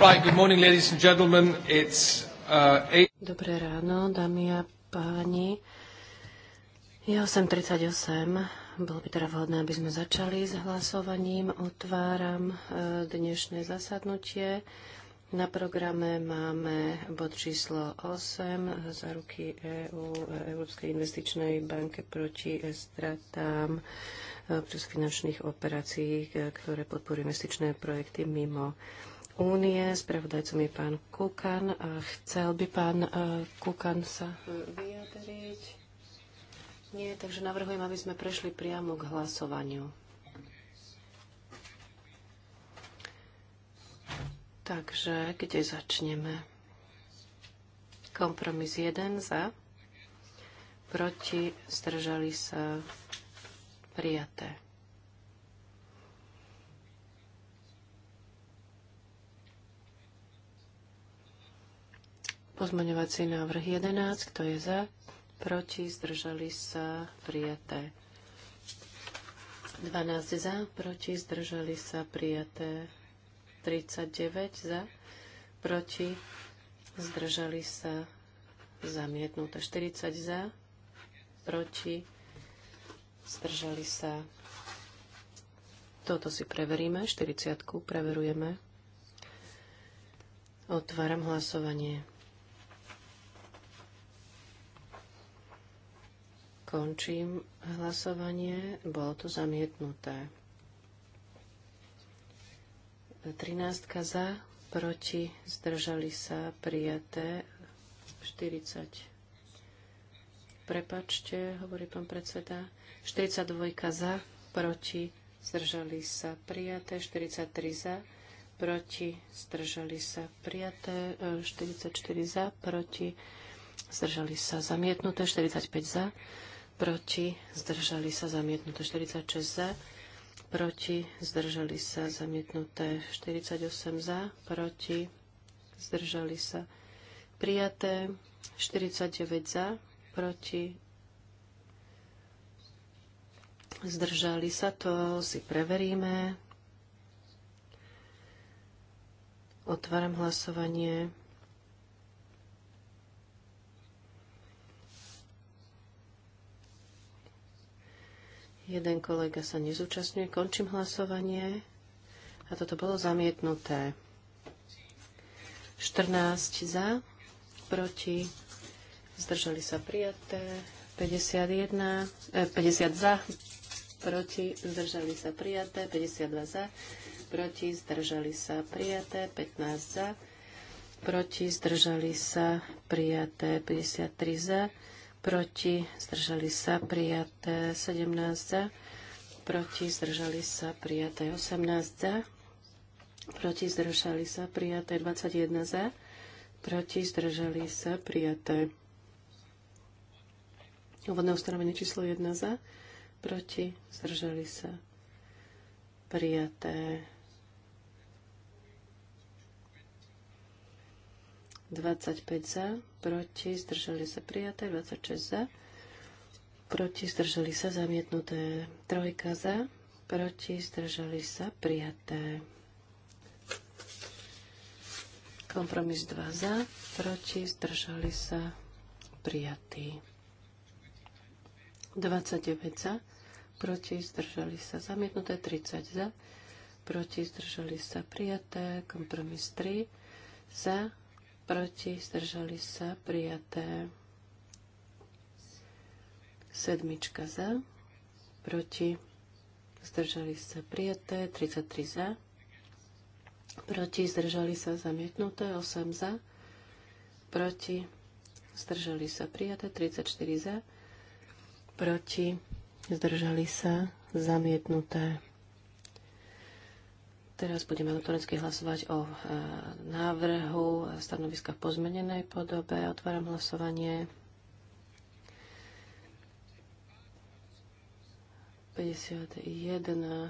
Uh, Dobré ráno, dámy a páni. Je 8.38. Bolo by teda vhodné, aby sme začali s hlasovaním. Otváram e, dnešné zasadnutie. Na programe máme bod číslo 8 za ruky EU, e, Európskej investičnej banke proti stratám přes finančných operácií, e, ktoré podporujú investičné projekty mimo únie. Spravodajcom je pán Kukan. A chcel by pán e, Kukan sa e, vyjadriť? Nie, takže navrhujem, aby sme prešli priamo k hlasovaniu. Takže, kde začneme? Kompromis 1 za, proti, zdržali sa, prijaté. Pozmeňovací návrh 11. Kto je za? Proti? Zdržali sa? Prijaté. 12 za, proti, zdržali sa prijaté 39 za, proti, zdržali sa zamietnuté 40 za, proti, zdržali sa. Toto si preveríme, 40 preverujeme. Otváram hlasovanie. Končím hlasovanie. Bolo to zamietnuté. 13 za, proti, zdržali sa, prijaté 40. Prepačte, hovorí pán predseda. 42 za, proti, zdržali sa, prijaté 43 za, proti, zdržali sa, prijaté 44 za, proti, zdržali sa, zamietnuté 45 za proti, zdržali sa zamietnuté 46 za, proti, zdržali sa zamietnuté 48 za, proti, zdržali sa prijaté 49 za, proti, zdržali sa to, si preveríme. Otváram hlasovanie. Jeden kolega sa nezúčastňuje. Končím hlasovanie. A toto bolo zamietnuté. 14 za, proti, zdržali sa prijaté. 51, eh, 50 za, proti, zdržali sa prijaté. 52 za, proti, zdržali sa prijaté. 15 za, proti, zdržali sa prijaté. 53 za, proti, zdržali sa prijaté 17 za, proti, zdržali sa prijaté 18 za, proti, zdržali sa prijaté 21 za, proti, zdržali sa prijaté. Úvodné ustanovenie číslo 1 za, proti, zdržali sa prijaté 25 za, proti, zdržali sa prijaté, 26 za, proti, zdržali sa zamietnuté, trojka za, proti, zdržali sa prijaté. Kompromis 2 za, proti, zdržali sa prijatý. 29 za, proti, zdržali sa zamietnuté, 30 za, proti, zdržali sa prijaté, kompromis 3 za, proti, zdržali sa, prijaté. Sedmička za, proti, zdržali sa, prijaté. 33 za, proti, zdržali sa, zamietnuté. 8 za, proti, zdržali sa, prijaté. 34 za, proti, zdržali sa, zamietnuté. Teraz budeme elektronicky hlasovať o e, návrhu stanoviska v pozmenenej podobe. Otváram hlasovanie. 51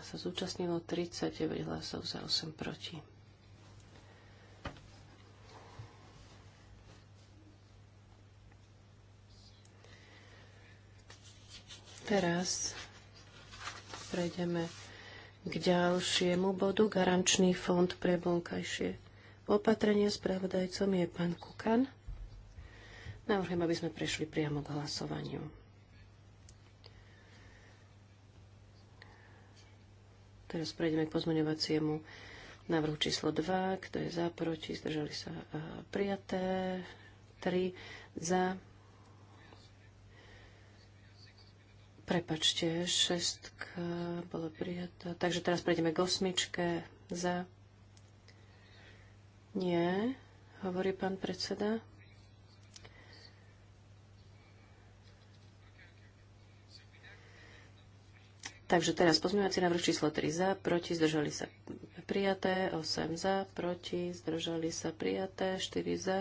sa zúčastnilo, 39 hlasov za 8 proti. Teraz prejdeme k ďalšiemu bodu garančný fond pre vonkajšie opatrenia. Spravodajcom je pán Kukan. Navrhujem, aby sme prešli priamo k hlasovaniu. Teraz prejdeme k pozmeňovaciemu návrhu číslo 2. Kto je za, proti, zdržali sa e, prijaté. 3 za, Prepačte, šestka bola prijatá. Takže teraz prejdeme k osmičke za. Nie, hovorí pán predseda. Takže teraz pozmývací návrh číslo 3 za, proti, zdržali sa prijaté, 8 za, proti, zdržali sa prijaté, 4 za,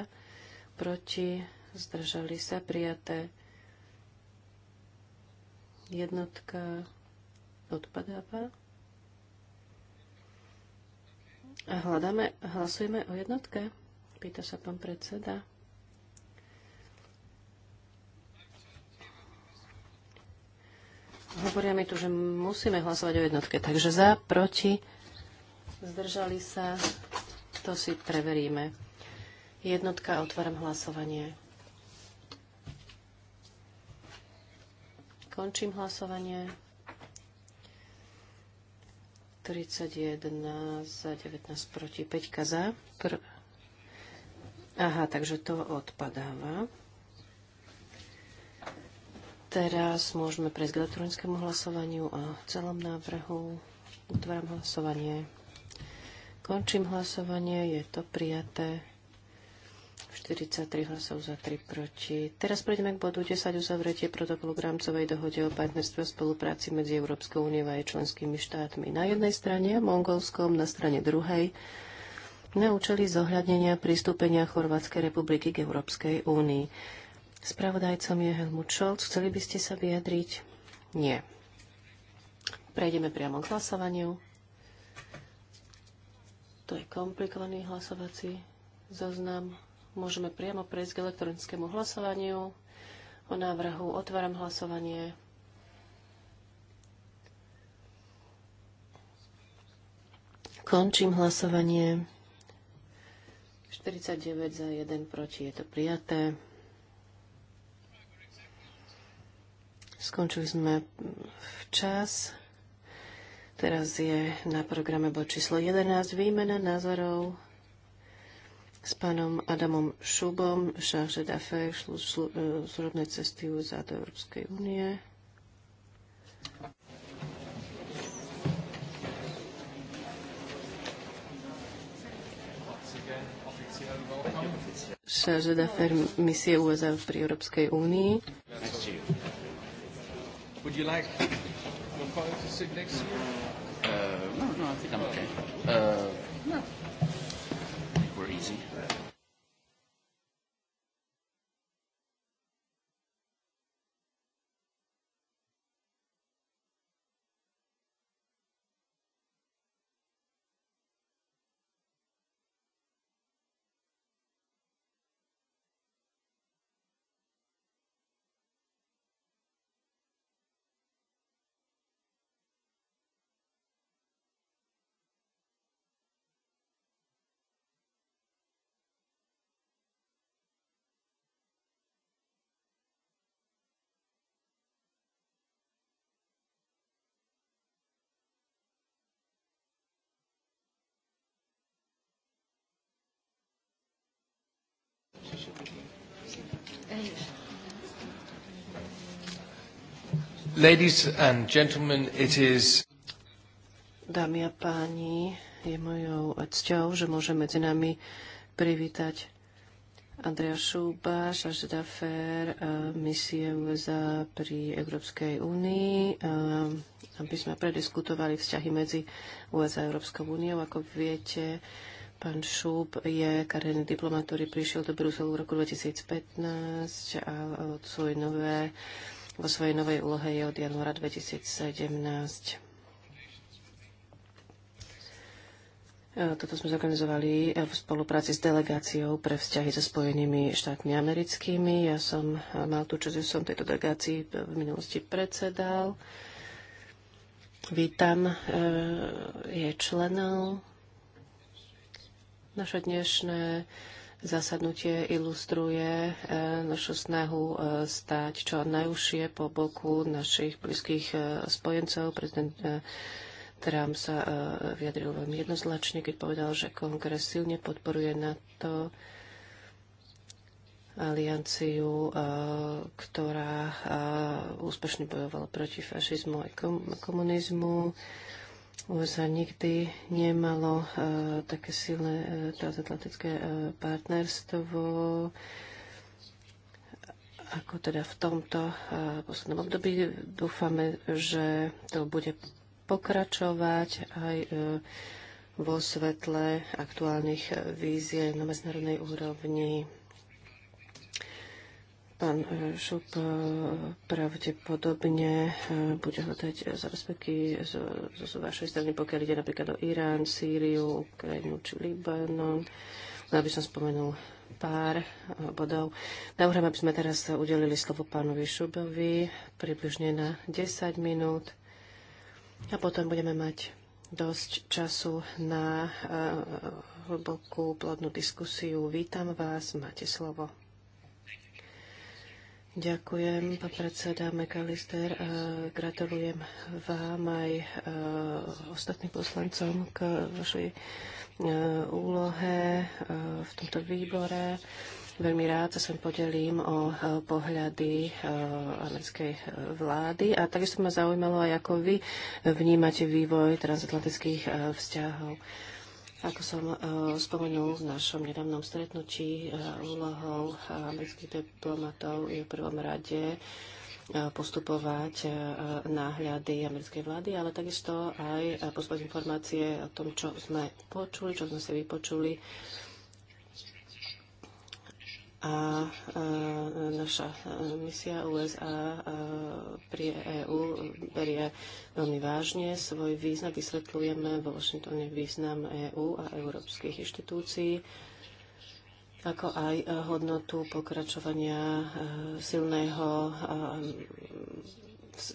proti, zdržali sa prijaté, Jednotka odpadáva. A hľadáme, hlasujeme o jednotke? Pýta sa pán predseda. Hovoria mi tu, že musíme hlasovať o jednotke. Takže za, proti, zdržali sa, to si preveríme. Jednotka, otváram hlasovanie. Končím hlasovanie. 31 za 19 proti 5 za. Pr- Aha, takže to odpadáva. Teraz môžeme prejsť k elektronickému hlasovaniu a celom návrhu. Utváram hlasovanie. Končím hlasovanie, je to prijaté. 43 hlasov za 3 proti. Teraz prejdeme k bodu 10 uzavretie protokolu k rámcovej dohode o partnerstve a spolupráci medzi Európskou úniou a jej členskými štátmi na jednej strane a Mongolskom na strane druhej na účely zohľadnenia pristúpenia Chorvátskej republiky k Európskej únii. Spravodajcom je Helmut Scholz. Chceli by ste sa vyjadriť? Nie. Prejdeme priamo k hlasovaniu. To je komplikovaný hlasovací zoznam môžeme priamo prejsť k elektronickému hlasovaniu o návrhu. Otváram hlasovanie. Končím hlasovanie. 49 za 1 proti je to prijaté. Skončili sme včas. Teraz je na programe bod číslo 11 výmena názorov s pánom Adamom Šubom, chargé d'affaires služobnej cesty USA do Európskej únie. Chargé d'affaires misie USA pri Európskej únii. Would you like your colleague to sit next to you? Uh, no, no, I think I'm okay. Uh, no easy. Ladies and gentlemen, it is... Dámy a páni, je mojou cťou, že môže medzi nami privítať Andrea Šúba, Charles d'Affaires, eh, misie USA pri Európskej únii, eh, aby sme prediskutovali vzťahy medzi USA a Európskou úniou. Ako viete, Pán Šúb je kariérny diplomat, ktorý prišiel do Bruselu v roku 2015 a eh, od svoje nové vo svojej novej úlohe je od januára 2017. E, toto sme zorganizovali e, v spolupráci s delegáciou pre vzťahy so Spojenými štátmi americkými. Ja som e, mal tú časť, že som tejto delegácii v minulosti predsedal. Vítam jej členov. Naše dnešné Zasadnutie ilustruje e, našu snahu e, stať čo najúžšie po boku našich blízkych e, spojencov. Prezident Trump sa vyjadril veľmi jednoznačne, keď povedal, že kongres silne podporuje NATO alianciu, ktorá úspešne bojovala proti fašizmu a komunizmu. USA nikdy nemalo uh, také silné uh, transatlantické uh, partnerstvo ako teda v tomto uh, poslednom období. Dúfame, že to bude pokračovať aj uh, vo svetle aktuálnych vízie na medzinárodnej úrovni. Pán e, Šup e, pravdepodobne e, bude hľadať za z, zo, zo vašej strany, pokiaľ ide napríklad o Irán, Sýriu, Ukrajinu či Libanon. No, aby som spomenul pár bodov. Navrhujem, aby sme teraz udelili slovo pánovi Šubovi približne na 10 minút a potom budeme mať dosť času na hlbokú plodnú diskusiu. Vítam vás, máte slovo. Ďakujem, pán predseda McAllister. E, gratulujem vám aj e, ostatným poslancom k vašej e, úlohe v tomto výbore. Veľmi rád sa sem podelím o pohľady americkej vlády a takisto ma zaujímalo aj, ako vy vnímate vývoj transatlantických vzťahov. Ako som uh, spomenul v našom nedávnom stretnutí, uh, úlohou e, amerických diplomatov je v prvom rade postupovať náhľady americkej vlády, ale takisto aj poslať informácie o tom, čo sme počuli, čo sme si vypočuli a naša misia USA pri EÚ berie veľmi vážne. Svoj význam vysvetľujeme vo Washingtone význam EÚ EU a európskych inštitúcií ako aj hodnotu pokračovania e, silného e,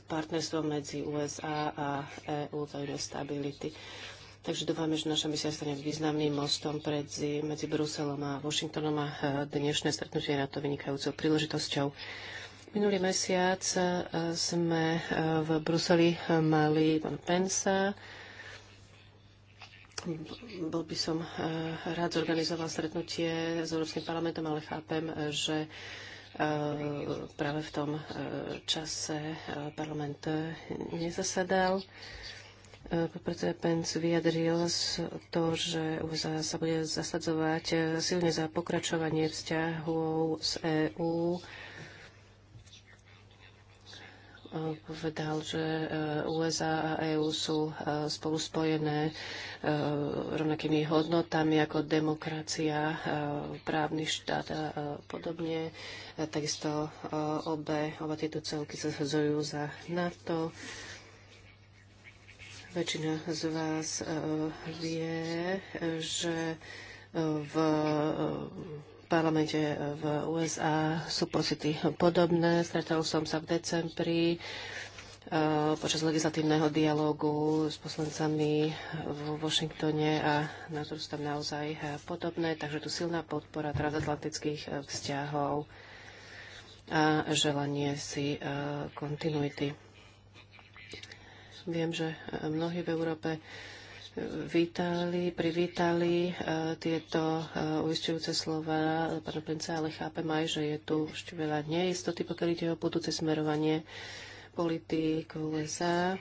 partnerstva medzi USA a EU, záujme stability. Takže dúfame, že naša misia stane významným mostom medzi, medzi Bruselom a Washingtonom a e, dnešné stretnutie je na to vynikajúcou príležitosťou. Minulý mesiac e, sme e, v Bruseli mali pán Pensa, bol by som rád zorganizoval stretnutie s Európskym parlamentom, ale chápem, že práve v tom čase parlament nezasadal podpredseda Pence vyjadril to, že USA sa bude zasadzovať silne za pokračovanie vzťahov z EÚ. Povedal, že e, USA a EÚ sú e, spolu spojené e, rovnakými hodnotami ako demokracia, právny štát a podobne. Takisto obe, oba tieto celky sa zasadzujú za NATO. Väčšina z vás e, vie, že e, v e, parlamente v USA sú pocity podobné. Stretol som sa v decembri počas legislatívneho dialógu s poslancami v Washingtone a to sú tam naozaj podobné, takže tu silná podpora transatlantických vzťahov a želanie si kontinuity. Viem, že e, mnohí v Európe e, vítali, privítali e, tieto uistujúce slova pána prince, ale chápem aj, že je tu ešte veľa neistoty, pokiaľ ide o budúce smerovanie politík USA.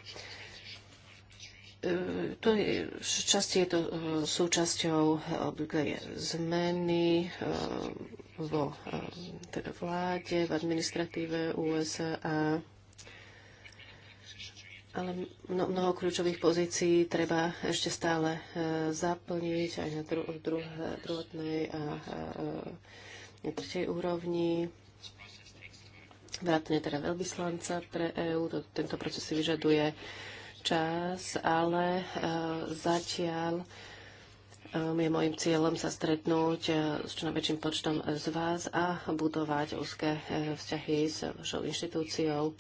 To je, časti je to súčasťou obvyklej zmeny vo teda vláde, v administratíve USA a ale mnoho kľúčových pozícií treba ešte stále e, zaplniť aj na dru- dru- druhotnej a, na e, tretej úrovni. Vrátane teda veľvyslanca pre EÚ. Tento proces si vyžaduje čas, ale e, zatiaľ je môjim cieľom sa stretnúť s čo najväčším počtom z vás a budovať úzke vzťahy s vašou inštitúciou.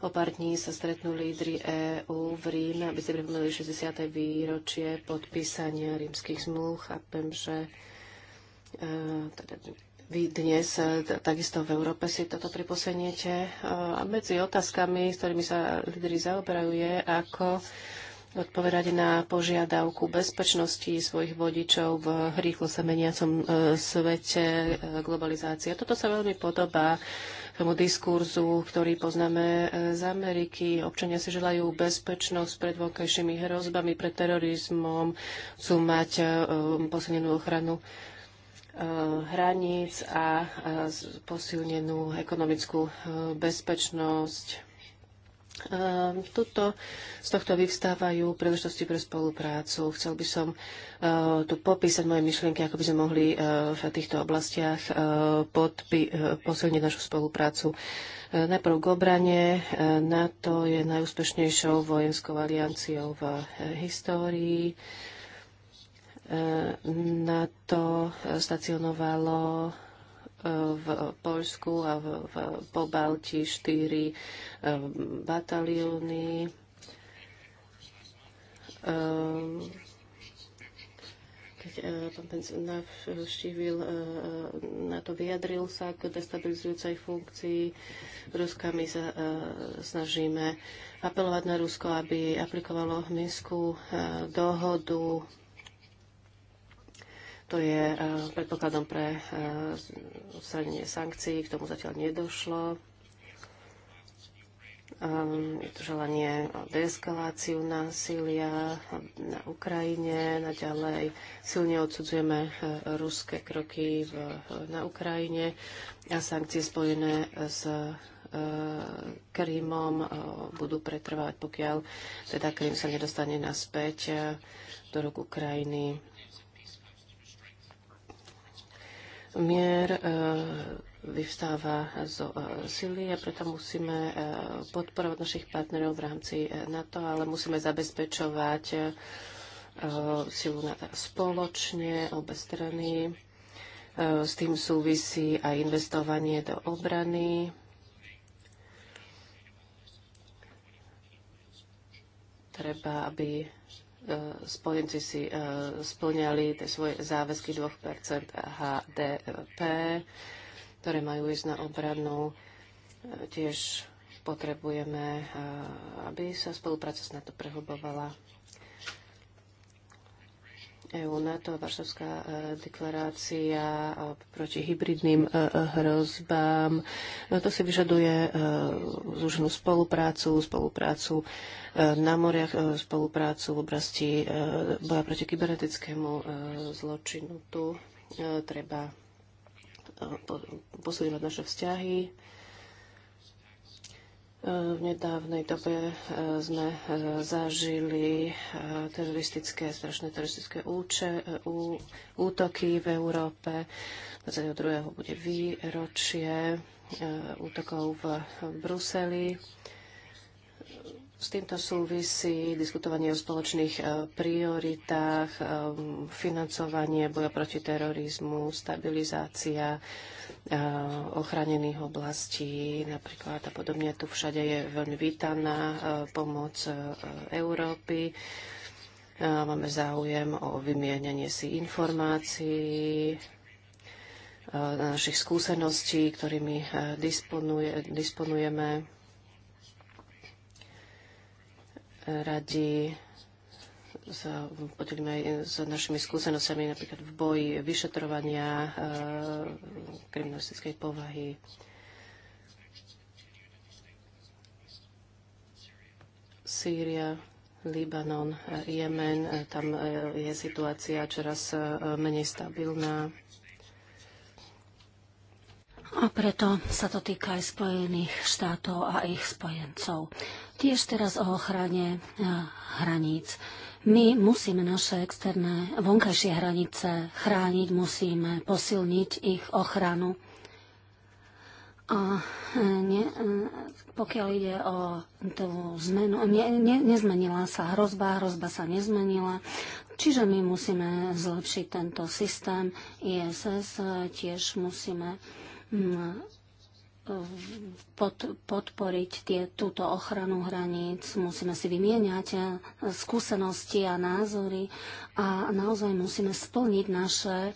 O pár dní sa stretnú lídry EÚ v Ríme, aby ste pripomenuli 60. výročie podpísania rímskych zmluv. Chápem, že e, teda vy dnes e, takisto v Európe si toto priposeniete. E, a medzi otázkami, s ktorými sa lídry zaoberajú, je, ako odpovedať na požiadavku bezpečnosti svojich vodičov v rýchlo sa meniacom svete globalizácie. Toto sa veľmi podobá tomu diskurzu, ktorý poznáme e, z Ameriky. Občania si želajú bezpečnosť pred vonkajšími hrozbami, pred terorizmom, chcú mať e, um, posilnenú ochranu e, hraníc a posilnenú ekonomickú bezpečnosť Ehm, tuto, z tohto vyvstávajú príležitosti pre spoluprácu. Chcel by som uh, tu popísať moje myšlienky, ako by sme mohli uh, v týchto oblastiach uh, podpi- posilniť našu spoluprácu. Najprv k obrane. NATO je najúspešnejšou vojenskou alianciou v histórii. NATO stacionovalo v Polsku a v, v Pobalti štyri ehm, batalióny. Ehm, e, pán Pence navštívil, e, e, na to vyjadril sa k destabilizujúcej funkcii Ruska. My sa snažíme apelovať na Rusko, aby aplikovalo Minskú dohodu to je e, predpokladom pre e, odstranenie sankcií, k tomu zatiaľ nedošlo. Ehm, je to želanie o deeskaláciu násilia na Ukrajine. Naďalej silne odsudzujeme e, ruské kroky v, na Ukrajine a sankcie spojené s Krymom budú pretrvať, pokiaľ teda Krym sa nedostane naspäť do rúk Ukrajiny. Mier e, vyvstáva z e, sily a preto musíme e, podporovať našich partnerov v rámci NATO, ale musíme zabezpečovať silu spoločne, obe strany. S tým súvisí aj investovanie do obrany. Treba, aby E, spojenci si e, splňali tie svoje záväzky 2% HDP, ktoré majú ísť na obranu. E, tiež potrebujeme, aby sa spolupráca s NATO prehlbovala. EU, NATO, Varšavská e, deklarácia e, proti hybridným e, hrozbám. To si vyžaduje zúženú spoluprácu, spoluprácu na moriach, spoluprácu v oblasti boja proti kybernetickému zločinu. Tu treba posilňovať naše vzťahy E, v nedávnej dobe e, sme e, zažili teroristické, strašné teroristické úče, ú, útoky v Európe. 22. bude výročie útokov v Bruseli. S týmto súvisí diskutovanie o spoločných e, prioritách, e, financovanie boja proti terorizmu, stabilizácia e, ochranených oblastí napríklad a podobne. Tu všade je veľmi vítaná pomoc Európy. Máme záujem o vymienenie si informácií, našich skúseností, ktorými disponuje, disponujeme radi sa podelíme aj s našimi skúsenostiami napríklad v boji vyšetrovania eh, kriminalistickej povahy. Sýria, Libanon, Jemen, eh, tam eh, je situácia čoraz menej stabilná. A preto sa to týka aj Spojených štátov a ich spojencov. Tiež teraz o ochrane eh, hraníc. My musíme naše externé vonkajšie hranice chrániť, musíme posilniť ich ochranu. A eh, ne, eh, pokiaľ ide o tú zmenu, ne, ne, nezmenila sa hrozba, hrozba sa nezmenila, čiže my musíme zlepšiť tento systém ISS, tiež musíme mm, pod, podporiť tie, túto ochranu hraníc, musíme si vymieňať eh, skúsenosti a názory a naozaj musíme splniť naše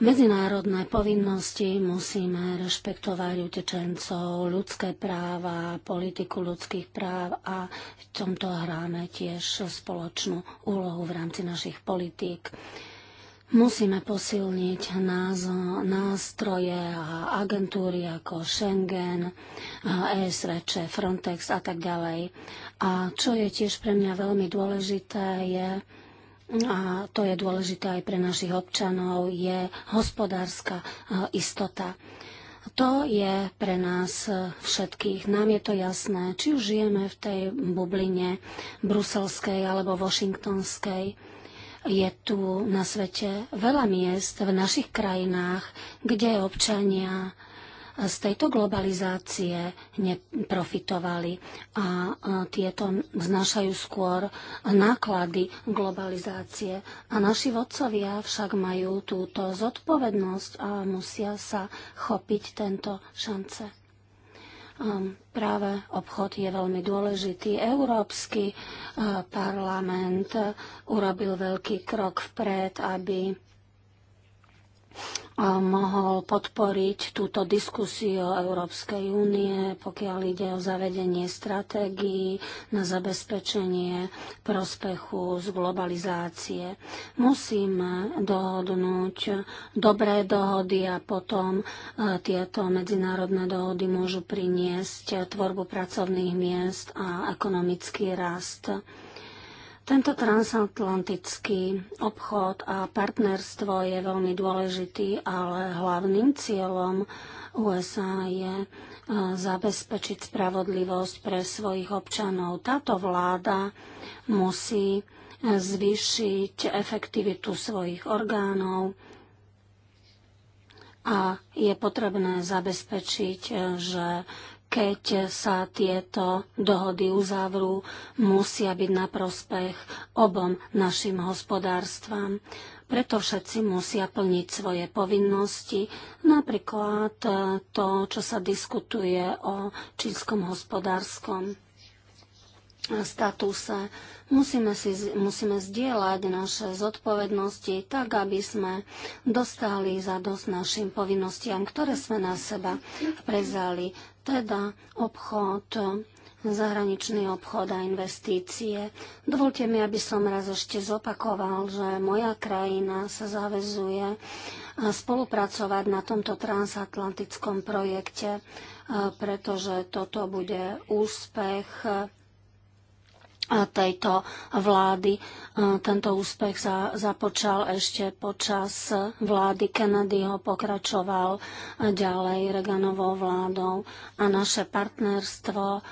medzinárodné povinnosti, musíme rešpektovať utečencov, ľudské práva, politiku ľudských práv a v tomto hráme tiež spoločnú úlohu v rámci našich politík. Musíme posilniť nástroje a agentúry ako Schengen, ESRČ, Frontex a tak ďalej. A čo je tiež pre mňa veľmi dôležité, je, a to je dôležité aj pre našich občanov, je hospodárska istota. To je pre nás všetkých. Nám je to jasné, či už žijeme v tej bubline bruselskej alebo washingtonskej je tu na svete veľa miest v našich krajinách, kde občania z tejto globalizácie neprofitovali a tieto znášajú skôr náklady globalizácie. A naši vodcovia však majú túto zodpovednosť a musia sa chopiť tento šance. Práve obchod je veľmi dôležitý. Európsky e, parlament e, urobil veľký krok vpred, aby mohol podporiť túto diskusiu Európskej únie, pokiaľ ide o zavedenie stratégií na zabezpečenie prospechu z globalizácie. Musíme dohodnúť dobré dohody a potom e, tieto medzinárodné dohody môžu priniesť tvorbu pracovných miest a ekonomický rast. Tento transatlantický obchod a partnerstvo je veľmi dôležitý, ale hlavným cieľom USA je e, zabezpečiť spravodlivosť pre svojich občanov. Táto vláda musí e, zvýšiť efektivitu svojich orgánov a je potrebné zabezpečiť, e, že keď sa tieto dohody uzavrú, musia byť na prospech obom našim hospodárstvam. Preto všetci musia plniť svoje povinnosti, napríklad to, čo sa diskutuje o čínskom hospodárskom statuse. Musíme, si, musíme zdieľať naše zodpovednosti tak, aby sme dostali za dosť našim povinnostiam, ktoré sme na seba prezali. Teda obchod, zahraničný obchod a investície. Dovolte mi, aby som raz ešte zopakoval, že moja krajina sa zavezuje spolupracovať na tomto transatlantickom projekte, pretože toto bude úspech tejto vlády. E, tento úspech sa započal ešte počas vlády Kennedyho, pokračoval ďalej Reganovou vládou a naše partnerstvo e,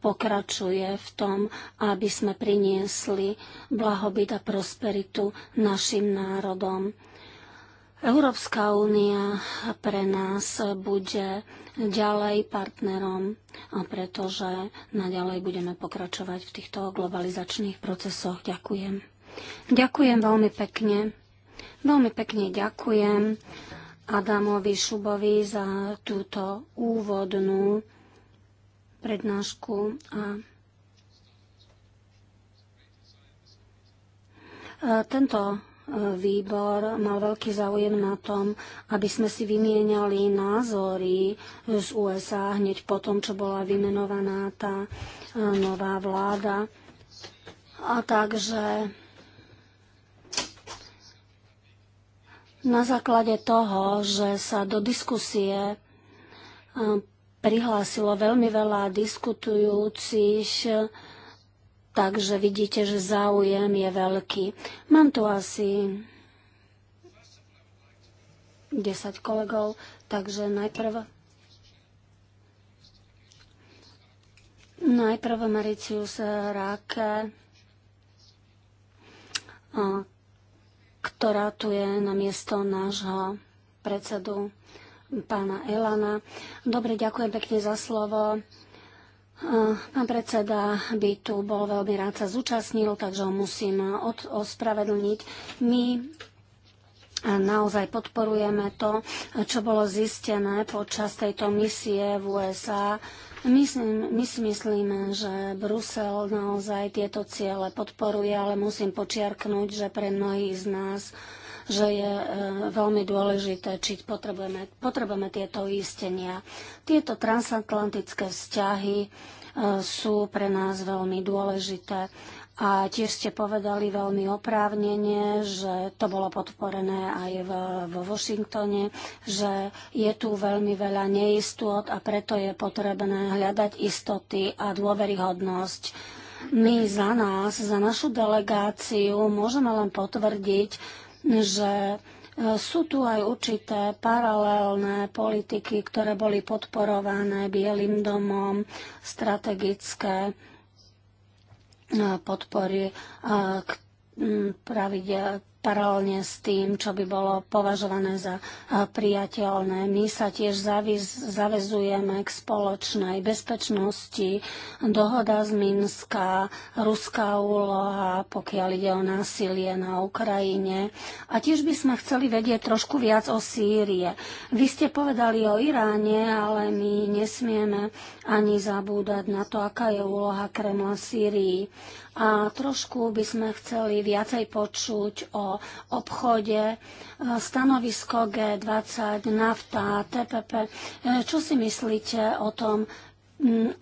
pokračuje v tom, aby sme priniesli blahobyt a prosperitu našim národom. Európska únia pre nás bude ďalej partnerom, pretože naďalej budeme pokračovať v týchto globalizačných procesoch. Ďakujem. Ďakujem veľmi pekne. Veľmi pekne ďakujem Adamovi Šubovi za túto úvodnú prednášku a tento výbor mal veľký záujem na tom, aby sme si vymieniali názory z USA hneď po tom, čo bola vymenovaná tá e, nová vláda. A takže na základe toho, že sa do diskusie e, prihlásilo veľmi veľa diskutujúcich, Takže vidíte, že záujem je veľký. Mám tu asi 10 kolegov, takže najprv najprv Maricius Ráke, ktorá tu je na miesto nášho predsedu pána Elana. Dobre, ďakujem pekne za slovo. Pán predseda by tu bol veľmi rád sa zúčastnil, takže ho musím od, ospravedlniť. My naozaj podporujeme to, čo bolo zistené počas tejto misie v USA. My, my si myslíme, že Brusel naozaj tieto ciele podporuje, ale musím počiarknúť, že pre mnohých z nás uh, že je e, veľmi dôležité, či potrebujeme, potrebujeme tieto uistenia. Tieto transatlantické vzťahy e, sú pre nás veľmi dôležité. A tiež ste povedali veľmi oprávnene, že to bolo podporené aj v, vo Washingtone, že je tu veľmi veľa neistot a preto je potrebné hľadať istoty a dôveryhodnosť. My za nás, za našu delegáciu môžeme len potvrdiť, že e, sú tu aj určité paralelné politiky, ktoré boli podporované Bielým domom, strategické e, podpory pravidel paralelne s tým, čo by bolo považované za priateľné. My sa tiež zavezujeme k spoločnej bezpečnosti, dohoda z Minska, ruská úloha, pokiaľ ide o násilie na Ukrajine. A tiež by sme chceli vedieť trošku viac o Sýrie. Vy ste povedali o Iráne, ale my nesmieme ani zabúdať na to, aká je úloha Kremla v Sýrii. A trošku by sme chceli viacej počuť o o obchode, e, stanovisko G20, nafta, TPP. E, čo si myslíte o tom,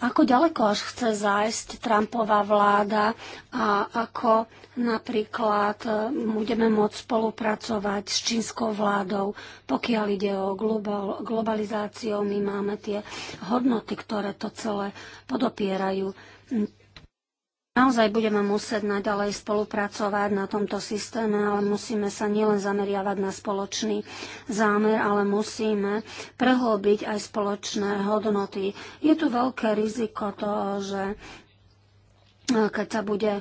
ako ďaleko až chce zájsť Trumpová vláda a ako napríklad e, budeme môcť spolupracovať s čínskou vládou, pokiaľ ide o global, globalizáciu. My máme tie hodnoty, ktoré to celé podopierajú. Naozaj budeme musieť naďalej spolupracovať na tomto systéme, ale musíme sa nielen zameriavať na spoločný zámer, ale musíme prehlbiť aj spoločné hodnoty. Je tu veľké riziko toho, že e, keď sa bude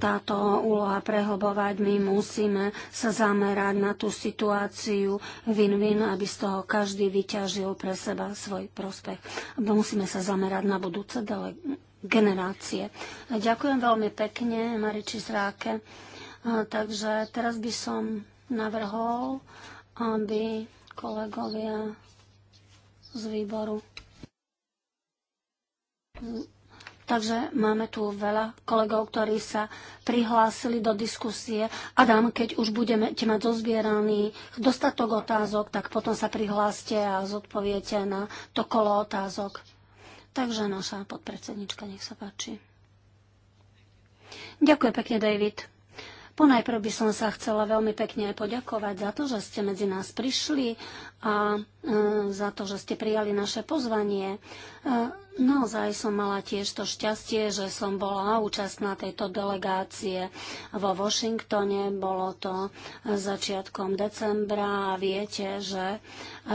táto úloha prehlbovať, my musíme sa zamerať na tú situáciu win-win, aby z toho každý vyťažil pre seba svoj prospech. Musíme sa zamerať na budúce dele- generácie. Ďakujem veľmi pekne, Mariči Zráke. Takže teraz by som navrhol, aby kolegovia z výboru. Takže máme tu veľa kolegov, ktorí sa prihlásili do diskusie. Adam, keď už budete mať zozbieraný dostatok otázok, tak potom sa prihláste a zodpoviete na to kolo otázok. Takže naša podpredsednička, nech sa páči. Ďakujem pekne, David. Ponajprv by som sa chcela veľmi pekne poďakovať za to, že ste medzi nás prišli a e, za to, že ste prijali naše pozvanie. E, naozaj som mala tiež to šťastie, že som bola účastná tejto delegácie vo Washingtone. Bolo to e, začiatkom decembra a viete, že e,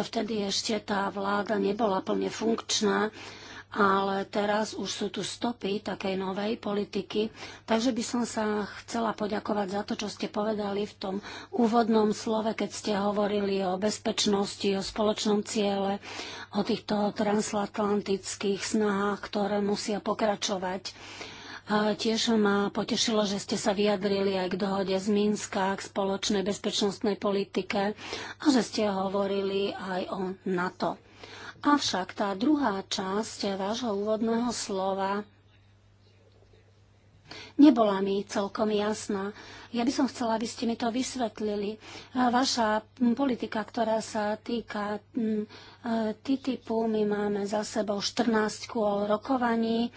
vtedy ešte tá vláda nebola plne funkčná ale teraz už sú tu stopy takej novej politiky. Takže by som sa chcela poďakovať za to, čo ste povedali v tom úvodnom slove, keď ste hovorili o bezpečnosti, o spoločnom ciele, o týchto transatlantických snahách, ktoré musia pokračovať. A tiež ma potešilo, že ste sa vyjadrili aj k dohode z Minska, k spoločnej bezpečnostnej politike a že ste hovorili aj o NATO. Avšak tá druhá časť vášho úvodného slova nebola mi celkom jasná. Ja by som chcela, aby ste mi to vysvetlili. Vaša politika, ktorá sa týka mm, e, TTIPu, my máme za sebou 14 kôl rokovaní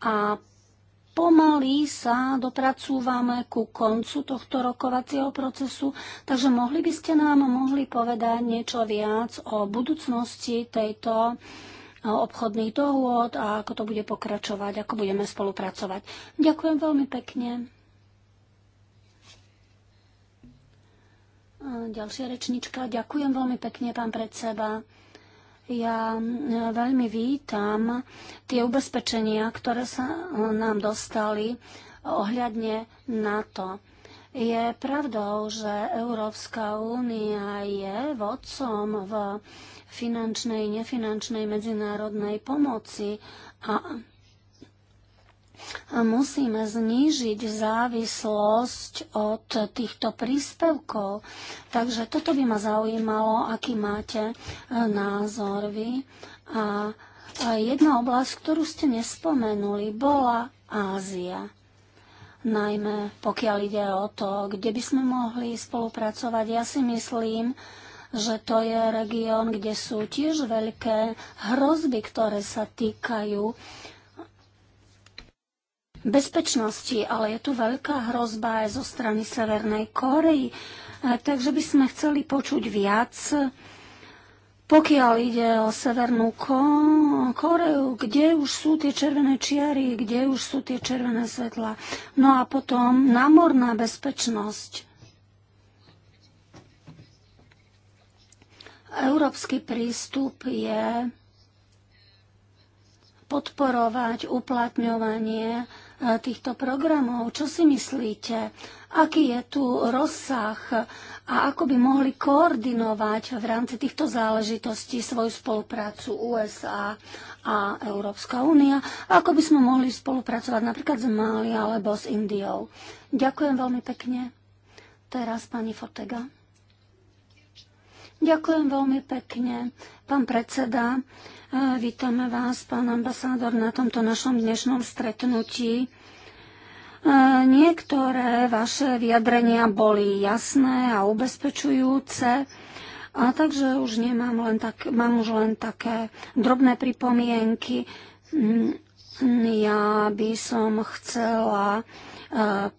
a pomaly sa dopracúvame ku koncu tohto rokovacieho procesu, takže mohli by ste nám mohli povedať niečo viac o budúcnosti tejto eh, obchodných dohôd a ako to bude pokračovať, ako budeme spolupracovať. Ďakujem veľmi pekne. Eh, ďalšia rečnička. Ďakujem veľmi pekne, pán predseba. Ja e, veľmi vítam tie ubezpečenia, ktoré sa e, nám dostali ohľadne NATO. Je pravdou, že Európska únia je vodcom v finančnej, nefinančnej medzinárodnej pomoci a musíme znížiť závislosť od týchto príspevkov. Takže toto by ma zaujímalo, aký máte e, názor vy. A jedna oblasť, ktorú ste nespomenuli, bola Ázia najmä pokiaľ ide o to, kde by sme mohli spolupracovať. Ja si myslím, že to je región, kde sú tiež veľké hrozby, ktoré sa týkajú bezpečnosti, ale je tu veľká hrozba aj zo strany Severnej Kóreji. E, takže by sme chceli počuť viac, pokiaľ ide o Severnú Koreu, kde už sú tie červené čiary, kde už sú tie červené svetla. No a potom námorná bezpečnosť. Európsky prístup je podporovať uplatňovanie E, týchto programov. Čo si myslíte? Aký je tu rozsah a ako by mohli koordinovať v rámci týchto záležitostí svoju spoluprácu USA a Európska únia? Ako by sme mohli spolupracovať napríklad s Mali alebo s Indiou? Ďakujem veľmi pekne. Teraz pani Fotega. Ďakujem veľmi pekne, pán predseda. Vítame vás, pán ambasádor, na tomto našom dnešnom stretnutí. Niektoré vaše vyjadrenia boli jasné a ubezpečujúce, a takže už nemám len tak, mám už len také drobné pripomienky. Ja by som chcela e,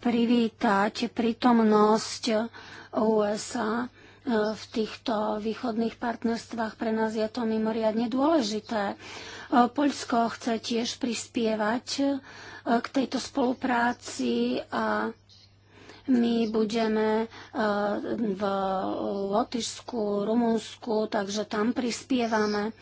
privítať prítomnosť USA v týchto východných partnerstvách. Pre nás je to mimoriadne dôležité. E, Poľsko chce tiež prispievať e, k tejto spolupráci a my budeme e, v Lotyšsku, Rumunsku, takže tam prispievame.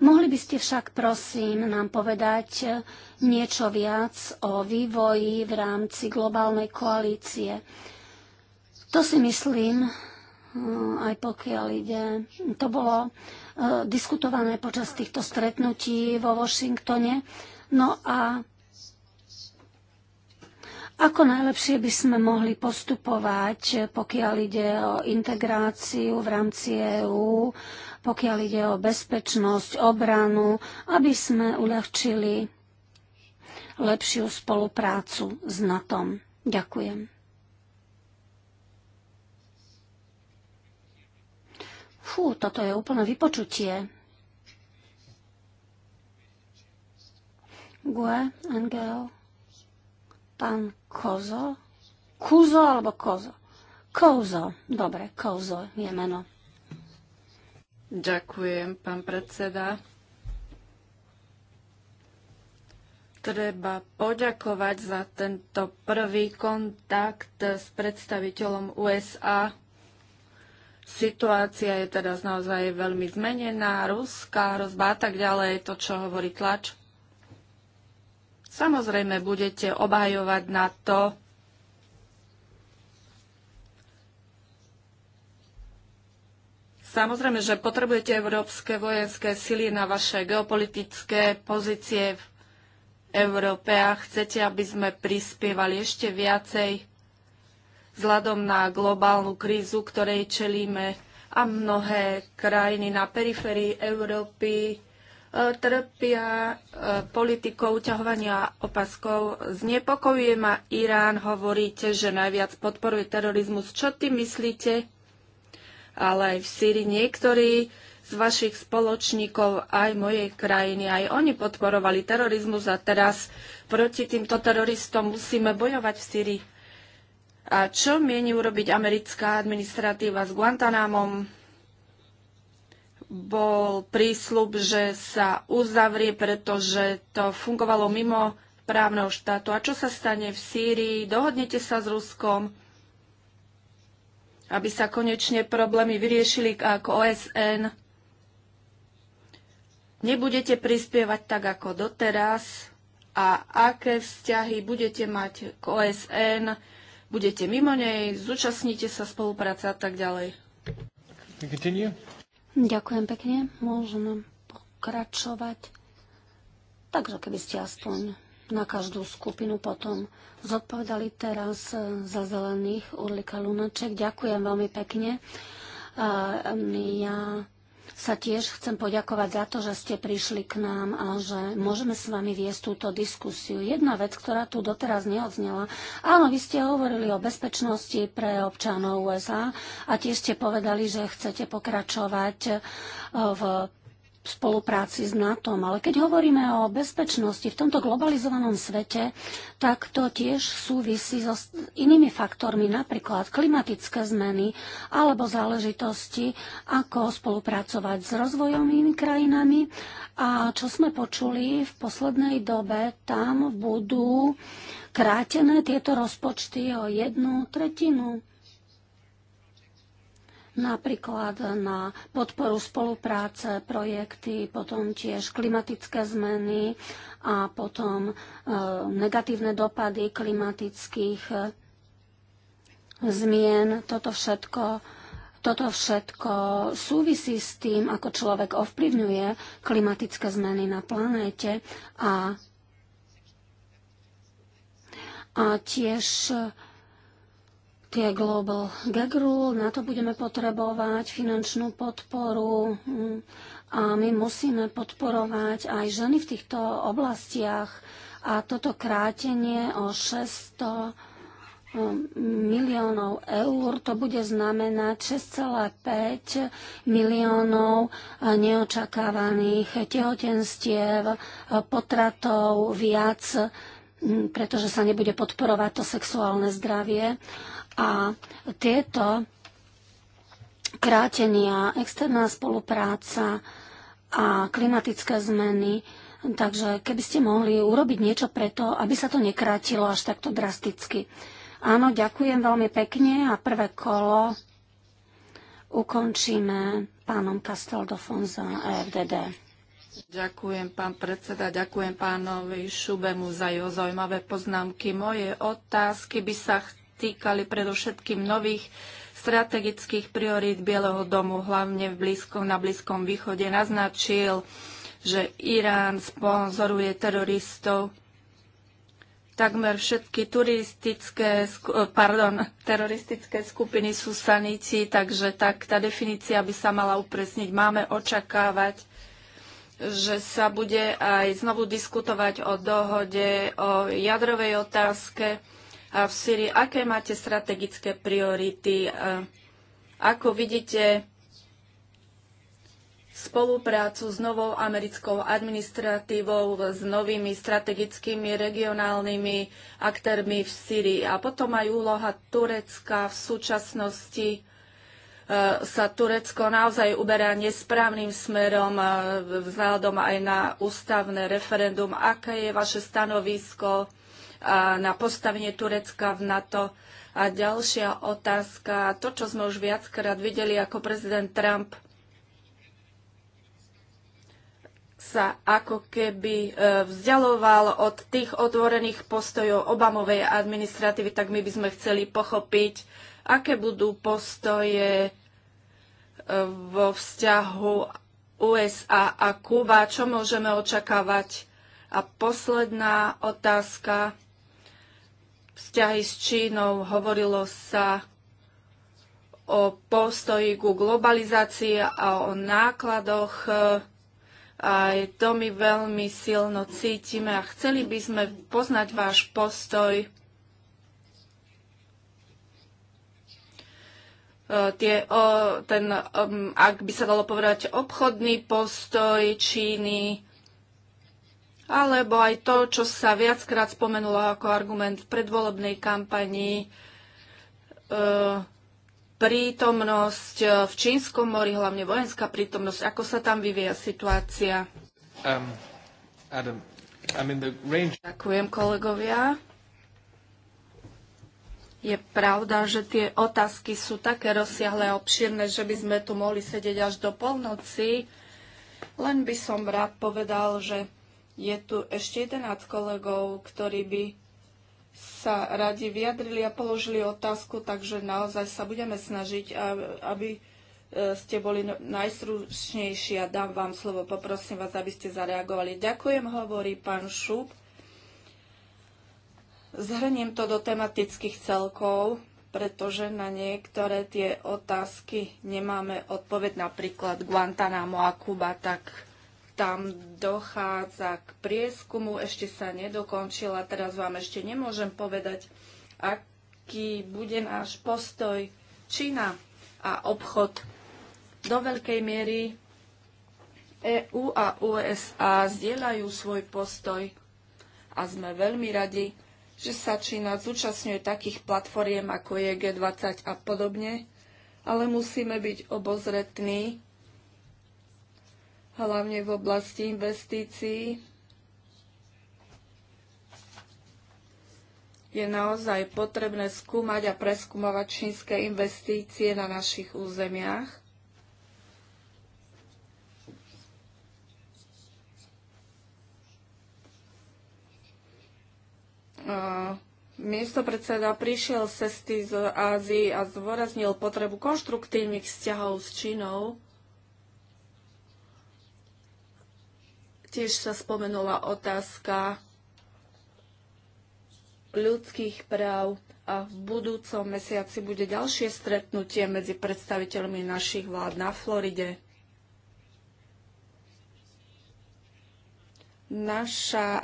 Mohli by ste však prosím nám povedať niečo viac o vývoji v rámci globálnej koalície. To si myslím, Mm, aj pokiaľ ide. To bolo e, diskutované počas týchto stretnutí vo Washingtone. No a ako najlepšie by sme mohli postupovať, pokiaľ ide o integráciu v rámci EÚ, pokiaľ ide o bezpečnosť, obranu, aby sme uľahčili lepšiu spoluprácu s NATO. Ďakujem. Fú, toto je úplné vypočutie. Gue, Angel, pán Kozo, Kuzo alebo Kozo? Kouzo, dobre, Kouzo je meno. Ďakujem, pán predseda. treba poďakovať za tento prvý kontakt s predstaviteľom USA. Situácia je teraz naozaj veľmi zmenená, ruská hrozba a tak ďalej, to, čo hovorí tlač. Samozrejme, budete obhajovať na to, Samozrejme, že potrebujete európske vojenské sily na vaše geopolitické pozície v Európe a chcete, aby sme prispievali ešte viacej vzhľadom na globálnu krízu, ktorej čelíme a mnohé krajiny na periférii Európy e, trpia e, politikou ťahovania opaskov. Znepokojuje ma Irán, hovoríte, že najviac podporuje terorizmus. Čo ty myslíte? Ale aj v Syrii niektorí z vašich spoločníkov, aj mojej krajiny, aj oni podporovali terorizmus a teraz proti týmto teroristom musíme bojovať v Syrii. A čo mieni urobiť americká administratíva s Guantanámom? Bol prísľub, že sa uzavrie, pretože to fungovalo mimo právneho štátu. A čo sa stane v Sýrii? Dohodnete sa s Ruskom, aby sa konečne problémy vyriešili ako OSN. Nebudete prispievať tak ako doteraz. A aké vzťahy budete mať k OSN? budete mimo nej, zúčastníte sa spolupráce a tak ďalej. Ďakujem pekne. Môžeme pokračovať. Takže keby ste aspoň na každú skupinu potom zodpovedali teraz eh, za zelených Urlika Lunaček. Ďakujem veľmi pekne. Ja sa tiež chcem poďakovať za to, že ste prišli k nám a že môžeme s vami viesť túto diskusiu. Jedna vec, ktorá tu doteraz neodznela. Áno, vy ste hovorili o bezpečnosti pre občanov USA a tiež ste povedali, že chcete pokračovať eh, v spolupráci s NATO. Ale keď hovoríme o bezpečnosti v tomto globalizovanom svete, tak to tiež súvisí so inými faktormi, napríklad klimatické zmeny alebo záležitosti, ako spolupracovať s rozvojovými krajinami. A čo sme počuli v poslednej dobe, tam budú krátené tieto rozpočty o jednu tretinu napríklad na podporu spolupráce, projekty, potom tiež klimatické zmeny a potom e, negatívne dopady klimatických e, zmien. Toto všetko toto všetko súvisí s tým, ako človek ovplyvňuje klimatické zmeny na planéte a, a tiež tie Global Gag Rule, na to budeme potrebovať finančnú podporu mm, a my musíme podporovať aj ženy v týchto oblastiach a toto krátenie o 600 mm, miliónov eur, to bude znamenať 6,5 miliónov neočakávaných tehotenstiev, potratov, viac pretože sa nebude podporovať to sexuálne zdravie. A tieto krátenia, externá spolupráca a klimatické zmeny Takže keby ste mohli urobiť niečo preto, aby sa to nekrátilo až takto drasticky. Áno, ďakujem veľmi pekne a prvé kolo ukončíme pánom Castel do Fonza EFDD. Ďakujem, pán predseda, ďakujem pánovi Šubemu za jeho zaujímavé poznámky. Moje otázky by sa týkali predovšetkým nových strategických priorít Bieleho domu, hlavne v blízkom, na Blízkom východe. Naznačil, že Irán sponzoruje teroristov takmer všetky turistické, eh, pardon, teroristické skupiny sú saníci, takže tak tá definícia by sa mala upresniť. Máme očakávať že sa bude aj znovu diskutovať o dohode, o jadrovej otázke a v Syrii. Aké máte strategické priority? Ako vidíte spoluprácu s novou americkou administratívou, s novými strategickými regionálnymi aktérmi v Syrii? A potom aj úloha Turecka v súčasnosti E, sa Turecko naozaj uberá nesprávnym smerom e, vzhľadom aj na ústavné referendum. Aké je vaše stanovisko e, na postavenie Turecka v NATO? A ďalšia otázka, to, čo sme už viackrát videli ako prezident Trump, sa ako keby vzdialoval od tých otvorených postojov Obamovej administratívy, tak my by sme chceli pochopiť, aké budú postoje e, vo vzťahu USA a Kuba, čo môžeme očakávať. A posledná otázka, vzťahy s Čínou, hovorilo sa o postoji ku globalizácii a o nákladoch. E, aj to my veľmi silno cítime a chceli by sme poznať váš postoj Eh, tie, o, ten, um, ak by sa dalo povedať, obchodný postoj Číny, alebo aj to, čo sa viackrát spomenulo ako argument v predvolebnej kampanii, e, eh, prítomnosť eh, v Čínskom mori, hlavne vojenská prítomnosť, ako sa tam vyvíja situácia. Um, Adam, I mean the range. Ďakujem kolegovia. Je pravda, že tie otázky sú také rozsiahle a obširné, že by sme tu mohli sedieť až do polnoci. Len by som rád povedal, že je tu ešte 11 kolegov, ktorí by sa radi vyjadrili a položili otázku, takže naozaj sa budeme snažiť, aby e, ste boli no, najstručnejší a dám vám slovo. Poprosím vás, aby ste zareagovali. Ďakujem, hovorí pán Šup. Zhrniem to do tematických celkov, pretože na niektoré tie otázky nemáme odpoveď, napríklad Guantanamo a Kuba, tak tam dochádza k prieskumu, ešte sa nedokončila, teraz vám ešte nemôžem povedať, aký bude náš postoj Čína a obchod. Do veľkej miery EU a USA zdieľajú svoj postoj a sme veľmi radi, že sa Čína zúčastňuje takých platformiem ako je G20 a podobne, ale musíme byť obozretní, hlavne v oblasti investícií. Je naozaj potrebné skúmať a preskúmovať čínske investície na našich územiach Eh, predseda prišiel z cesty z Ázii a zdôraznil potrebu konštruktívnych vzťahov s Čínou. Tiež sa spomenula otázka ľudských práv a v budúcom mesiaci bude ďalšie stretnutie medzi predstaviteľmi našich vlád na Floride. Naša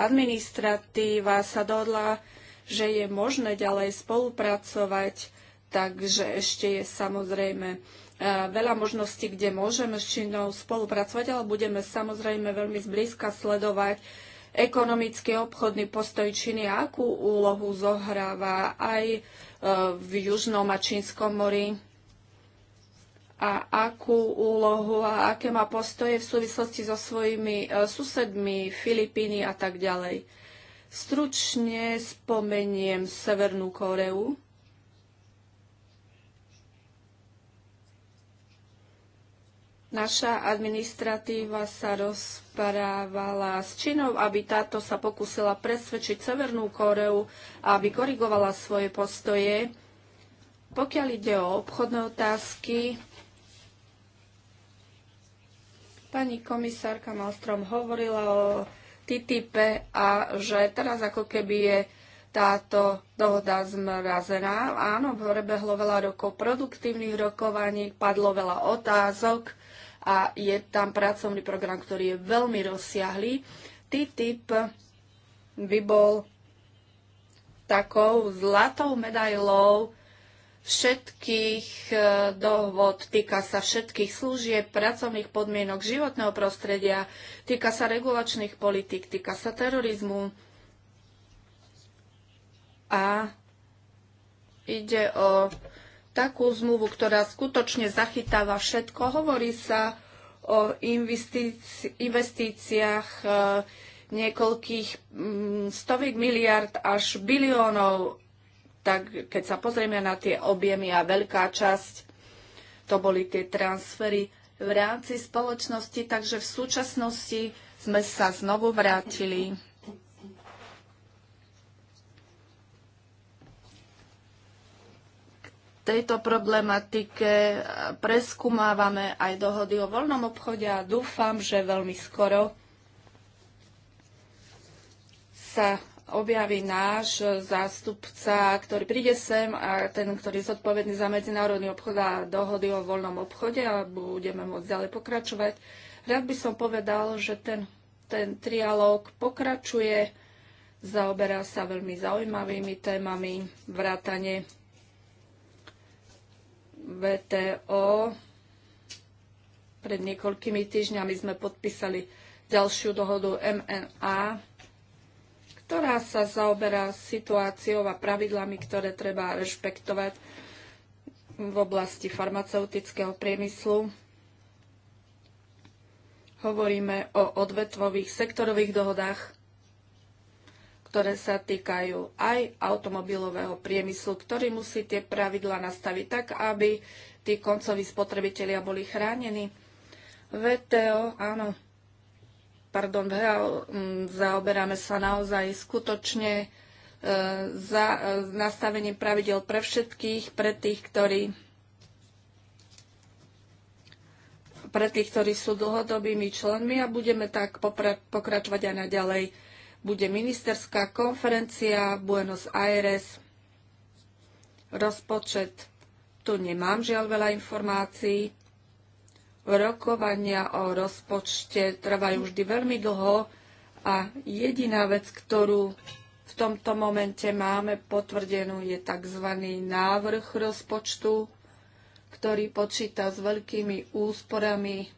administratíva sa dohodla, že je možné ďalej spolupracovať, takže ešte je samozrejme veľa možností, kde môžeme s Čínou spolupracovať, ale budeme samozrejme veľmi zblízka sledovať ekonomický obchodný postoj Číny a akú úlohu zohráva aj e, v Južnom a Čínskom mori a akú úlohu a aké má postoje v súvislosti so svojimi e, susedmi, Filipíny a tak ďalej. Stručne spomeniem Severnú Koreu. Naša administratíva sa rozprávala s Čínou, aby táto sa pokúsila presvedčiť Severnú Koreu, aby korigovala svoje postoje. Pokiaľ ide o obchodné otázky, Pani komisárka Malstrom hovorila o TTIP a že teraz ako keby je táto dohoda zmrazená. Áno, prebehlo veľa rokov produktívnych rokovaní, padlo veľa otázok a je tam pracovný program, ktorý je veľmi rozsiahlý. TTIP by bol takou zlatou medailou všetkých e, dohod, týka sa všetkých služieb, pracovných podmienok, životného prostredia, týka sa regulačných politik, týka sa terorizmu a ide o takú zmluvu, ktorá skutočne zachytáva všetko. Hovorí sa o investíci- investíciách e, niekoľkých stoviek miliard až biliónov tak keď sa pozrieme na tie objemy a veľká časť, to boli tie transfery v rámci spoločnosti, takže v súčasnosti sme sa znovu vrátili tejto problematike preskúmávame aj dohody o voľnom obchode a dúfam, že veľmi skoro sa objaví náš zástupca, ktorý príde sem a ten, ktorý je zodpovedný za medzinárodný obchod a dohody o voľnom obchode a budeme môcť ďalej pokračovať. Rád by som povedal, že ten, ten trialóg pokračuje, zaoberá sa veľmi zaujímavými témami, vrátane VTO. Pred niekoľkými týždňami sme podpísali ďalšiu dohodu MNA ktorá sa zaoberá situáciou a pravidlami, ktoré treba rešpektovať v oblasti farmaceutického priemyslu. Hovoríme o odvetvových sektorových dohodách, ktoré sa týkajú aj automobilového priemyslu, ktorý musí tie pravidla nastaviť tak, aby tí koncoví spotrebitelia boli chránení. VTO, áno, pardon, mm, zaoberáme sa naozaj skutočne e, za e, nastavením pravidel pre všetkých, pre tých, ktorí pre tých, ktorí sú dlhodobými členmi a budeme tak pokračovať aj naďalej. Bude ministerská konferencia Buenos Aires. Rozpočet. Tu nemám žiaľ veľa informácií. Rokovania o rozpočte trvajú vždy veľmi dlho a jediná vec, ktorú v tomto momente máme potvrdenú, je tzv. návrh rozpočtu, ktorý počíta s veľkými úsporami.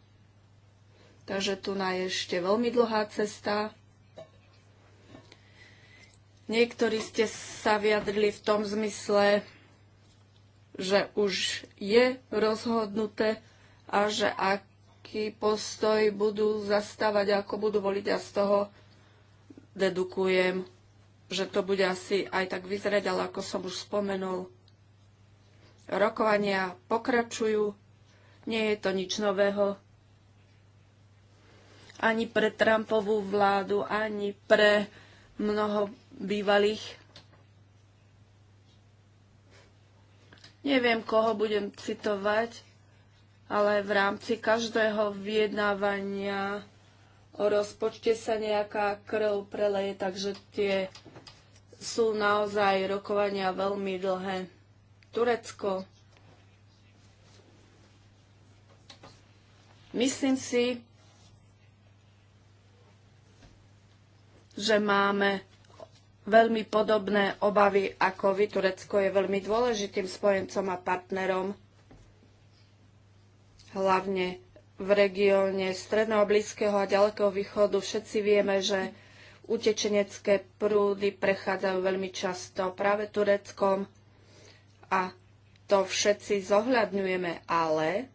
Takže tu na je ešte veľmi dlhá cesta. Niektorí ste sa vyjadrili v tom zmysle, že už je rozhodnuté, a že aký postoj budú zastávať, ako budú voliť a z toho dedukujem, že to bude asi aj tak vyzerať, ale ako som už spomenul, rokovania pokračujú, nie je to nič nového ani pre Trumpovú vládu, ani pre mnoho bývalých. Neviem, koho budem citovať, ale v rámci každého vyjednávania o rozpočte sa nejaká krv preleje, takže tie sú naozaj rokovania veľmi dlhé. Turecko. Myslím si, že máme veľmi podobné obavy ako vy. Turecko je veľmi dôležitým spojencom a partnerom hlavne v regióne Stredného, Blízkeho a Ďalekého východu. Všetci vieme, že utečenecké prúdy prechádzajú veľmi často práve Tureckom a to všetci zohľadňujeme, ale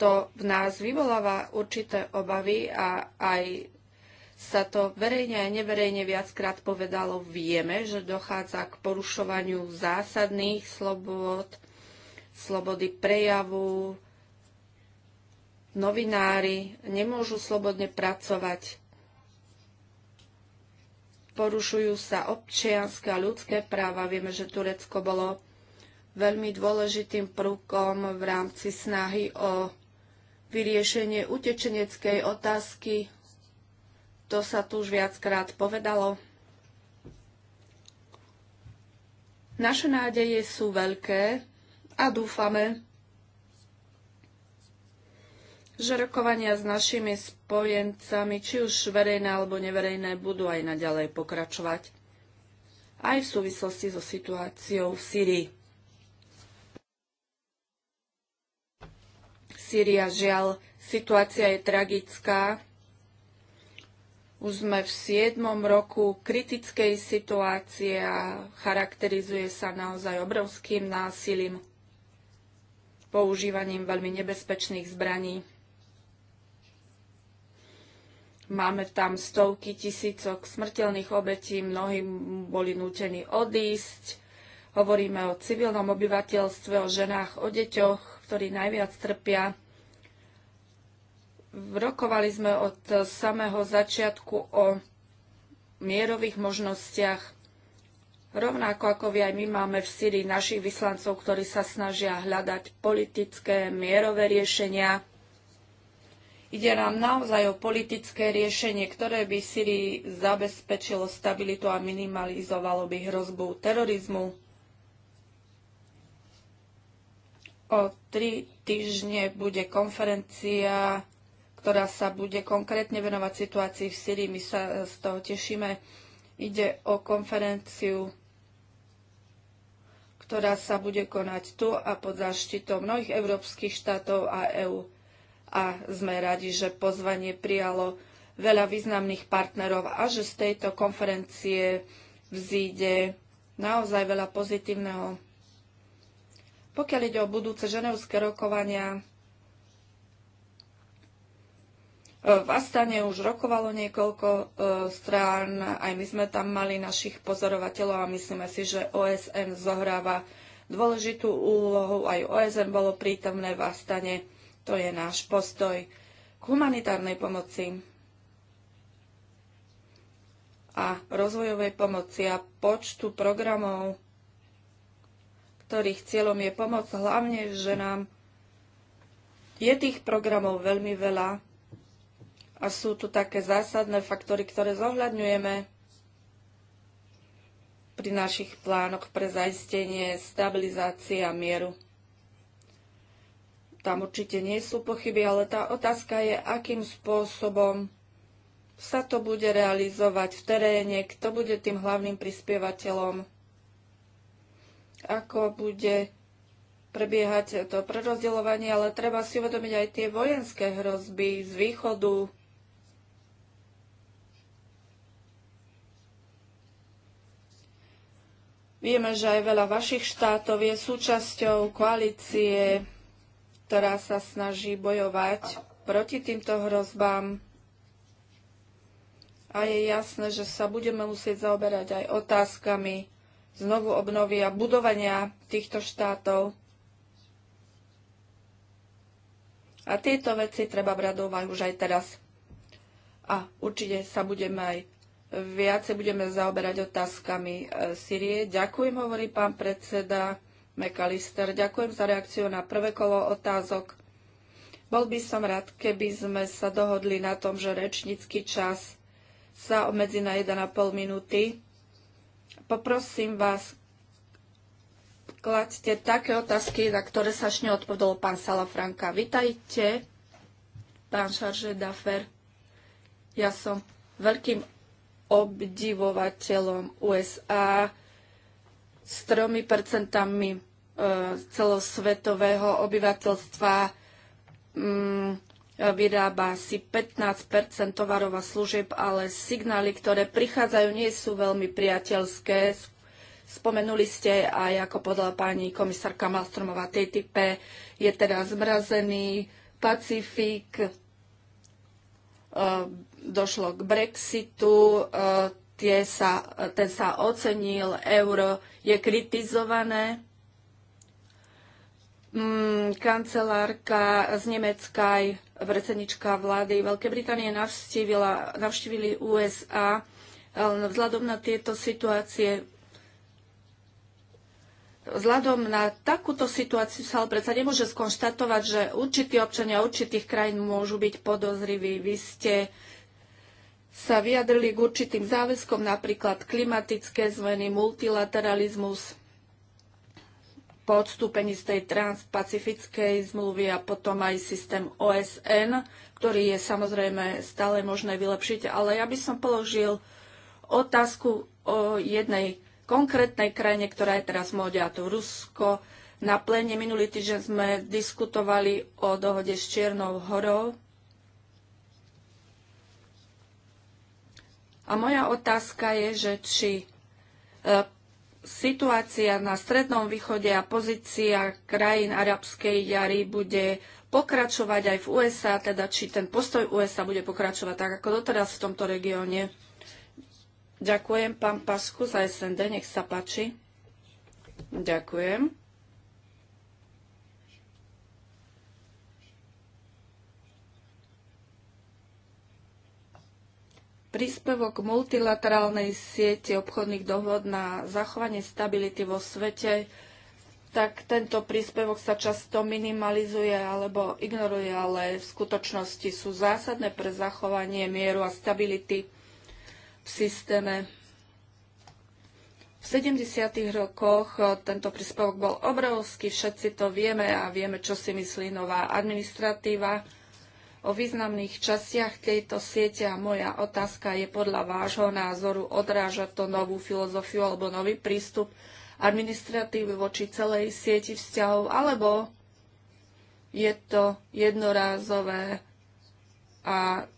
to v nás vyvoláva určité obavy a aj sa to verejne aj neverejne viackrát povedalo. Vieme, že dochádza k porušovaniu zásadných slobôd slobody prejavu, novinári nemôžu slobodne pracovať. Porušujú sa občianské a ľudské práva. Vieme, že Turecko bolo veľmi dôležitým prúkom v rámci snahy o vyriešenie utečeneckej otázky. To sa tu už viackrát povedalo. Naše nádeje sú veľké, a dúfame, že rokovania s našimi spojencami, či už verejné alebo neverejné, budú aj naďalej pokračovať, aj v súvislosti so situáciou v Syrii. Syria, žiaľ, situácia je tragická. Už sme v 7. roku kritickej situácie a charakterizuje sa naozaj obrovským násilím používaním veľmi nebezpečných zbraní. Máme tam stovky tisícok smrteľných obetí, mnohí boli nútení odísť. Hovoríme o civilnom obyvateľstve, o ženách, o deťoch, ktorí najviac trpia. Rokovali sme od samého začiatku o mierových možnostiach Rovnako ako vy aj my máme v Syrii našich vyslancov, ktorí sa snažia hľadať politické, mierové riešenia. Ide nám naozaj o politické riešenie, ktoré by Syrii zabezpečilo stabilitu a minimalizovalo by hrozbu terorizmu. O tri týždne bude konferencia, ktorá sa bude konkrétne venovať situácii v Syrii. My sa z toho tešíme. Ide o konferenciu ktorá sa bude konať tu a pod záštitou mnohých európskych štátov a EÚ. A sme radi, že pozvanie prijalo veľa významných partnerov a že z tejto konferencie vzíde naozaj veľa pozitívneho. Pokiaľ ide o budúce ženevské rokovania, E, v Astane už rokovalo niekoľko e, strán, aj my sme tam mali našich pozorovateľov a myslíme si, že OSN zohráva dôležitú úlohu. Aj OSN bolo prítomné v Astane. To je náš postoj k humanitárnej pomoci a rozvojovej pomoci a počtu programov, ktorých cieľom je pomoc hlavne ženám. Je tých programov veľmi veľa a sú tu také zásadné faktory, ktoré zohľadňujeme pri našich plánoch pre zaistenie stabilizácie a mieru. Tam určite nie sú pochyby, ale tá otázka je, akým spôsobom sa to bude realizovať v teréne, kto bude tým hlavným prispievateľom, ako bude prebiehať to prerozdeľovanie, ale treba si uvedomiť aj tie vojenské hrozby z východu, Vieme, že aj veľa vašich štátov je súčasťou koalície, ktorá sa snaží bojovať proti týmto hrozbám. A je jasné, že sa budeme musieť zaoberať aj otázkami znovu obnovy a budovania týchto štátov. A tieto veci treba brať do už aj teraz. A určite sa budeme aj viacej budeme zaoberať otázkami e, Syrie. Ďakujem, hovorí pán predseda McAllister. Ďakujem za reakciu na prvé kolo otázok. Bol by som rád, keby sme sa dohodli na tom, že rečnícky čas sa obmedzi na 1,5 minúty. Poprosím vás, kladte také otázky, na ktoré sa šne odpovedol pán Salafranka. Vitajte, pán Šarže Dafer. Ja som veľkým obdivovateľom USA s 3% e, celosvetového obyvateľstva mm, vyrába si 15 tovarov a služieb, ale signály, ktoré prichádzajú, nie sú veľmi priateľské. Spomenuli ste aj, ako podala pani komisárka Malstromová, TTP je teda zmrazený, Pacifik, e, došlo k Brexitu, e, tie sa, ten sa ocenil, euro je kritizované. Mm, kancelárka z Nemecka aj predsednička vlády Veľkej Británie navštívili USA. E, vzhľadom na tieto situácie vzhľadom na takúto situáciu sa ale predsa nemôže skonštatovať, že určití občania určitých krajín môžu byť podozriví. Vy ste sa vyjadrili k určitým záväzkom, napríklad klimatické zmeny, multilateralizmus, po odstúpení z tej transpacifickej zmluvy a potom aj systém OSN, ktorý je samozrejme stále možné vylepšiť. Ale ja by som položil otázku o jednej konkrétnej krajine, ktorá je teraz v móde, a to Rusko. Na plene minulý týždeň sme diskutovali o dohode s Čiernou horou, A moja otázka je, že či e, situácia na Strednom východe a pozícia krajín arabskej jary bude pokračovať aj v USA, teda či ten postoj USA bude pokračovať tak ako doteraz v tomto regióne. Ďakujem, pán Pasku, za SND, nech sa páči. Ďakujem. Príspevok multilaterálnej siete obchodných dohod na zachovanie stability vo svete, tak tento príspevok sa často minimalizuje alebo ignoruje, ale v skutočnosti sú zásadné pre zachovanie mieru a stability v systéme. V 70. rokoch tento príspevok bol obrovský, všetci to vieme a vieme, čo si myslí nová administratíva o významných častiach tejto siete a moja otázka je podľa vášho názoru odráža to novú filozofiu alebo nový prístup administratívy voči celej sieti vzťahov, alebo je to jednorázové a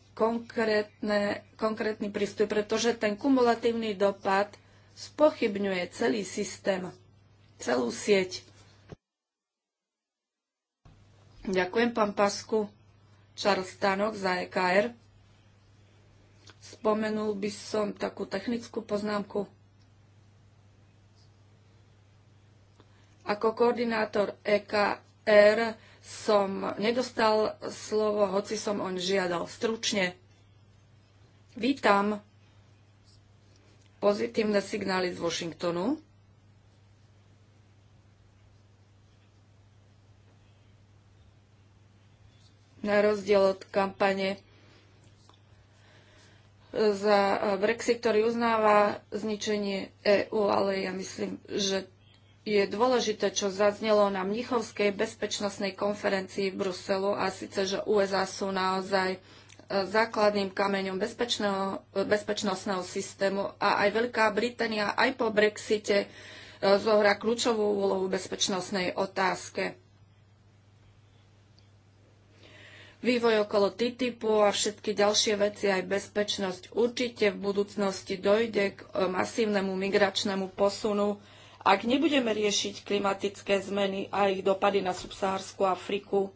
konkrétny prístup, pretože ten kumulatívny dopad spochybňuje celý systém, celú sieť. Ďakujem, pán Pasku. Charles Tanok za EKR. Spomenul by som takú technickú poznámku. Ako koordinátor EKR som nedostal slovo, hoci som on žiadal stručne. Vítam pozitívne signály z Washingtonu na rozdiel od kampane za Brexit, ktorý uznáva zničenie EÚ, ale ja myslím, že je dôležité, čo zaznelo na Mnichovskej bezpečnostnej konferencii v Bruselu, a síce, že USA sú naozaj e, základným kameňom bezpečnostného systému a aj Veľká Británia aj po Brexite e, zohrá kľúčovú úlohu v bezpečnostnej otázke. vývoj okolo TTIPu a všetky ďalšie veci, aj bezpečnosť. Určite v budúcnosti dojde k e, masívnemu migračnému posunu. Ak nebudeme riešiť klimatické zmeny a ich dopady na subsahárskú Afriku,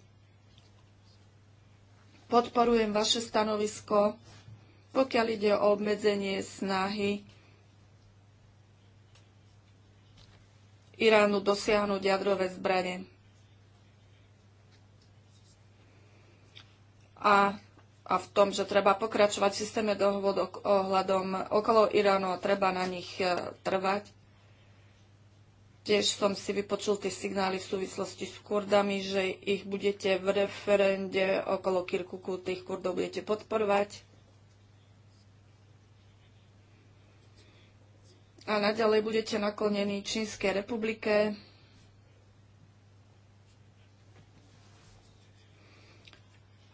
podporujem vaše stanovisko, pokiaľ ide o obmedzenie snahy Iránu dosiahnuť jadrové zbranie. a, a v tom, že treba pokračovať v systéme dohovod ohľadom okolo Iránu a treba na nich e, trvať. Tiež som si vypočul tie signály v súvislosti s Kurdami, že ich budete v referende okolo Kirkuku, tých Kurdov budete podporovať. A naďalej budete naklonení Čínskej republike.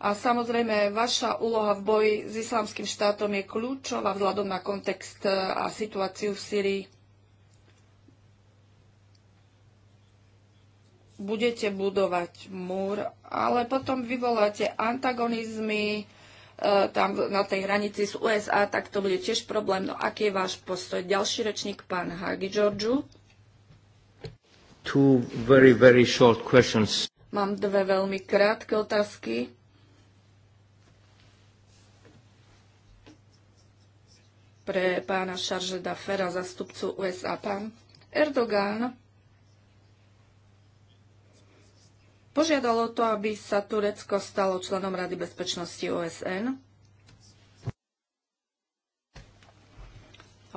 A samozrejme, vaša úloha v boji s islamským štátom je kľúčová vzhľadom na kontext e, a situáciu v Syrii. Budete budovať múr, ale potom vyvoláte antagonizmy e, tam na tej hranici s USA, tak to bude tiež problém. No aký je váš postoj? Ďalší rečník, pán Hagi Georgiou. Two very, very short questions. Mám dve veľmi krátke otázky pre pána Šaržeda Fera, zastupcu USA. Pán Erdogan požiadalo to, aby sa Turecko stalo členom Rady bezpečnosti OSN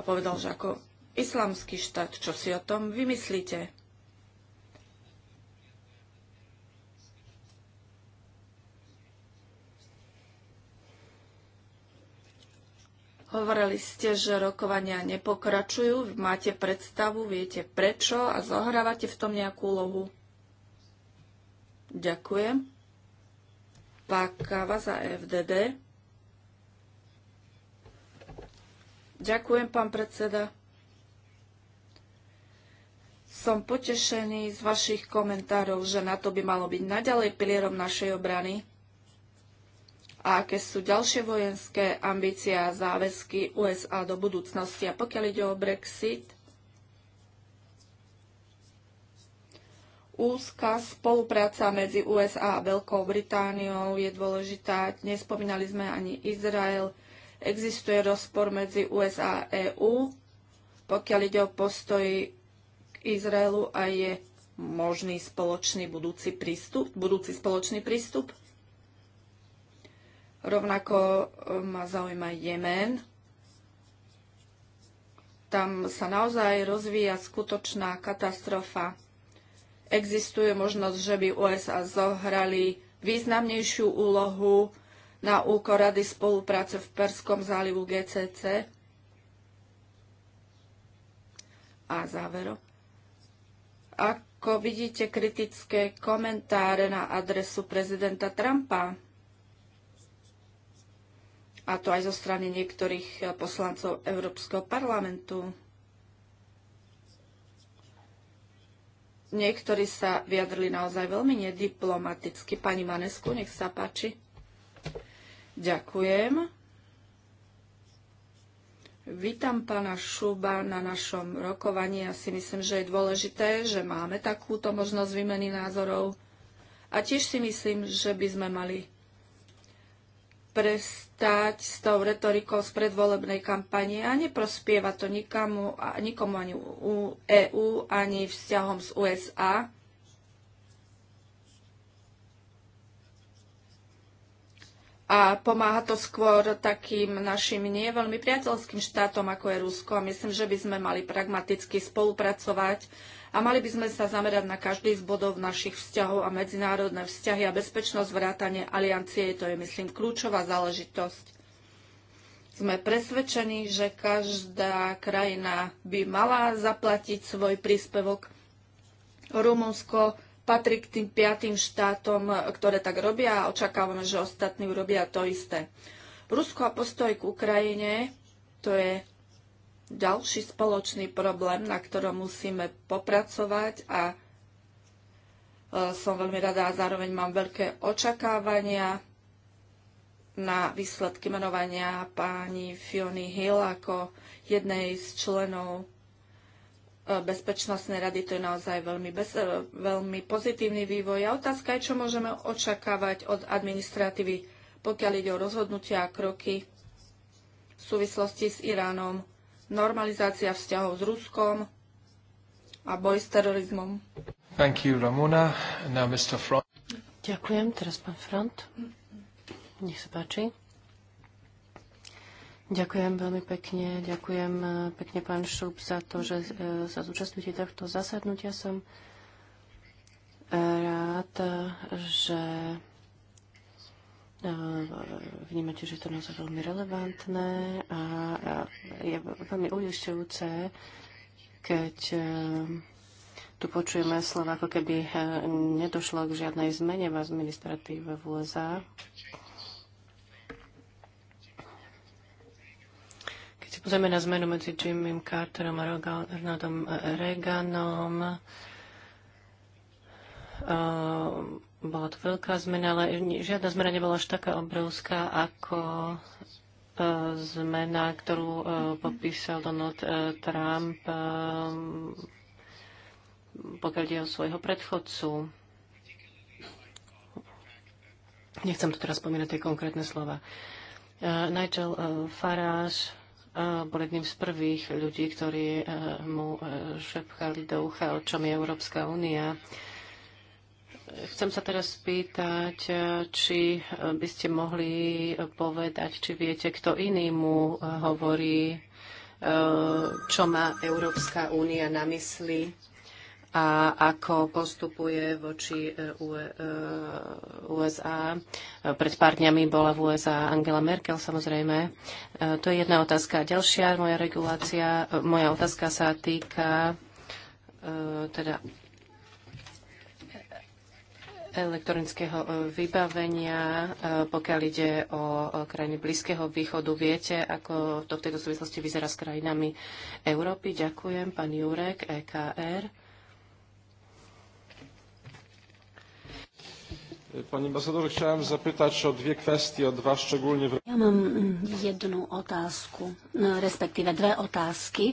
a povedal, že ako islamský štát, čo si o tom vymyslíte? Hovorili ste, že rokovania nepokračujú, máte predstavu, viete prečo a zohrávate v tom nejakú úlohu. Ďakujem. Pákava za FDD. Ďakujem, pán predseda. Som potešený z vašich komentárov, že na to by malo byť naďalej pilierom našej obrany a aké sú ďalšie vojenské ambície a záväzky USA do budúcnosti. A pokiaľ ide o Brexit, úzka spolupráca medzi USA a Veľkou Britániou je dôležitá. Nespomínali sme ani Izrael. Existuje rozpor medzi USA a EÚ, pokiaľ ide o postoj k Izraelu a je možný spoločný budúci prístup, budúci spoločný prístup. Rovnako e, ma zaujíma Jemen. Tam sa naozaj rozvíja skutočná katastrofa. Existuje možnosť, že by USA zohrali významnejšiu úlohu na úkor Rady spolupráce v Perskom zálivu GCC. A závero. Ako vidíte kritické komentáre na adresu prezidenta Trumpa? a to aj zo strany niektorých poslancov Európskeho parlamentu. Niektorí sa vyjadrili naozaj veľmi nediplomaticky. Pani Manesku, nech sa páči. Ďakujem. Vítam pána Šuba na našom rokovaní. Ja si myslím, že je dôležité, že máme takúto možnosť výmeny názorov. A tiež si myslím, že by sme mali prestať s tou retorikou z predvolebnej kampanie a neprospieva to nikomu, nikomu ani u EÚ, ani vzťahom z USA. a pomáha to skôr takým našim nie veľmi priateľským štátom, ako je Rusko. A myslím, že by sme mali pragmaticky spolupracovať a mali by sme sa zamerať na každý z bodov našich vzťahov a medzinárodné vzťahy a bezpečnosť vrátane aliancie. To je, myslím, kľúčová záležitosť. Sme presvedčení, že každá krajina by mala zaplatiť svoj príspevok. Rumunsko patrí k tým piatým štátom, ktoré tak robia a očakávame, že ostatní urobia to isté. Rusko a postoj k Ukrajine, to je ďalší spoločný problém, na ktorom musíme popracovať a e, som veľmi rada a zároveň mám veľké očakávania na výsledky menovania pani Fiony Hill ako jednej z členov e, Bezpečnostnej rady. To je naozaj veľmi, bez, e, veľmi pozitívny vývoj. A otázka je, čo môžeme očakávať od administratívy, pokiaľ ide o rozhodnutia a kroky v súvislosti s Iránom normalizácia vzťahov s Ruskom a boj s terorizmom. Thank you, Ramona. Now, Mr. Front. Ďakujem. Teraz pán Front. Nech sa páči. Ďakujem veľmi pekne. Ďakujem e, pekne, pán Šup, za to, že e, sa zúčastňujete tohto zasadnutia. Som e, rád, že Eh, vnímate, že je to naozaj veľmi relevantné a je veľmi ujišťujúce, keď eh, tu počujeme slova, ako keby eh, nedošlo k žiadnej zmene v administratíve v USA. Keď si pozrieme na zmenu medzi Jimmym Carterom a Ronaldom Reaganom, bola to veľká zmena, ale žiadna zmena nebola až taká obrovská ako e, zmena, ktorú e, popísal Donald e, Trump, pokiaľ ide o svojho predchodcu. Nechcem tu teraz spomínať tie konkrétne slova. Nigel Farage bol jedným z prvých ľudí, ktorí mu šepchali do ucha, o čom je Európska únia. Chcem sa teraz spýtať, eh, či eh, by ste mohli eh, povedať, či viete, kto iný mu hovorí, čo má Európska únia na mysli a ako postupuje voči USA. E, Pred pár dňami bola v USA Angela Merkel, samozrejme. To je jedna otázka. Ďalšia moja regulácia, moja otázka sa týka teda elektronického e, vybavenia, e, pokiaľ ide o krajiny Blízkeho východu. Viete, ako to v tejto súvislosti vyzerá s krajinami Európy? Ďakujem, pán Jurek, EKR. Pani ambasador, chciałem zapytać o dwie kwestie, o dwa szczególnie... Ja mam mm, jedną otázku, no, respektíve dve otázky.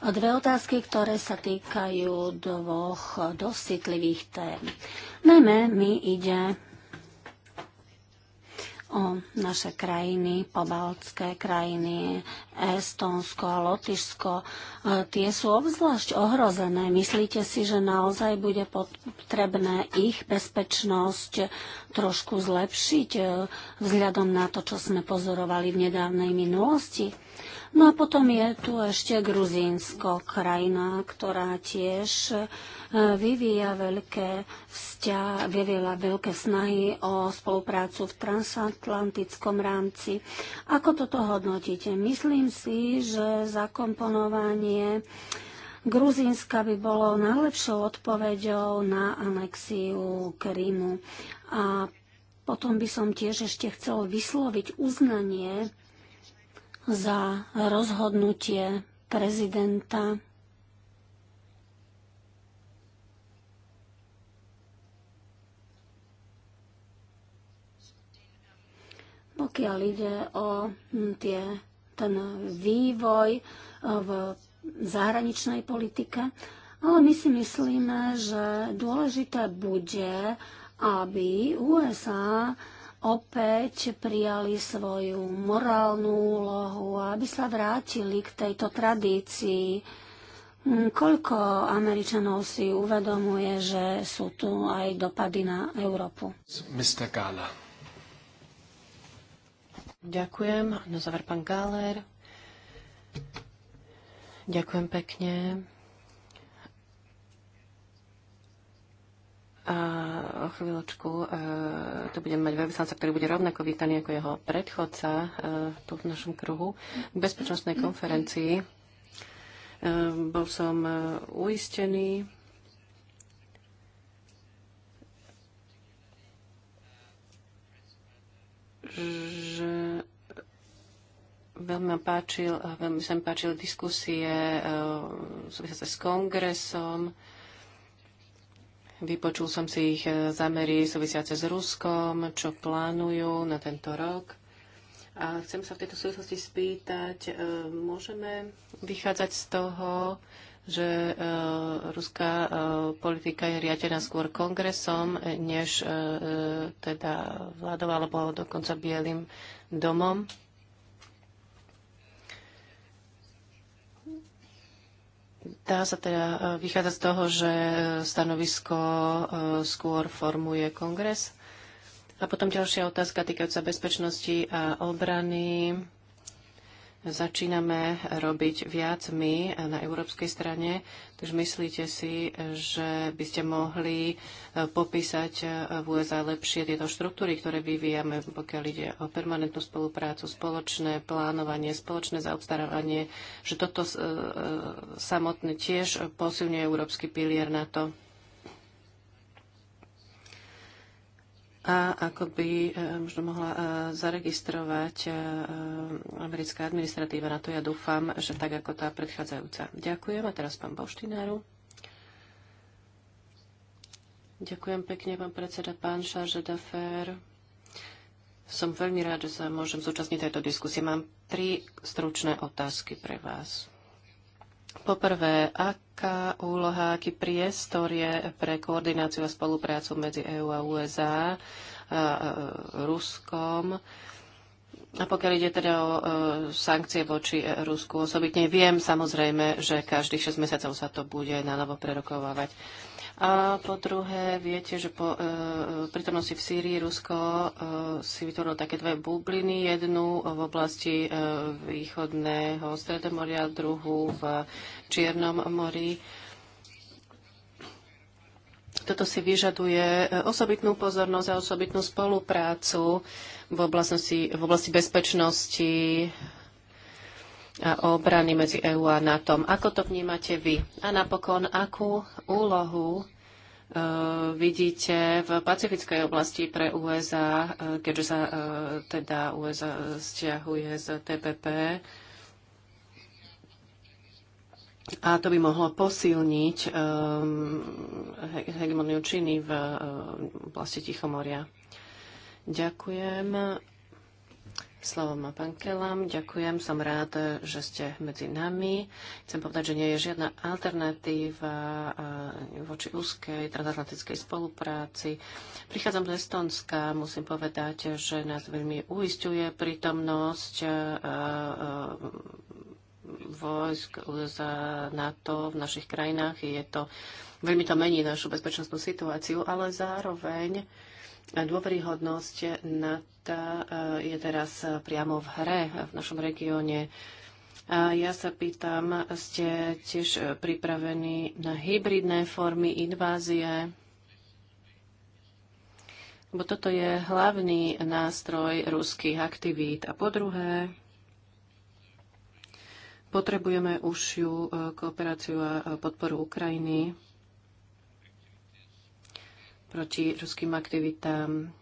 Dve otázky, ktoré sa týkajú dvoch dosť citlivých tém. Najmä mi ide o naše krajiny, pobaltské krajiny, Estonsko a Lotyšsko, e, tie sú obzvlášť ohrozené. Myslíte si, že naozaj bude potrebné ich bezpečnosť trošku zlepšiť e, vzhľadom na to, čo sme pozorovali v nedávnej minulosti? No a potom je tu ešte Gruzínsko, krajina, ktorá tiež e, vyvíja veľké vzťah, vyvíjala veľké snahy o spoluprácu v transatlantickom rámci. Ako toto hodnotíte? Myslím si, že zakomponovanie Gruzínska by bolo najlepšou odpoveďou na anexiu Krymu. A potom by som tiež ešte chcel vysloviť uznanie za rozhodnutie prezidenta pokiaľ ide o tie, ten vývoj e, v zahraničnej politike. Ale my si myslíme, že dôležité bude, aby USA opäť prijali svoju morálnu úlohu, aby sa vrátili k tejto tradícii. Hm, koľko Američanov si uvedomuje, že sú tu aj dopady na Európu? Mr. Gala. Ďakujem. Na záver pán Galer. Ďakujem pekne. A o chvíľočku e, tu budeme mať veľvyslanca, ktorý bude rovnako vítaný ako jeho predchodca e, tu v našom kruhu k bezpečnostnej konferencii. E, bol som uistený, že veľmi páčil, veľmi sa mi páčili diskusie súvisiace s kongresom, Vypočul som si ich e, zamery súvisiace s Ruskom, čo plánujú na tento rok. A chcem sa v tejto súvislosti spýtať, e, môžeme vychádzať z toho, že e, ruská politika je riadená skôr kongresom, než teda vládou alebo dokonca Bielým domom? Dá sa teda e, vychádzať z toho, že e, stanovisko e, skôr formuje kongres. A potom ďalšia otázka týkajúca bezpečnosti a obrany začíname robiť viac my na európskej strane. Takže myslíte si, že by ste mohli e, popísať e, v USA lepšie tieto štruktúry, ktoré vyvíjame, pokiaľ ide o permanentnú spoluprácu, spoločné plánovanie, spoločné zaobstarávanie, že toto e, samotné tiež posilňuje európsky pilier na to? a ako by e, možno mohla e, zaregistrovať e, americká administratíva. Na to ja dúfam, že tak ako tá predchádzajúca. Ďakujem a teraz pán Boštináru. Ďakujem pekne, pán predseda, pán Šarže Dafer. Som veľmi rád, že sa môžem zúčastniť tejto diskusie. Mám tri stručné otázky pre vás. Poprvé, aká úloha, aký priestor je pre koordináciu a spoluprácu medzi EÚ a USA a Ruskom? A pokiaľ ide teda o e, sankcie voči e, Rusku osobitne, viem samozrejme, že každých 6 mesiacov sa to bude na novo prerokovávať. A po druhé, viete, že po e, prítomnosti v Sýrii Rusko e, si vytvorilo také dve bubliny. Jednu v oblasti e, východného Stredomoria, druhú v Čiernom mori. Toto si vyžaduje e, osobitnú pozornosť a osobitnú spoluprácu v oblasti, v oblasti bezpečnosti, obrany medzi EÚ a NATO. Ako to vnímate vy? A napokon, akú úlohu e, vidíte v pacifickej oblasti pre USA, e, keďže sa e, teda USA stiahuje z TPP? A to by mohlo posilniť um, hegemoniu činy v oblasti Tichomoria. Ďakujem. Slovo má pán Kelam. Ďakujem, som rád, že ste medzi nami. Chcem povedať, že nie je žiadna alternatíva voči úzkej transatlantickej spolupráci. Prichádzam z Estonska, musím povedať, že nás veľmi uistuje prítomnosť vojsk za NATO v našich krajinách. Je to, veľmi to mení našu bezpečnostnú situáciu, ale zároveň Dôveryhodnosť NATO e, je teraz priamo v hre v našom regióne. A ja sa pýtam, ste tiež pripravení na hybridné formy invázie? Bo toto je hlavný nástroj ruských aktivít. A po druhé, potrebujeme užšiu e, kooperáciu a podporu Ukrajiny proti ruským aktivitám.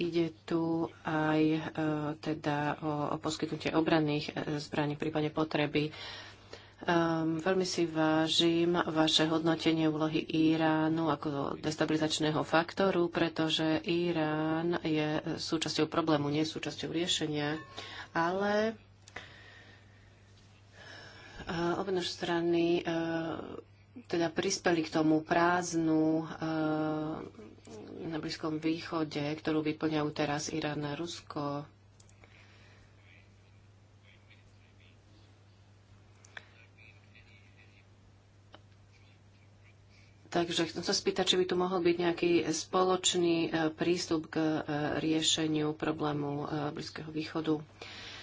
Ide tu aj e, teda o, o poskytnutie obranných e, zbraní v prípade potreby. Um, veľmi si vážim vaše hodnotenie úlohy Iránu ako destabilizačného faktoru, pretože Irán je súčasťou problému, nie súčasťou riešenia, ale uh, e, obnož strany uh, teda prispeli k tomu prázdnu eh, na Blízkom východe, ktorú vyplňajú teraz Irán a Rusko. Takže chcem sa spýtať, či by tu mohol byť nejaký spoločný eh, prístup k eh, riešeniu problému Blízkeho východu.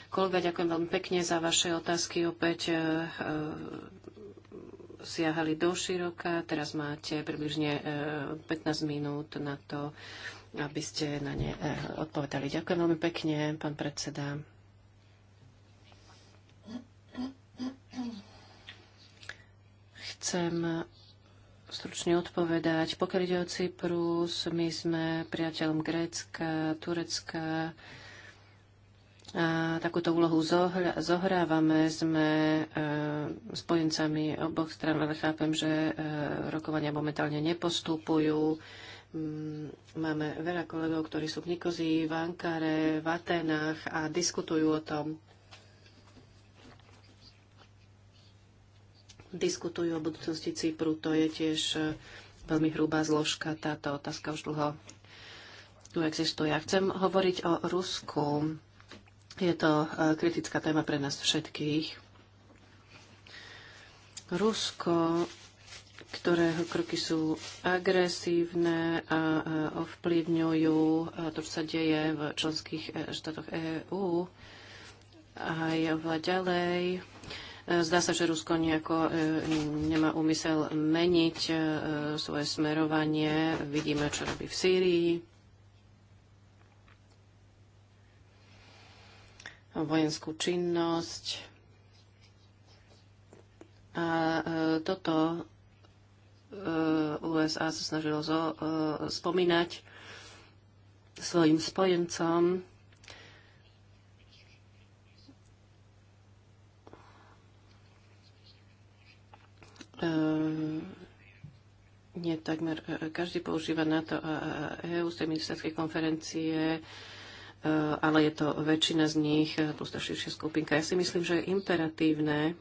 Kolega, ďakujem veľmi pekne za vaše otázky. Opäť siahali do široka. Teraz máte približne 15 e, minút na to, aby ste na ne e, odpovedali. Ďakujem veľmi pekne, pán predseda. Chcem stručne odpovedať. Pokiaľ ide o Cyprus, my sme priateľom Grécka, Turecka, takúto úlohu zohrávame, sme e, spojencami oboch stran, ale chápem, že e, rokovania momentálne nepostupujú. Mm, máme veľa kolegov, ktorí sú v Nikozí, v Ankare, v Atenách a diskutujú o tom. Diskutujú o budúcnosti Cypru, to je tiež e, veľmi hrubá zložka, táto otázka už dlho tu existuje. Ja chcem hovoriť o Rusku je to e, kritická téma pre nás všetkých. Rusko, ktorého kroky sú agresívne a e, ovplyvňujú e, to, čo sa deje v členských štátoch EÚ aj oveľa ďalej. Zdá sa, že Rusko nejako nemá úmysel meniť svoje smerovanie. Vidíme, čo robí v Sýrii vojenskú činnosť. A e, toto e, USA sa snažilo zo, e, spomínať svojim spojencom. Nie takmer každý používa na a EU z tej ministerskej konferencie Eh, ale je to väčšina z nich, eh, plus tá širšia skupinka. Ja si myslím, že je imperatívne,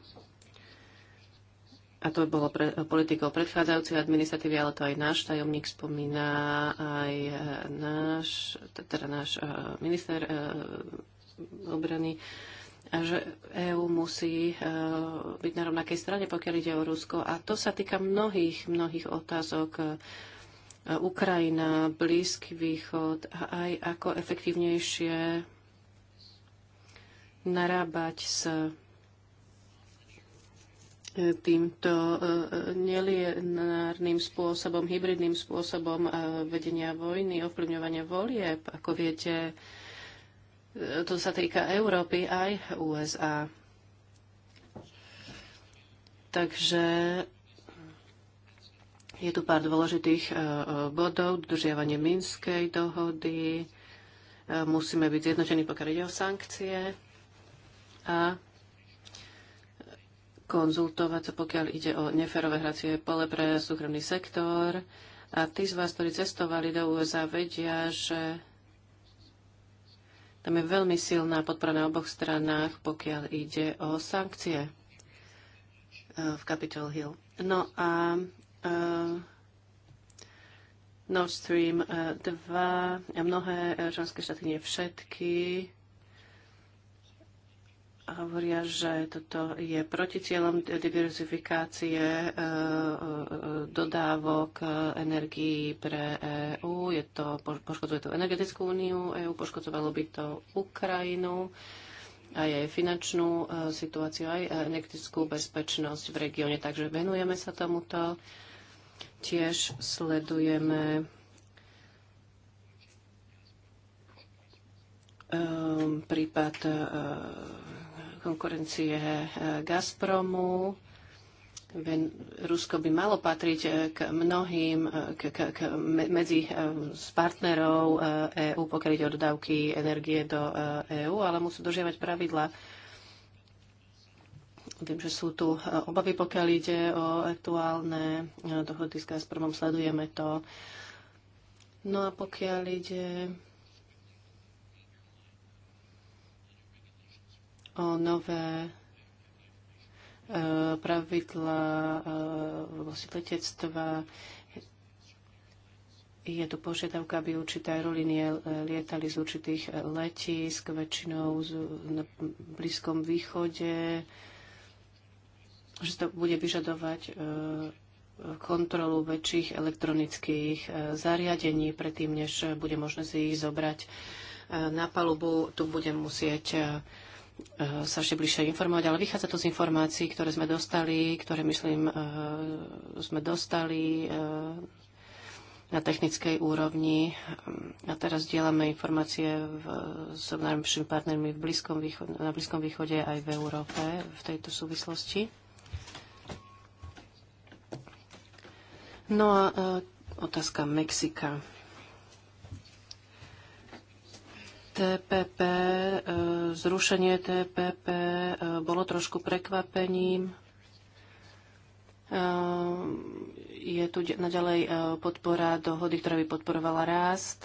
a to bolo pre, eh, politikou predchádzajúcej administratívy, ale to aj náš tajomník spomína, aj náš, teda náš minister obrany, a že EÚ musí byť na rovnakej strane, pokiaľ ide o Rusko. A to sa týka mnohých, mnohých otázok Ukrajina, Blízky východ a aj ako efektívnejšie narábať s e, týmto e, nelienárnym spôsobom, hybridným spôsobom e, vedenia vojny, ovplyvňovania volieb. Ako viete, to sa týka Európy aj USA. Takže je tu pár dôležitých e, e, bodov, dodržiavanie Minskej dohody, e, musíme byť zjednotení, pokiaľ ide o sankcie a konzultovať sa, pokiaľ ide o neferové hracie pole pre súkromný sektor. A tí z vás, ktorí cestovali do USA, vedia, že tam je veľmi silná podpora na oboch stranách, pokiaľ ide o sankcie v Capitol Hill. No a Uh, Nord Stream 2 uh, a mnohé uh, členské štáty, nie všetky, hovoria, že toto je proti cieľom diverzifikácie dodávok energií pre EÚ. Je to, poškodzuje to energetickú úniu EÚ, poškodzovalo by to Ukrajinu a jej finančnú situáciu, aj energetickú bezpečnosť v regióne. Takže venujeme sa tomuto. Tiež sledujeme ehm, prípad ehm, konkurencie ehm, Gazpromu. Rusko by malo patriť k mnohým, k, k, k medzi s partnerov EÚ, e pokiaľ ide o dodávky energie do EÚ, e ale musí dožiavať pravidla Viem, že sú tu e, obavy, pokiaľ ide o aktuálne e, dohody s Gazpromom, sledujeme to. No a pokiaľ ide o nové e, pravidla vlastne letectva, je tu požiadavka, aby určité aerolínie lietali z určitých letísk, väčšinou v na Blízkom východe, že to bude vyžadovať e, kontrolu väčších elektronických e, zariadení predtým, než bude možné si ich zobrať e, na palubu. Tu budem musieť sa ešte bližšie informovať, ale vychádza to z informácií, ktoré sme dostali, ktoré myslím sme dostali na technickej úrovni. A teraz dielame informácie v, s najlepšími partnermi v Blízkom východe, na Blízkom východe aj v Európe v tejto súvislosti. No a e, otázka Mexika. TPP, e, zrušenie TPP e, bolo trošku prekvapením. Je tu naďalej podpora dohody, ktorá by podporovala rást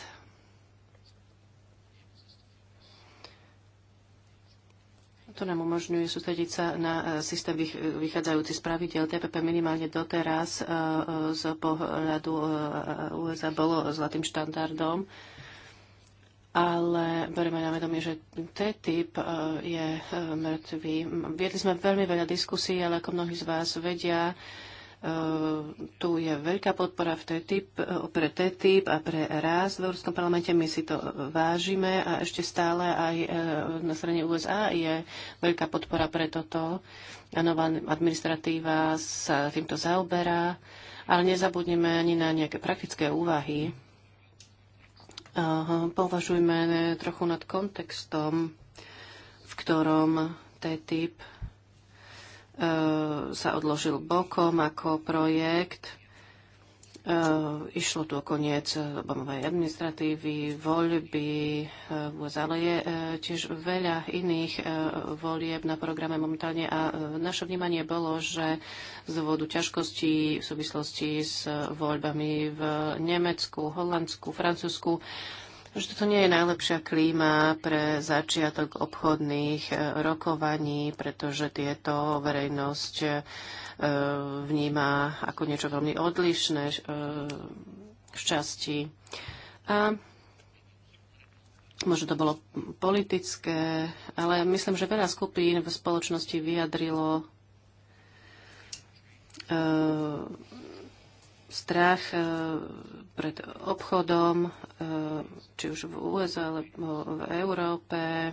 To nám umožňuje sústrediť sa na e, systém vychádzajúci z pravidel. TPP minimálne doteraz e, e, z pohľadu USA bolo zlatým štandardom, ale bereme na vedomie, že TTIP je mŕtvý. Viedli sme veľmi veľa diskusí, ale ako mnohí z vás vedia, Eh, tu je veľká podpora v TTIP, eh, pre TTIP a pre RAS v Európskom parlamente. My si to eh, vážime a ešte stále aj na strane USA je veľká podpora pre toto. A nová administratíva sa týmto zaoberá, ale nezabudneme ani na nejaké praktické úvahy. Považujme trochu nad kontextom, v ktorom TTIP E, sa odložil bokom ako projekt. E, išlo tu o koniec bomovej administratívy, voľby e, ale je tiež veľa iných volieb na programe momentálne a naše vnímanie bolo, že z dôvodu ťažkostí v súvislosti s voľbami v Nemecku, Holandsku, Francúzsku že toto nie je najlepšia klíma pre začiatok obchodných e, rokovaní, pretože tieto verejnosť e, vníma ako niečo veľmi odlišné v e, časti. A možno to bolo politické, ale myslím, že veľa skupín v spoločnosti vyjadrilo strach e, pred obchodom, e, či už v USA alebo v Európe. E,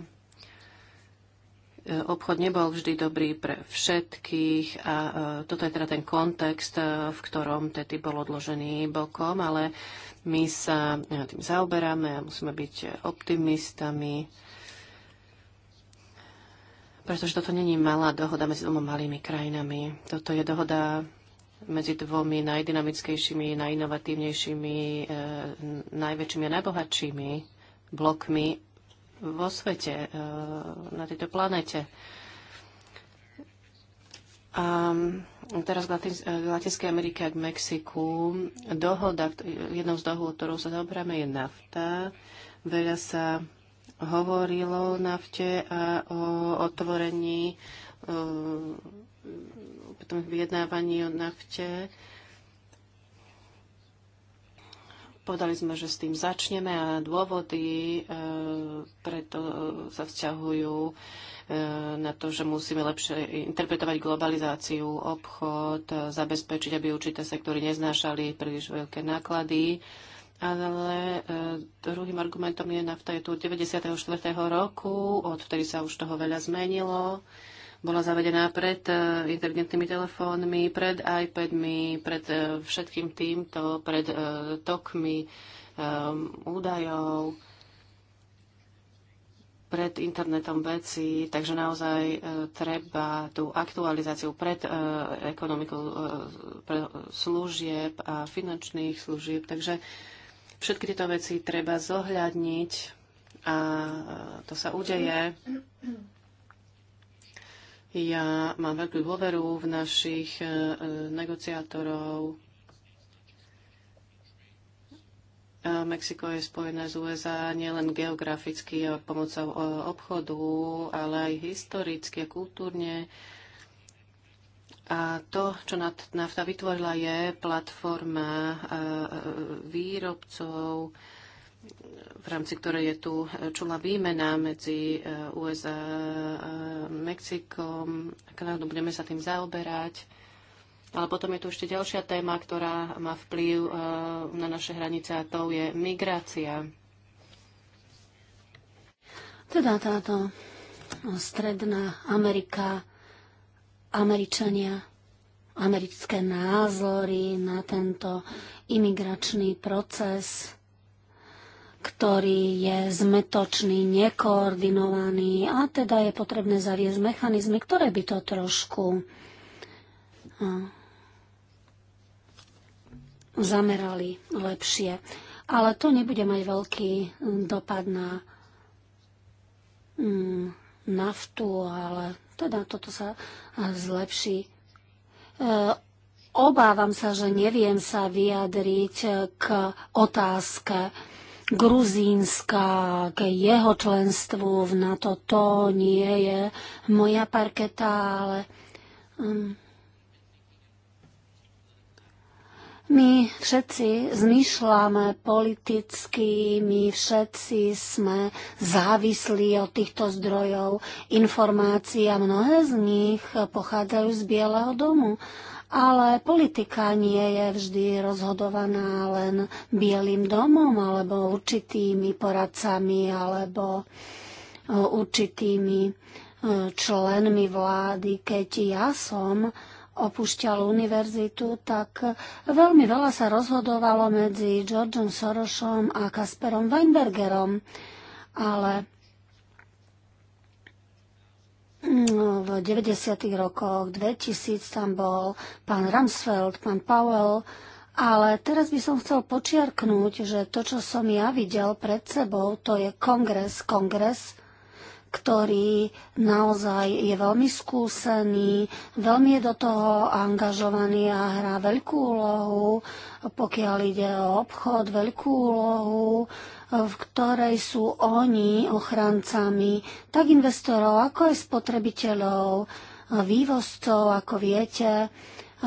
obchod nebol vždy dobrý pre všetkých a toto je teda ten kontext, v ktorom tedy bol odložený bokom, ale my sa tým zaoberáme a musíme byť optimistami, pretože toto není malá dohoda medzi dvoma malými krajinami. Toto je dohoda medzi dvomi najdynamickejšími, najinovatívnejšími, e, najväčšími a najbohatšími blokmi vo svete, e, na tejto planete. A mm, teraz k, Latins- k eh, Latinskej Amerike a k Mexiku. Dohoda, jednou z dohôd, ktorou sa zaoberáme, je nafta. Veľa sa hovorilo o nafte a o otvorení e, tom vyjednávaní o nafte. Podali sme, že s tým začneme a dôvody e, preto e, sa vzťahujú e, na to, že musíme lepšie interpretovať globalizáciu, obchod, e, zabezpečiť, aby určité sektory neznášali príliš veľké náklady. Ale e, druhým argumentom je, nafta je tu od 94. roku, od vtedy sa už toho veľa zmenilo. E, bola zavedená pred e, inteligentnými telefónmi, pred iPadmi, pred e, všetkým týmto, pred e, tokmi údajov, pred internetom veci, takže naozaj treba tú aktualizáciu pred ekonomikou služieb a finančných služieb. Takže všetky tieto veci treba zohľadniť a to sa udeje. Ja mám veľkú dôveru v našich e, negociátorov. E, Mexiko je spojené s USA nielen geograficky a pomocou e, obchodu, ale aj historicky a kultúrne. A to, čo NAFTA vytvorila, je platforma výrobcov, v rámci ktorej je tu čula výmena medzi e, USA a Mexikom a Budeme sa tým zaoberať. Ale potom je tu ešte ďalšia téma, ktorá má vplyv e, na naše hranice a to je migrácia. Teda táto stredná Amerika, Američania, americké názory na tento imigračný proces ktorý je zmetočný, nekoordinovaný a teda je potrebné zaviesť mechanizmy, ktoré by to trošku zamerali lepšie. Ale to nebude mať veľký dopad na naftu, ale teda toto sa zlepší. E, obávam sa, že neviem sa vyjadriť k otázke Gruzínska, k jeho členstvu v NATO. To nie je moja parketa, ale um, my všetci zmyšľame politicky, my všetci sme závislí od týchto zdrojov informácií a mnohé z nich pochádzajú z Bieleho domu ale politika nie je vždy rozhodovaná len Bielým domom alebo určitými poradcami alebo e, určitými e, členmi vlády. Keď ja som opúšťal univerzitu, tak veľmi veľa sa rozhodovalo medzi Georgeom Sorosom a Kasperom Weinbergerom. Ale No, v 90. rokoch, 2000 tam bol pán Ramsfeld, pán Powell, ale teraz by som chcel počiarknúť, že to, čo som ja videl pred sebou, to je kongres, kongres, ktorý naozaj je veľmi skúsený, veľmi je do toho angažovaný a hrá veľkú úlohu, pokiaľ ide o obchod, veľkú úlohu, v ktorej sú oni ochrancami, tak investorov, ako aj spotrebiteľov, vývozcov, ako viete.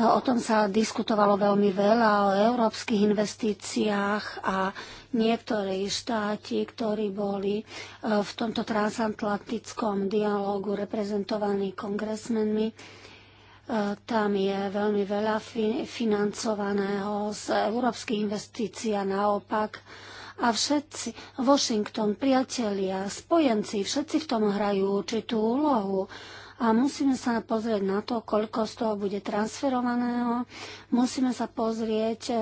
O tom sa diskutovalo veľmi veľa, o európskych investíciách a niektorí štáti, ktorí boli e, v tomto transatlantickom dialógu reprezentovaní kongresmenmi, e, tam je veľmi veľa financovaného z európskych investícií a naopak a všetci, Washington, priatelia, spojenci, všetci v tom hrajú určitú úlohu a musíme sa pozrieť na to, koľko z toho bude transferovaného. Musíme sa pozrieť e,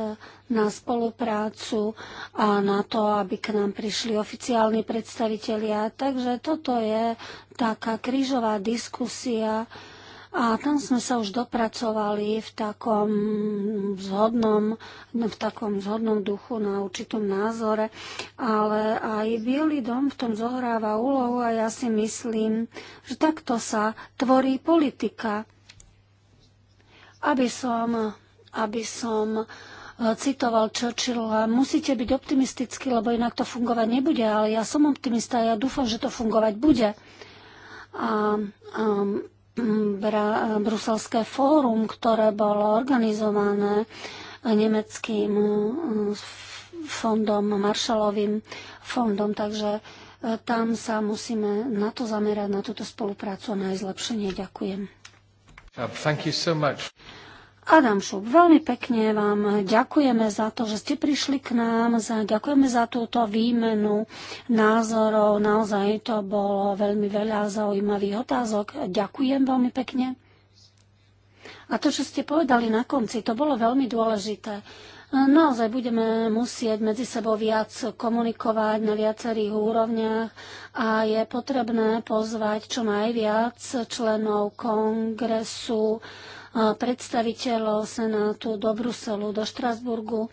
na spoluprácu a na to, aby k nám prišli oficiálni predstavitelia. Takže toto je taká krížová diskusia, a tam sme sa už dopracovali v takom zhodnom, v takom zhodnom duchu na určitom názore, ale aj Bielý dom v tom zohráva úlohu a ja si myslím, že takto sa tvorí politika. Aby som, aby som e, citoval Churchilla, musíte byť optimistický, lebo inak to fungovať nebude, ale ja som optimista a ja dúfam, že to fungovať bude. A, a Bruselské fórum, ktoré bolo organizované nemeckým uh, fondom, Marshallovým fondom, takže uh, tam sa musíme na to zamerať, na túto spoluprácu a na jej zlepšenie. Ďakujem. Uh, thank you So much. Adam Šup, veľmi pekne vám ďakujeme za to, že ste prišli k nám, za, ďakujeme za túto výmenu názorov, naozaj to bolo veľmi veľa zaujímavých otázok. Ďakujem veľmi pekne. A to, čo ste povedali na konci, to bolo veľmi dôležité. Naozaj budeme musieť medzi sebou viac komunikovať na viacerých úrovniach a je potrebné pozvať čo najviac členov kongresu, predstaviteľov Senátu do Bruselu, do Štrasburgu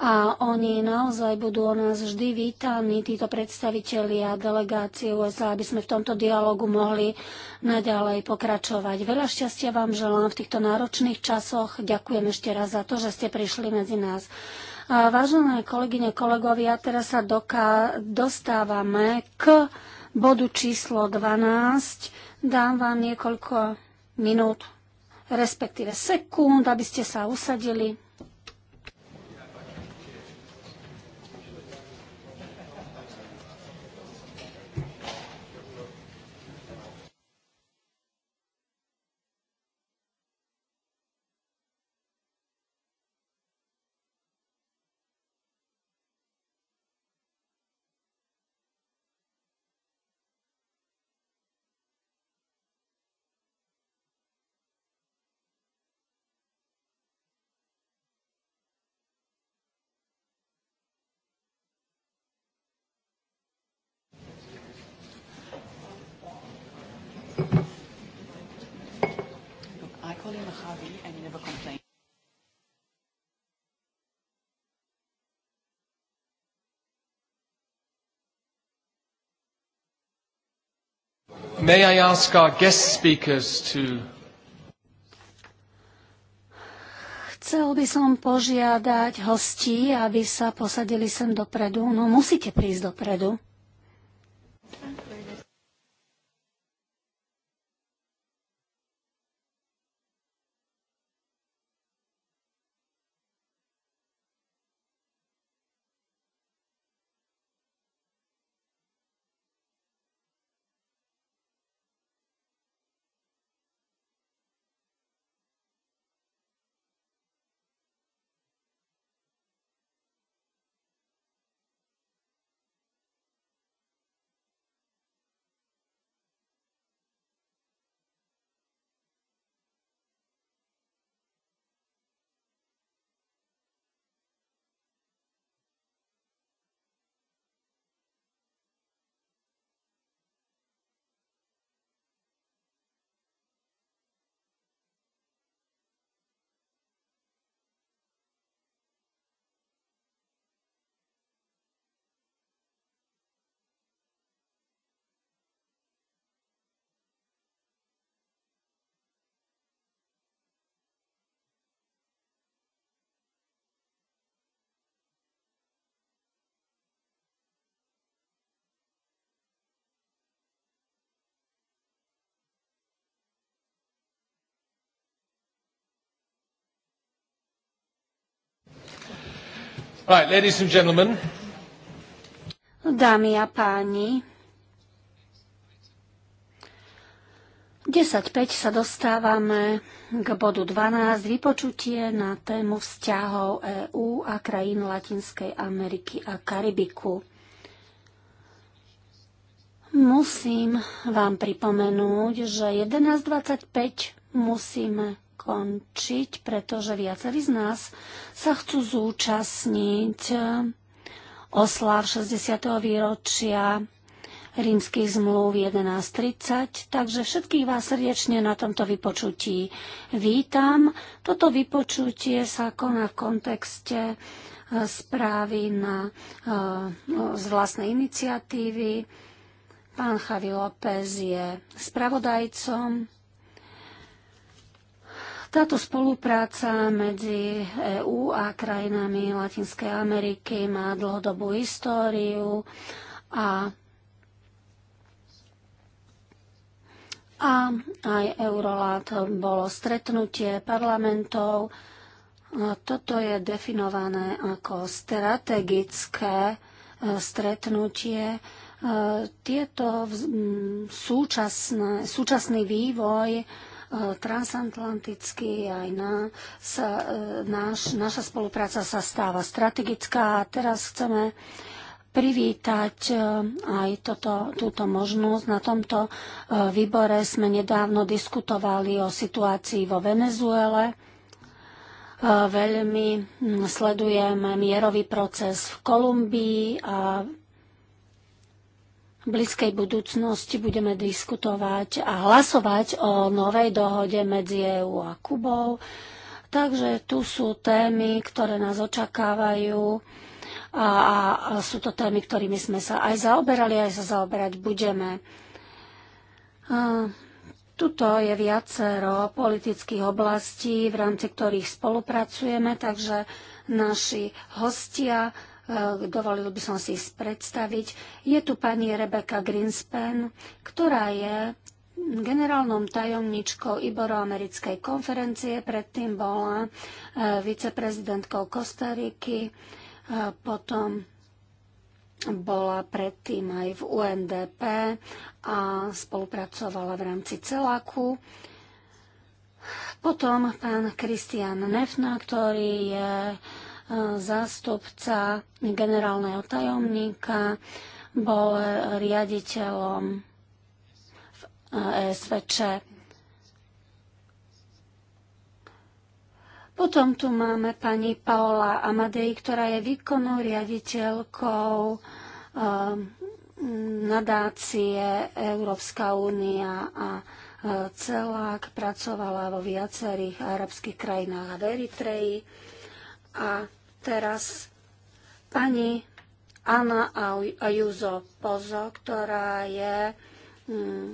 a oni naozaj budú o nás vždy vítaní, títo predstavitelia delegácie USA, aby sme v tomto dialogu mohli naďalej pokračovať. Veľa šťastia vám želám v týchto náročných časoch. Ďakujem ešte raz za to, že ste prišli medzi nás. Vážené kolegyne, kolegovia, teraz sa doká- dostávame k bodu číslo 12. Dám vám niekoľko minút respektíve sekúnd, aby ste sa usadili. May I ask our guest speakers to... Chcel by som požiadať hostí, aby sa posadili sem dopredu. No musíte prísť dopredu. Right, ladies and gentlemen. Dámy a páni, 10.5 sa dostávame k bodu 12, vypočutie na tému vzťahov EÚ a krajín Latinskej Ameriky a Karibiku. Musím vám pripomenúť, že 11.25 musíme končiť, pretože viacerí z nás sa chcú zúčastniť eh, oslav 60. výročia rímskych zmluv 11.30, takže všetkých vás srdečne na tomto vypočutí vítam. Toto vypočutie sa koná v kontexte eh, správy na, eh, z vlastnej iniciatívy. Pán Chavi López je spravodajcom táto spolupráca medzi EÚ a krajinami Latinskej Ameriky má dlhodobú históriu a a aj Eurolat bolo stretnutie parlamentov. Toto je definované ako strategické e, stretnutie. E, tieto súčasné, súčasný vývoj transatlantický, aj na, sa, e, naš, naša spolupráca sa stáva strategická a teraz chceme privítať e, aj toto, túto možnosť. Na tomto e, výbore sme nedávno diskutovali o situácii vo Venezuele. Veľmi sledujeme mierový proces v Kolumbii a blízkej budúcnosti budeme diskutovať a hlasovať o novej dohode medzi EÚ a Kubou. Takže tu sú témy, ktoré nás očakávajú a, a, a sú to témy, ktorými sme sa aj zaoberali, aj sa zaoberať budeme. A, tuto je viacero politických oblastí, v rámci ktorých spolupracujeme, takže naši hostia Eh, dovolil by som si predstaviť. Je tu pani Rebecca Greenspan, ktorá je generálnom tajomničkou Iboroamerickej konferencie, predtým bola eh, viceprezidentkou Kostariky, eh, potom bola predtým aj v UNDP a spolupracovala v rámci celáku. Potom pán Kristian Nefna, ktorý je zástupca generálneho tajomníka, bol riaditeľom v eh, SVČ. Potom tu máme pani Paola Amadej, ktorá je výkonnou riaditeľkou eh, nadácie Európska únia a eh, celák pracovala vo viacerých arabských krajinách a v Eritreji a teraz pani Anna Ajuzo Pozo, ktorá je mm,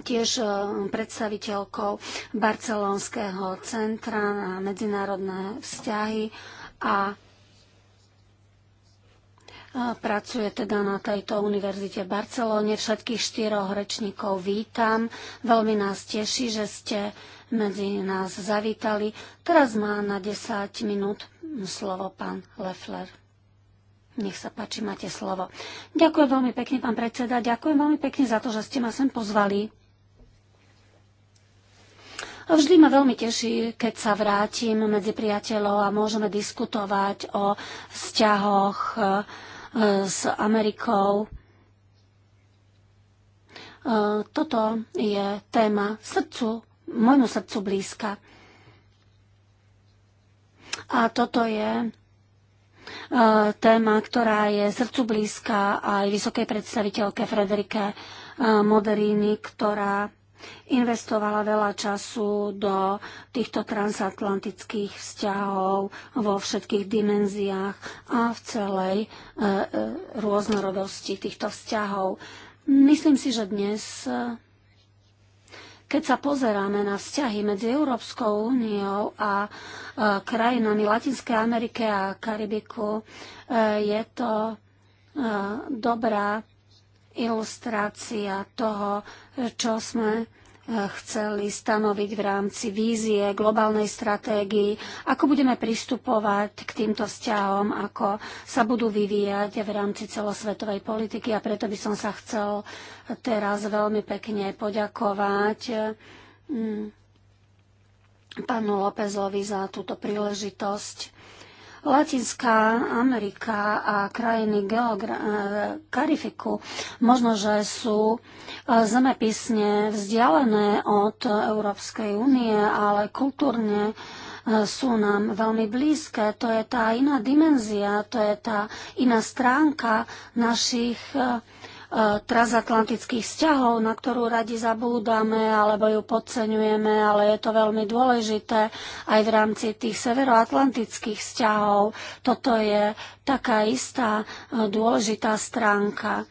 tiež e, predstaviteľkou Barcelonského centra na medzinárodné vzťahy a Pracuje teda na tejto univerzite v Barcelóne. Všetkých štyroch rečníkov vítam. Veľmi nás teší, že ste medzi nás zavítali. Teraz má na 10 minút slovo pán Leffler. Nech sa páči, máte slovo. Ďakujem veľmi pekne, pán predseda. Ďakujem veľmi pekne za to, že ste ma sem pozvali. A vždy ma veľmi teší, keď sa vrátim medzi priateľov a môžeme diskutovať o vzťahoch s Amerikou. E, toto je téma srdcu, môjmu srdcu blízka. A toto je e, téma, ktorá je srdcu blízka aj vysokej predstaviteľke Frederike e, Moderini, ktorá investovala veľa času do týchto transatlantických vzťahov vo všetkých dimenziách a v celej e, e, rôznorodosti týchto vzťahov. Myslím si, že dnes, e, keď sa pozeráme na vzťahy medzi Európskou úniou a e, krajinami Latinskej Ameriky a Karibiku, e, je to e, dobrá ilustrácia toho, čo sme e, chceli stanoviť v rámci vízie, globálnej stratégii, ako budeme pristupovať k týmto vzťahom, ako sa budú vyvíjať v rámci celosvetovej politiky. A preto by som sa chcel teraz veľmi pekne poďakovať mm, pánu Lópezovi za túto príležitosť Latinská Amerika a krajiny geogra- e, Karifiku možno, že sú e, zemepisne vzdialené od Európskej únie, ale kultúrne e, sú nám veľmi blízke. To je tá iná dimenzia, to je tá iná stránka našich E, transatlantických vzťahov, na ktorú radi zabúdame alebo ju podceňujeme, ale je to veľmi dôležité aj v rámci tých severoatlantických vzťahov. Toto je taká istá e, dôležitá stránka.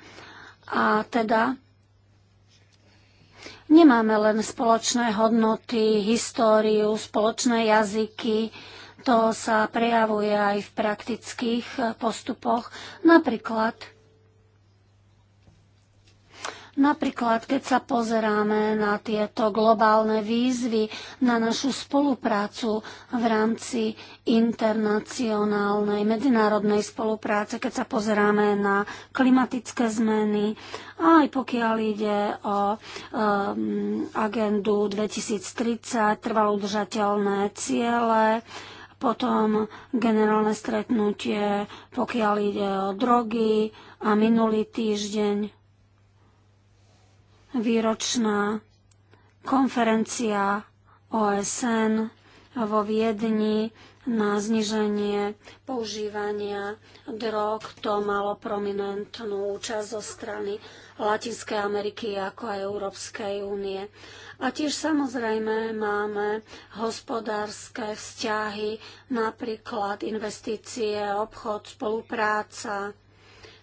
A teda nemáme len spoločné hodnoty, históriu, spoločné jazyky, to sa prejavuje aj v praktických postupoch. Napríklad Napríklad, keď sa pozeráme na tieto globálne výzvy, na našu spoluprácu v rámci internacionálnej, medzinárodnej spolupráce, keď sa pozeráme na klimatické zmeny, aj pokiaľ ide o um, agendu 2030, trvalo udržateľné ciele, potom generálne stretnutie, pokiaľ ide o drogy a minulý týždeň výročná konferencia OSN vo Viedni na zniženie používania drog. To malo prominentnú účasť zo strany Latinskej Ameriky ako aj Európskej únie. A tiež samozrejme máme hospodárske vzťahy, napríklad investície, obchod, spolupráca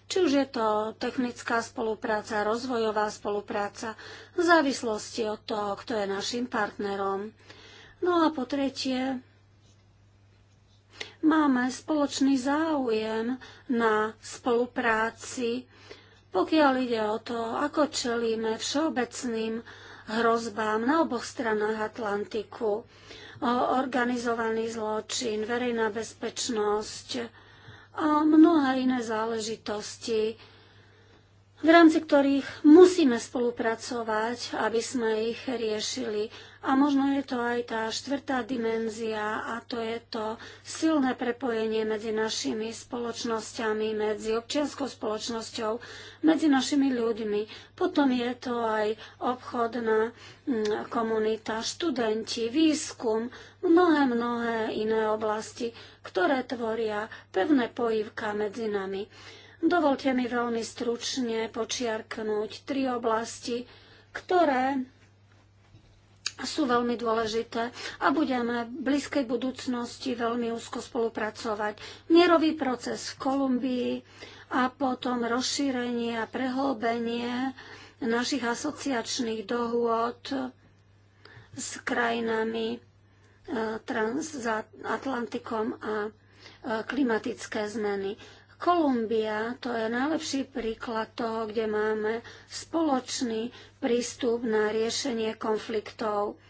či už je to technická spolupráca, rozvojová spolupráca, v závislosti od toho, kto je našim partnerom. No a po tretie, máme spoločný záujem na spolupráci, pokiaľ ide o to, ako čelíme všeobecným hrozbám na oboch stranách Atlantiku organizovaný zločin, verejná bezpečnosť, a mnohé iné záležitosti, v rámci ktorých musíme spolupracovať, aby sme ich riešili. A možno je to aj tá štvrtá dimenzia a to je to silné prepojenie medzi našimi spoločnosťami, medzi občianskou spoločnosťou, medzi našimi ľuďmi. Potom je to aj obchodná mm, komunita, študenti, výskum, mnohé, mnohé iné oblasti, ktoré tvoria pevné pojivka medzi nami. Dovolte mi veľmi stručne počiarknúť tri oblasti, ktoré sú veľmi dôležité a budeme v blízkej budúcnosti veľmi úzko spolupracovať. Mierový proces v Kolumbii a potom rozšírenie a prehlbenie našich asociačných dohôd s krajinami e, transatlantikom a e, klimatické zmeny. Kolumbia to je najlepší príklad toho, kde máme spoločný prístup na riešenie konfliktov.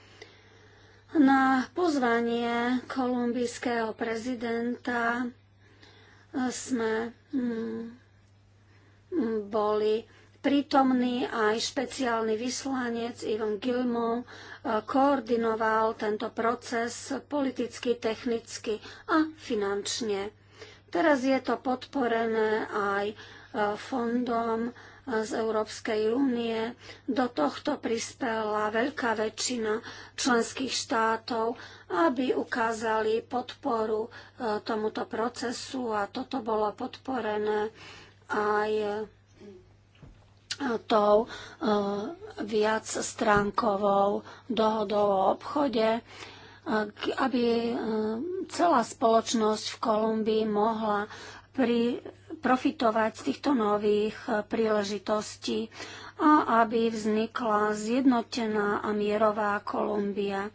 Na pozvanie kolumbijského prezidenta eh, sme hm, hm, boli prítomní aj špeciálny vyslanec Ivan Gilmo eh, koordinoval tento proces politicky, technicky a finančne. Teraz je to podporené aj e, fondom e, z Európskej únie. Do tohto prispela veľká väčšina členských štátov, aby ukázali podporu e, tomuto procesu a toto bolo podporené aj tou viac stránkovou dohodou o obchode aby eh, celá spoločnosť v Kolumbii mohla pri, profitovať z týchto nových eh, príležitostí a aby vznikla zjednotená a mierová Kolumbia.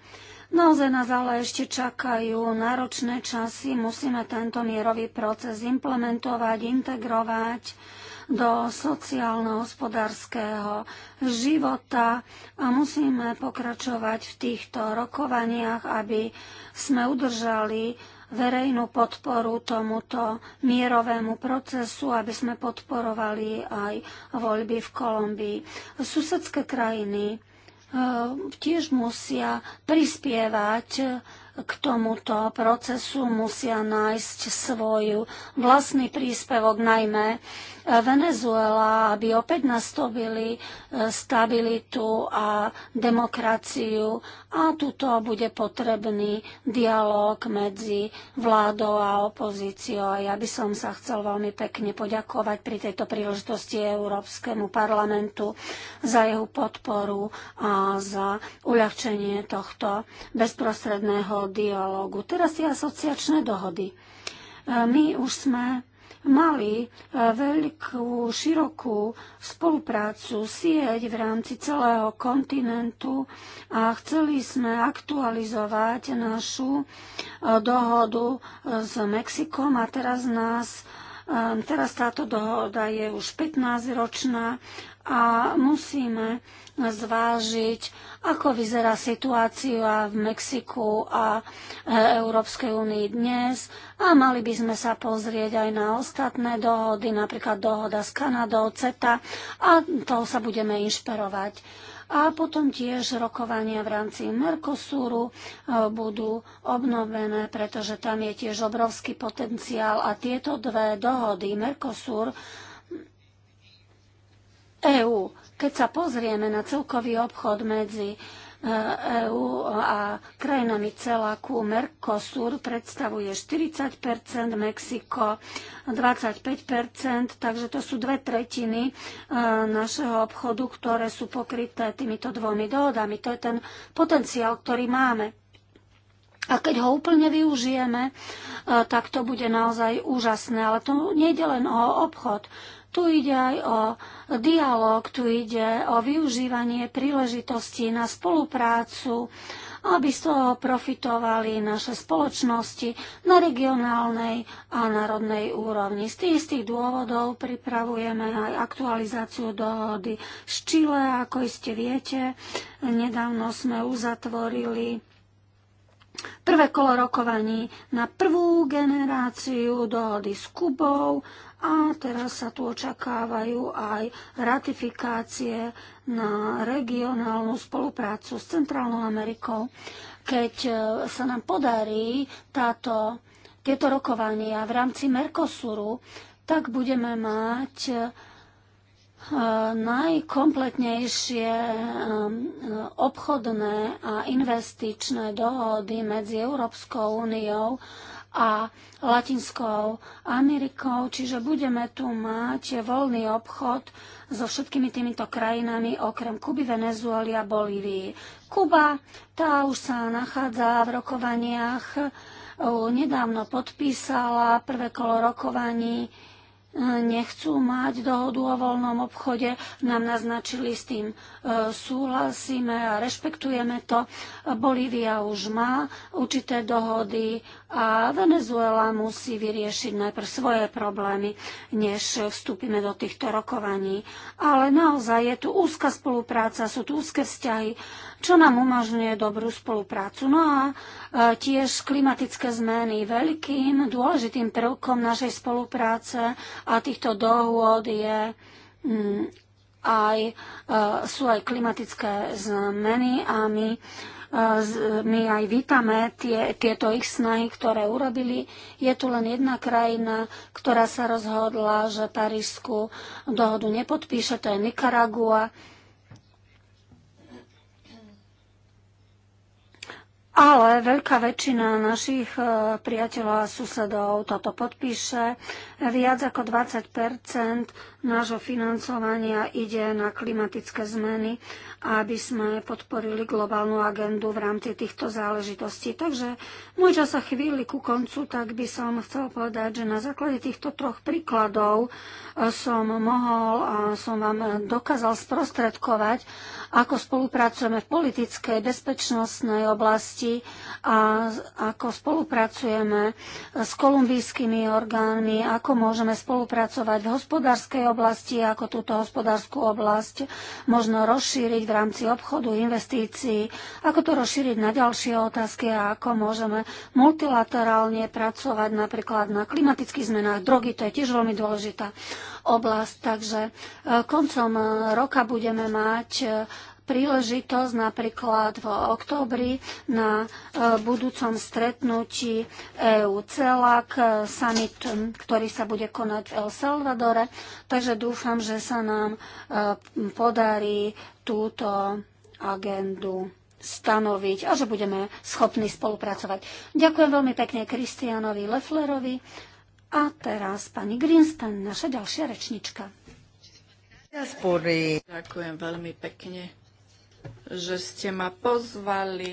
Naozaj nás ale ešte čakajú náročné časy, musíme tento mierový proces implementovať, integrovať do sociálno-hospodárskeho života a musíme pokračovať v týchto rokovaniach, aby sme udržali verejnú podporu tomuto mierovému procesu, aby sme podporovali aj voľby v Kolumbii. Susedské krajiny e, tiež musia prispievať k tomuto procesu, musia nájsť svoj vlastný príspevok, najmä Venezuela, aby opäť nastavili e, stabilitu a demokraciu a tuto bude potrebný dialog medzi vládou a opozíciou. A ja by som sa chcel veľmi pekne poďakovať pri tejto príležitosti Európskemu parlamentu za jeho podporu a za uľahčenie tohto bezprostredného dialogu. Teraz tie asociačné dohody. E, my už sme mali e, veľkú, širokú spoluprácu, sieť v rámci celého kontinentu a chceli sme aktualizovať našu e, dohodu e, s Mexikom a teraz nás Teraz táto dohoda je už 15-ročná a musíme zvážiť, ako vyzerá situácia v Mexiku a e, Európskej únii dnes a mali by sme sa pozrieť aj na ostatné dohody, napríklad dohoda s Kanadou, CETA a to sa budeme inšpirovať. A potom tiež rokovania v rámci Mercosuru e, budú obnovené, pretože tam je tiež obrovský potenciál a tieto dve dohody Mercosur EÚ. Keď sa pozrieme na celkový obchod medzi EÚ e a krajinami celáku Mercosur predstavuje 40 Mexiko 25 takže to sú dve tretiny e, našeho obchodu, ktoré sú pokryté týmito dvomi dohodami. To je ten potenciál, ktorý máme. A keď ho úplne využijeme, e, tak to bude naozaj úžasné. Ale to nejde len o obchod. Tu ide aj o dialog, tu ide o využívanie príležitostí na spoluprácu, aby z toho profitovali naše spoločnosti na regionálnej a národnej úrovni. Z tých istých dôvodov pripravujeme aj aktualizáciu dohody z Čile. Ako iste viete, nedávno sme uzatvorili prvé kolo rokovaní na prvú generáciu dohody s Kubou a teraz sa tu očakávajú aj ratifikácie na regionálnu spoluprácu s Centrálnou Amerikou. Keď e, sa nám podarí táto, tieto rokovania v rámci Mercosuru, tak budeme mať e, najkompletnejšie e, obchodné a investičné dohody medzi Európskou úniou a Latinskou Amerikou, čiže budeme tu mať voľný obchod so všetkými týmito krajinami okrem Kuby, Venezuely a Bolívii. Kuba, tá už sa nachádza v rokovaniach, nedávno podpísala prvé kolo rokovaní E, nechcú mať dohodu o voľnom obchode, nám naznačili s tým e, súhlasíme a rešpektujeme to. Bolívia už má určité dohody a Venezuela musí vyriešiť najprv svoje problémy, než vstúpime do týchto rokovaní. Ale naozaj je tu úzka spolupráca, sú tu úzke vzťahy čo nám umožňuje dobrú spoluprácu. No a e, tiež klimatické zmeny. Veľkým dôležitým prvkom našej spolupráce a týchto dohôd je mm, aj, e, sú aj klimatické zmeny a my e, my aj vítame tie, tieto ich snahy, ktoré urobili. Je tu len jedna krajina, ktorá sa rozhodla, že Parížskú dohodu nepodpíše, to je Nikaragua. ale veľká väčšina našich e, priateľov a susedov toto podpíše. Viac ako 20 nášho financovania ide na klimatické zmeny, aby sme podporili globálnu agendu v rámci týchto záležitostí. Takže môj čas sa chvíli ku koncu, tak by som chcel povedať, že na základe týchto troch príkladov e, som mohol a som vám dokázal sprostredkovať, ako spolupracujeme v politickej, bezpečnostnej oblasti a ako spolupracujeme s kolumbijskými orgánmi, ako môžeme spolupracovať v hospodárskej oblasti, ako túto hospodárskú oblasť možno rozšíriť v rámci obchodu, investícií, ako to rozšíriť na ďalšie otázky a ako môžeme multilaterálne pracovať napríklad na klimatických zmenách, drogy, to je tiež veľmi dôležitá oblasť. Takže e, koncom e, roka budeme mať e, príležitosť napríklad v októbri na e, budúcom stretnutí EU CELAC e, summit, ktorý sa bude konať v El Salvadore. Takže dúfam, že sa nám e, podarí túto agendu stanoviť a že budeme schopní spolupracovať. Ďakujem veľmi pekne Kristianovi Lefflerovi a teraz pani Greenstein, naša ďalšia rečnička. Ďakujem veľmi pekne že ste ma pozvali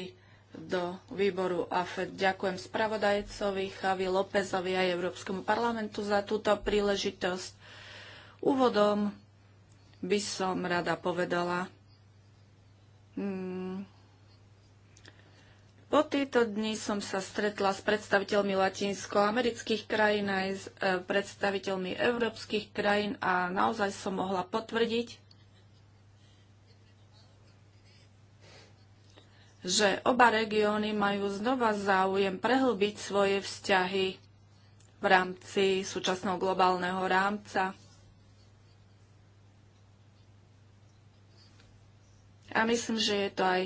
do výboru AFED. Ďakujem spravodajcovi Chavi Lópezovi a Európskemu parlamentu za túto príležitosť. Úvodom by som rada povedala, hmm, po týto dni som sa stretla s predstaviteľmi latinskoamerických krajín aj s e, predstaviteľmi európskych krajín a naozaj som mohla potvrdiť, že oba regióny majú znova záujem prehlbiť svoje vzťahy v rámci súčasného globálneho rámca. A myslím, že je to aj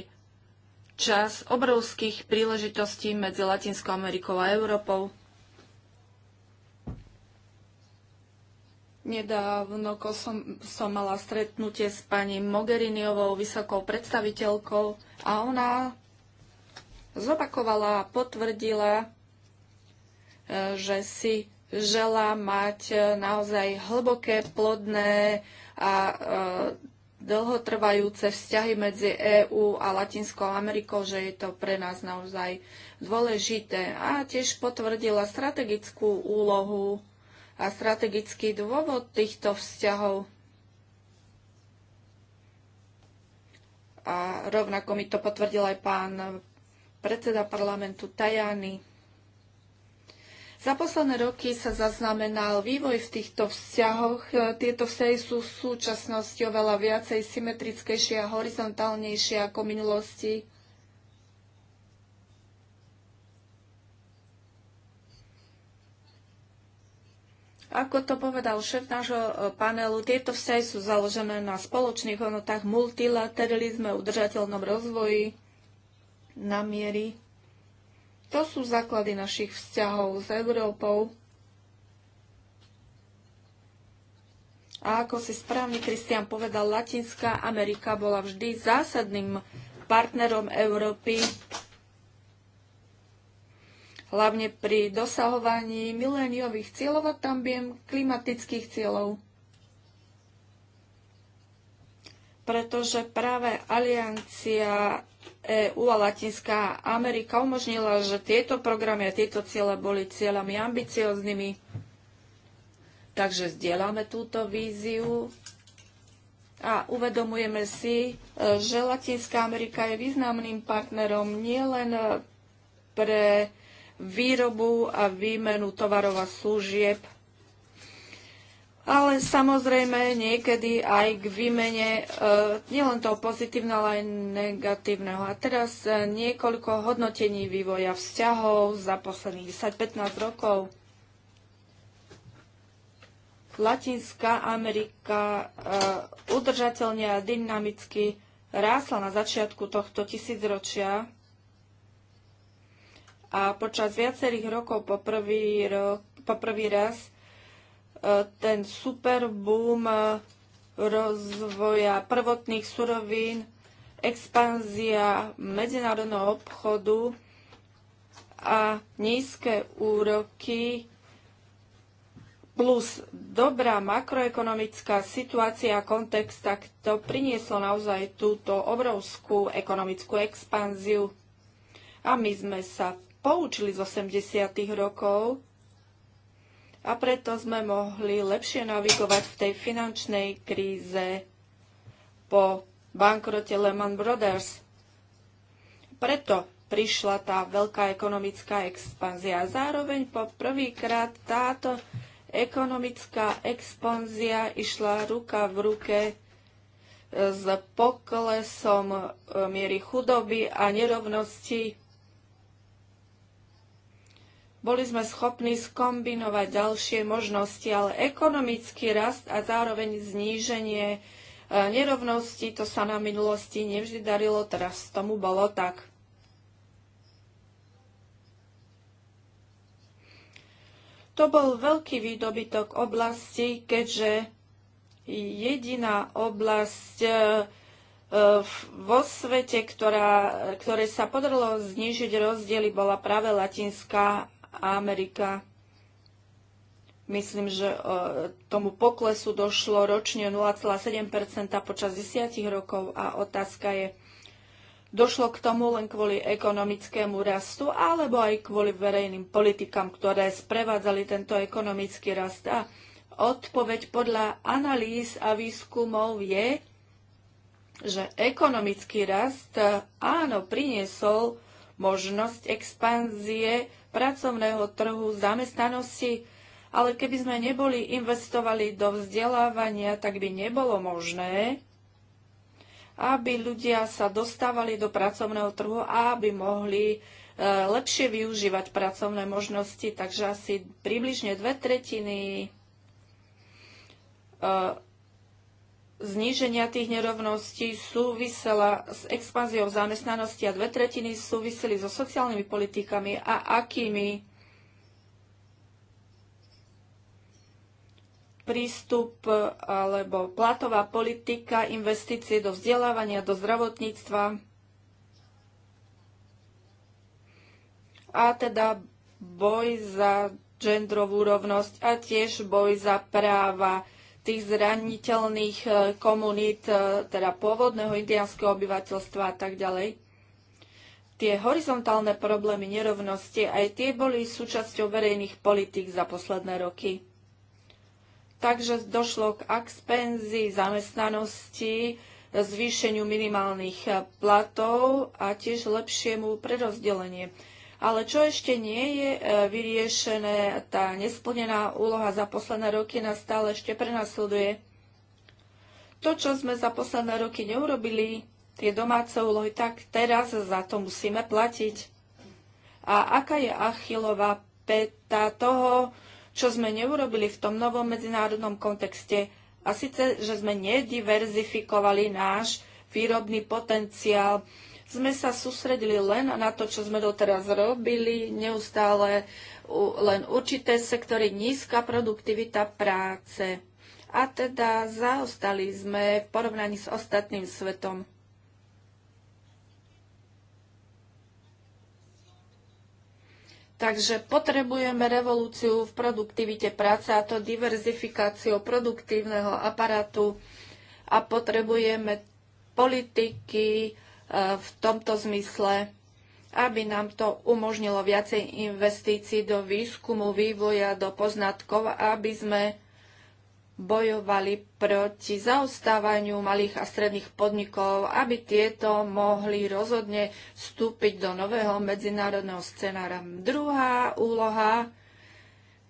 čas obrovských príležitostí medzi Latinskou Amerikou a Európou. Nedávno som, som mala stretnutie s pani Mogheriniovou, vysokou predstaviteľkou, a ona zopakovala a potvrdila, e, že si žela mať e, naozaj hlboké, plodné a e, dlhotrvajúce vzťahy medzi EÚ a Latinskou Amerikou, že je to pre nás naozaj dôležité. A tiež potvrdila strategickú úlohu a strategický dôvod týchto vzťahov. A rovnako mi to potvrdil aj pán predseda parlamentu Tajany. Za posledné roky sa zaznamenal vývoj v týchto vzťahoch. Tieto vzťahy sú v súčasnosti oveľa viacej symetrickejšie a horizontálnejšie ako v minulosti. Ako to povedal šéf nášho e, panelu, tieto vzťahy sú založené na spoločných hodnotách multilateralizme, udržateľnom rozvoji, na miery. To sú základy našich vzťahov s Európou. A ako si správne Kristian povedal, Latinská Amerika bola vždy zásadným partnerom Európy hlavne pri dosahovaní miléniových cieľov a tam viem klimatických cieľov. Pretože práve aliancia EU a Latinská Amerika umožnila, že tieto programy a tieto ciele boli cieľami ambicioznými. Takže zdieľame túto víziu a uvedomujeme si, že Latinská Amerika je významným partnerom nielen pre výrobu a výmenu tovarov a služieb, ale samozrejme niekedy aj k výmene e, nielen toho pozitívneho, ale aj negatívneho. A teraz e, niekoľko hodnotení vývoja vzťahov za posledných 10-15 rokov. Latinská Amerika e, udržateľne a dynamicky rásla na začiatku tohto tisícročia a počas viacerých rokov po prvý, rok, po prvý raz e, ten super boom e, rozvoja prvotných surovín, expanzia medzinárodného obchodu a nízke úroky plus dobrá makroekonomická situácia a kontext, tak to prinieslo naozaj túto obrovskú ekonomickú expanziu. A my sme sa poučili z 80. rokov a preto sme mohli lepšie navigovať v tej finančnej kríze po bankrote Lehman Brothers. Preto prišla tá veľká ekonomická expanzia. Zároveň po prvýkrát táto ekonomická expanzia išla ruka v ruke e, s poklesom e, miery chudoby a nerovnosti boli sme schopní skombinovať ďalšie možnosti, ale ekonomický rast a zároveň zníženie e, nerovnosti, to sa na minulosti nevždy darilo, teraz tomu bolo tak. To bol veľký výdobytok oblasti, keďže jediná oblasť e, e, vo svete, ktorá, ktoré sa podarilo znížiť rozdiely, bola práve Latinská Amerika. Myslím, že e, tomu poklesu došlo ročne 0,7 počas 10 rokov a otázka je, došlo k tomu len kvôli ekonomickému rastu alebo aj kvôli verejným politikám, ktoré sprevádzali tento ekonomický rast. A odpoveď podľa analýz a výskumov je, že ekonomický rast e, áno priniesol možnosť expanzie pracovného trhu, zamestnanosti, ale keby sme neboli investovali do vzdelávania, tak by nebolo možné, aby ľudia sa dostávali do pracovného trhu a aby mohli e, lepšie využívať pracovné možnosti. Takže asi približne dve tretiny e, zníženia tých nerovností súvisela s expanziou zamestnanosti a dve tretiny súviseli so sociálnymi politikami a akými prístup eh, alebo platová politika, investície do vzdelávania, do zdravotníctva a teda boj za genderovú rovnosť a tiež boj za práva tých zraniteľných e, komunít, e, teda pôvodného indianského obyvateľstva a tak ďalej. Tie horizontálne problémy nerovnosti, aj tie boli súčasťou verejných politík za posledné roky. Takže došlo k expenzii zamestnanosti, e, zvýšeniu minimálnych platov a tiež lepšiemu prerozdelenie. Ale čo ešte nie je e, vyriešené, tá nesplnená úloha za posledné roky nás stále ešte prenasleduje. To, čo sme za posledné roky neurobili, tie domáce úlohy, tak teraz za to musíme platiť. A aká je achilová peta toho, čo sme neurobili v tom novom medzinárodnom kontexte? A síce, že sme nediverzifikovali náš výrobný potenciál, sme sa sústredili len na to, čo sme doteraz robili, neustále len určité sektory, nízka produktivita práce. A teda zaostali sme v porovnaní s ostatným svetom. Takže potrebujeme revolúciu v produktivite práce a to diverzifikáciou produktívneho aparatu a potrebujeme politiky, v tomto zmysle, aby nám to umožnilo viacej investícií do výskumu, vývoja, do poznatkov, aby sme bojovali proti zaostávaniu malých a stredných podnikov, aby tieto mohli rozhodne vstúpiť do nového medzinárodného scenára. Druhá úloha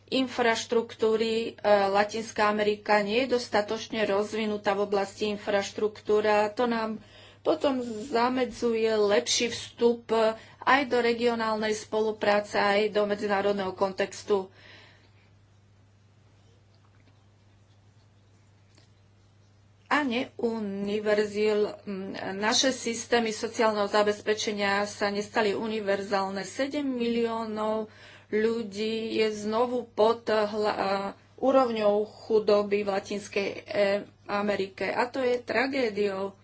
infraštruktúry. E, Latinská Amerika nie je dostatočne rozvinutá v oblasti infraštruktúra. To nám potom zamedzuje lepší vstup aj do regionálnej spolupráce, aj do medzinárodného kontextu. a neuniverzil. Naše systémy sociálneho zabezpečenia sa nestali univerzálne. 7 miliónov ľudí je znovu pod hla, úrovňou chudoby v Latinskej e, Amerike. A to je tragédiou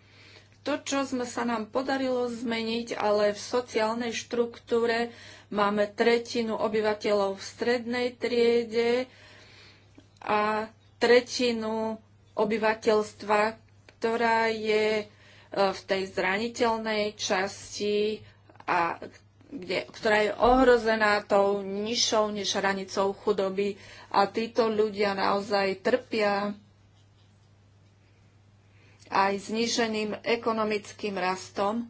to, čo sme sa nám podarilo zmeniť, ale v sociálnej štruktúre máme tretinu obyvateľov v strednej triede a tretinu obyvateľstva, ktorá je e, v tej zraniteľnej časti a kde, ktorá je ohrozená tou nižšou než hranicou chudoby a títo ľudia naozaj trpia aj zníženým ekonomickým rastom.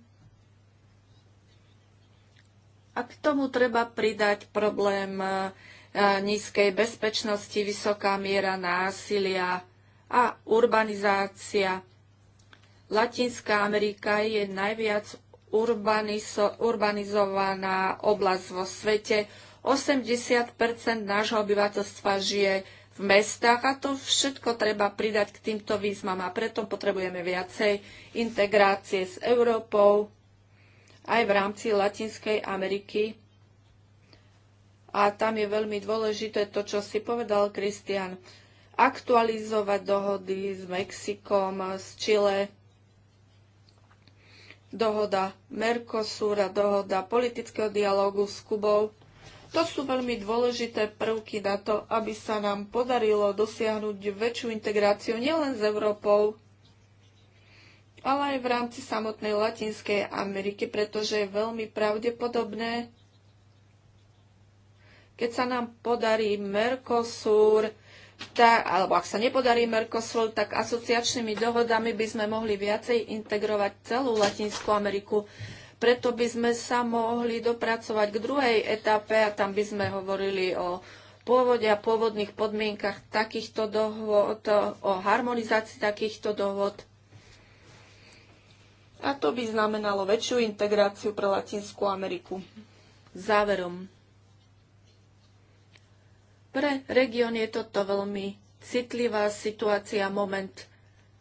A k tomu treba pridať problém e, nízkej bezpečnosti, vysoká miera násilia a urbanizácia. Latinská Amerika je najviac urbanizovaná oblasť vo svete. 80 nášho obyvateľstva žije v mestách a to všetko treba pridať k týmto výzvam a preto potrebujeme viacej integrácie s Európou aj v rámci Latinskej Ameriky. A tam je veľmi dôležité to, čo si povedal Kristian, aktualizovať dohody s Mexikom, s Chile, dohoda Mercosura, dohoda politického dialógu s Kubou to sú veľmi dôležité prvky na to, aby sa nám podarilo dosiahnuť väčšiu integráciu nielen s Európou, ale aj v rámci samotnej Latinskej Ameriky, pretože je veľmi pravdepodobné, keď sa nám podarí Mercosur, tá, alebo ak sa nepodarí Mercosur, tak asociačnými dohodami by sme mohli viacej integrovať celú Latinskú Ameriku. Preto by sme sa mohli dopracovať k druhej etape a tam by sme hovorili o pôvode a pôvodných podmienkach takýchto dohôd, o harmonizácii takýchto dohôd. A to by znamenalo väčšiu integráciu pre Latinskú Ameriku. Záverom. Pre región je toto veľmi citlivá situácia, moment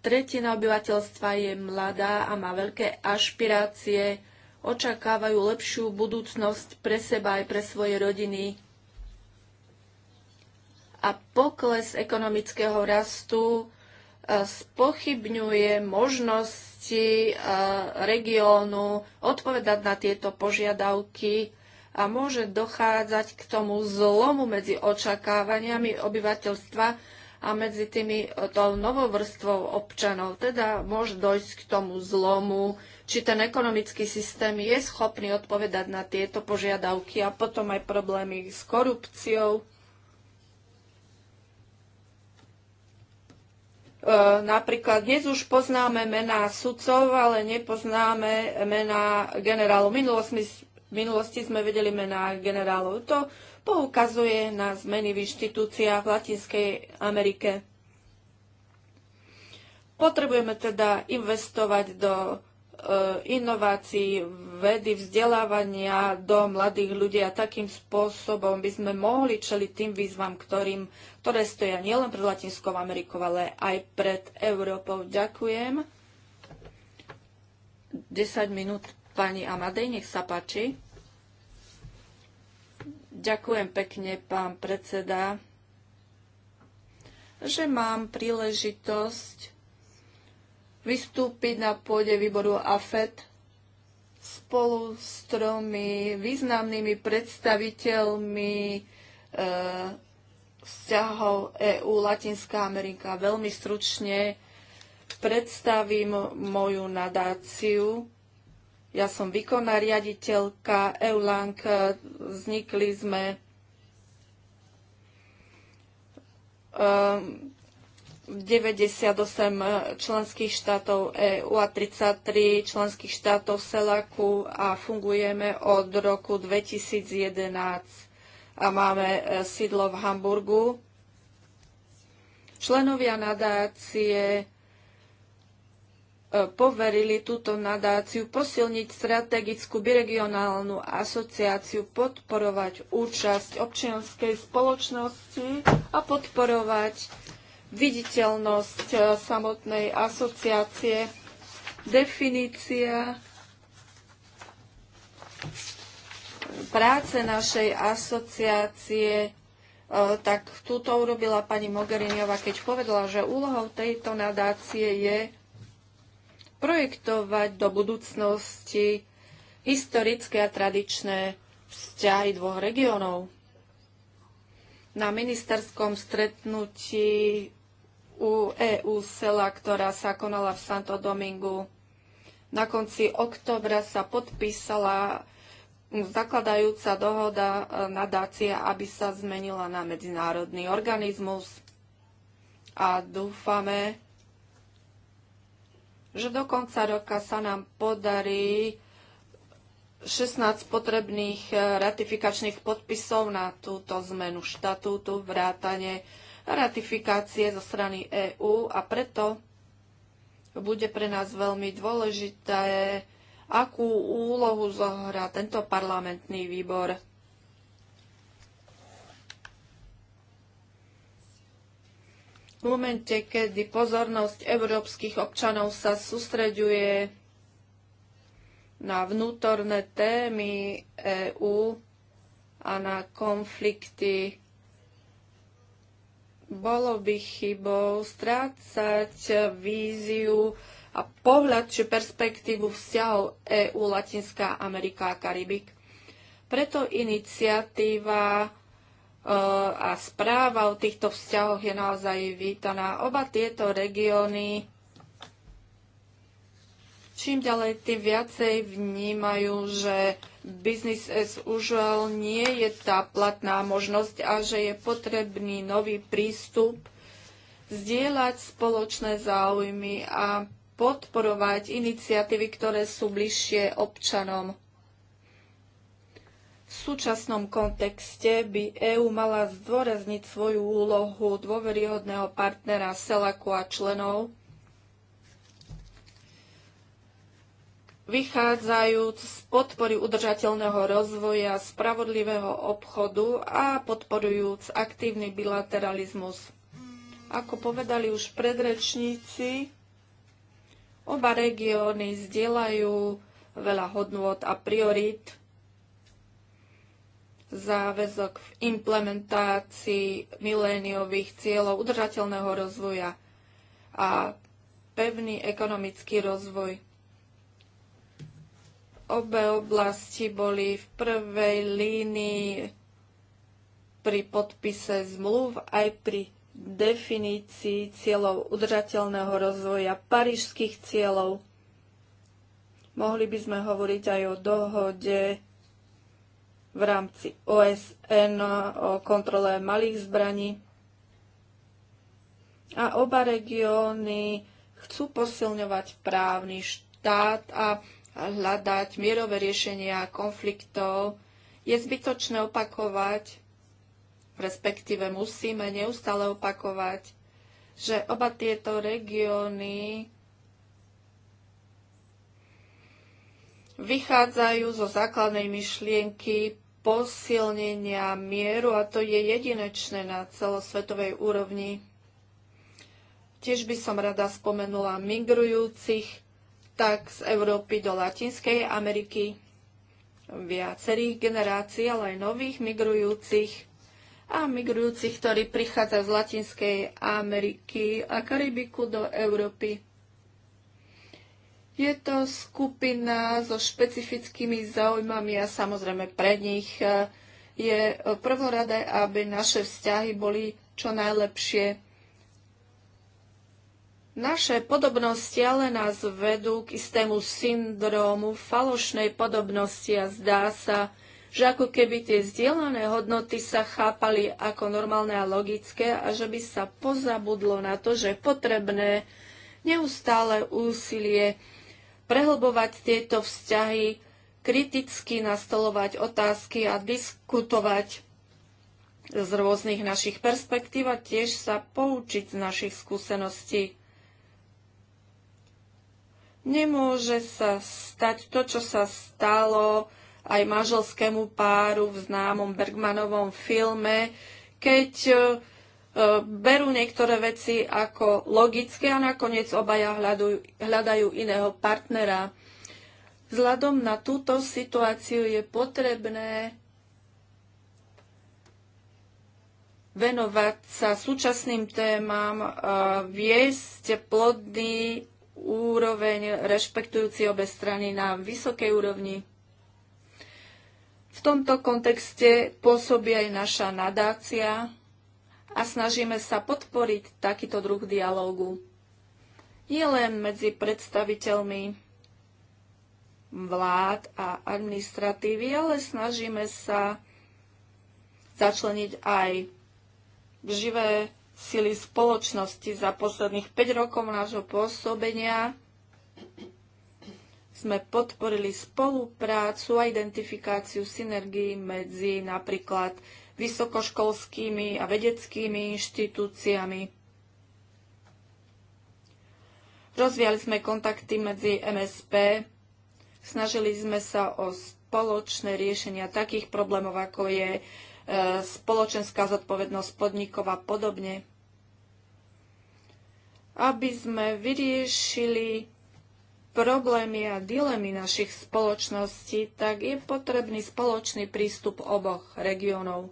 tretina obyvateľstva je mladá a má veľké ašpirácie očakávajú lepšiu budúcnosť pre seba aj pre svoje rodiny. A pokles ekonomického rastu e, spochybňuje možnosti e, regiónu odpovedať na tieto požiadavky a môže dochádzať k tomu zlomu medzi očakávaniami obyvateľstva a medzi tými e, novou vrstvou občanov. Teda môže dojsť k tomu zlomu, či ten ekonomický systém je schopný odpovedať na tieto požiadavky a potom aj problémy s korupciou. E, napríklad dnes už poznáme mená sudcov, ale nepoznáme mená generálov. V minulosti sme vedeli mená generálov. To poukazuje na zmeny v inštitúciách v Latinskej Amerike. Potrebujeme teda investovať do E, inovácií, vedy, vzdelávania do mladých ľudí a takým spôsobom by sme mohli čeliť tým výzvam, ktorým, ktoré stoja nielen pred Latinskou Amerikou, ale aj pred Európou. Ďakujem. 10 minút pani Amadej, nech sa páči. Ďakujem pekne, pán predseda, že mám príležitosť vystúpiť na pôde výboru AFET spolu s tromi významnými predstaviteľmi e, vzťahov EÚ Latinská Amerika. Veľmi stručne predstavím moju nadáciu. Ja som výkonná riaditeľka EULANK. Vznikli sme um, 98 eh, členských štátov EU a 33 členských štátov SELAKu a fungujeme od roku 2011 a máme eh, sídlo v Hamburgu. Členovia nadácie eh, poverili túto nadáciu posilniť strategickú biregionálnu asociáciu, podporovať účasť občianskej spoločnosti a podporovať viditeľnosť e, samotnej asociácie, definícia práce našej asociácie, e, tak túto urobila pani Mogheriniova, keď povedala, že úlohou tejto nadácie je projektovať do budúcnosti historické a tradičné vzťahy dvoch regiónov. Na ministerskom stretnutí u EU SELA, ktorá sa konala v Santo Domingu. Na konci oktobra sa podpísala zakladajúca dohoda e, nadácia, aby sa zmenila na medzinárodný organizmus. A dúfame, že do konca roka sa nám podarí 16 potrebných e, ratifikačných podpisov na túto zmenu štatútu, vrátane ratifikácie zo strany EÚ a preto bude pre nás veľmi dôležité, akú úlohu zohrá tento parlamentný výbor. V momente, kedy pozornosť európskych občanov sa sústreďuje na vnútorné témy EÚ a na konflikty bolo by chybou strácať víziu a pohľad či perspektívu vzťahov EU Latinská Amerika a Karibik. Preto iniciatíva e, a správa o týchto vzťahoch je naozaj vítaná. Oba tieto regióny čím ďalej tým viacej vnímajú, že business as usual nie je tá platná možnosť a že je potrebný nový prístup, zdieľať spoločné záujmy a podporovať iniciatívy, ktoré sú bližšie občanom. V súčasnom kontexte by EÚ mala zdôrazniť svoju úlohu dôveryhodného partnera Selaku a členov vychádzajúc z podpory udržateľného rozvoja, spravodlivého obchodu a podporujúc aktívny bilateralizmus. Ako povedali už predrečníci, oba regióny zdieľajú veľa hodnôt a priorit, záväzok v implementácii miléniových cieľov udržateľného rozvoja a pevný ekonomický rozvoj. Obe oblasti boli v prvej línii pri podpise zmluv aj pri definícii cieľov udržateľného rozvoja parížských cieľov. Mohli by sme hovoriť aj o dohode v rámci OSN o kontrole malých zbraní. A oba regióny chcú posilňovať právny štát a hľadať mierové riešenia konfliktov. Je zbytočné opakovať, respektíve musíme neustále opakovať, že oba tieto regióny vychádzajú zo základnej myšlienky posilnenia mieru a to je jedinečné na celosvetovej úrovni. Tiež by som rada spomenula migrujúcich tak z Európy do Latinskej Ameriky viacerých generácií, ale aj nových migrujúcich a migrujúcich, ktorí prichádza z Latinskej Ameriky a Karibiku do Európy. Je to skupina so špecifickými záujmami a samozrejme pre nich eh, je prvorade, aby naše vzťahy boli čo najlepšie. Naše podobnosti ale nás vedú k istému syndrómu falošnej podobnosti a zdá sa, že ako keby tie zdieľané hodnoty sa chápali ako normálne a logické a že by sa pozabudlo na to, že je potrebné neustále úsilie prehlbovať tieto vzťahy, kriticky nastolovať otázky a diskutovať z rôznych našich perspektív a tiež sa poučiť z našich skúseností. Nemôže sa stať to, čo sa stalo aj manželskému páru v známom Bergmanovom filme, keď e, e, berú niektoré veci ako logické a nakoniec obaja hľadajú iného partnera. Vzhľadom na túto situáciu je potrebné venovať sa súčasným témam, e, viesť plodný úroveň rešpektujúci obe strany na vysokej úrovni. V tomto kontexte pôsobí aj naša nadácia a snažíme sa podporiť takýto druh dialógu. Nie len medzi predstaviteľmi vlád a administratívy, ale snažíme sa začleniť aj živé sily spoločnosti za posledných 5 rokov nášho pôsobenia sme podporili spoluprácu a identifikáciu synergií medzi napríklad vysokoškolskými a vedeckými inštitúciami. Rozviali sme kontakty medzi MSP, snažili sme sa o spoločné riešenia takých problémov, ako je spoločenská zodpovednosť podnikov a podobne. Aby sme vyriešili problémy a dilemy našich spoločností, tak je potrebný spoločný prístup oboch regiónov.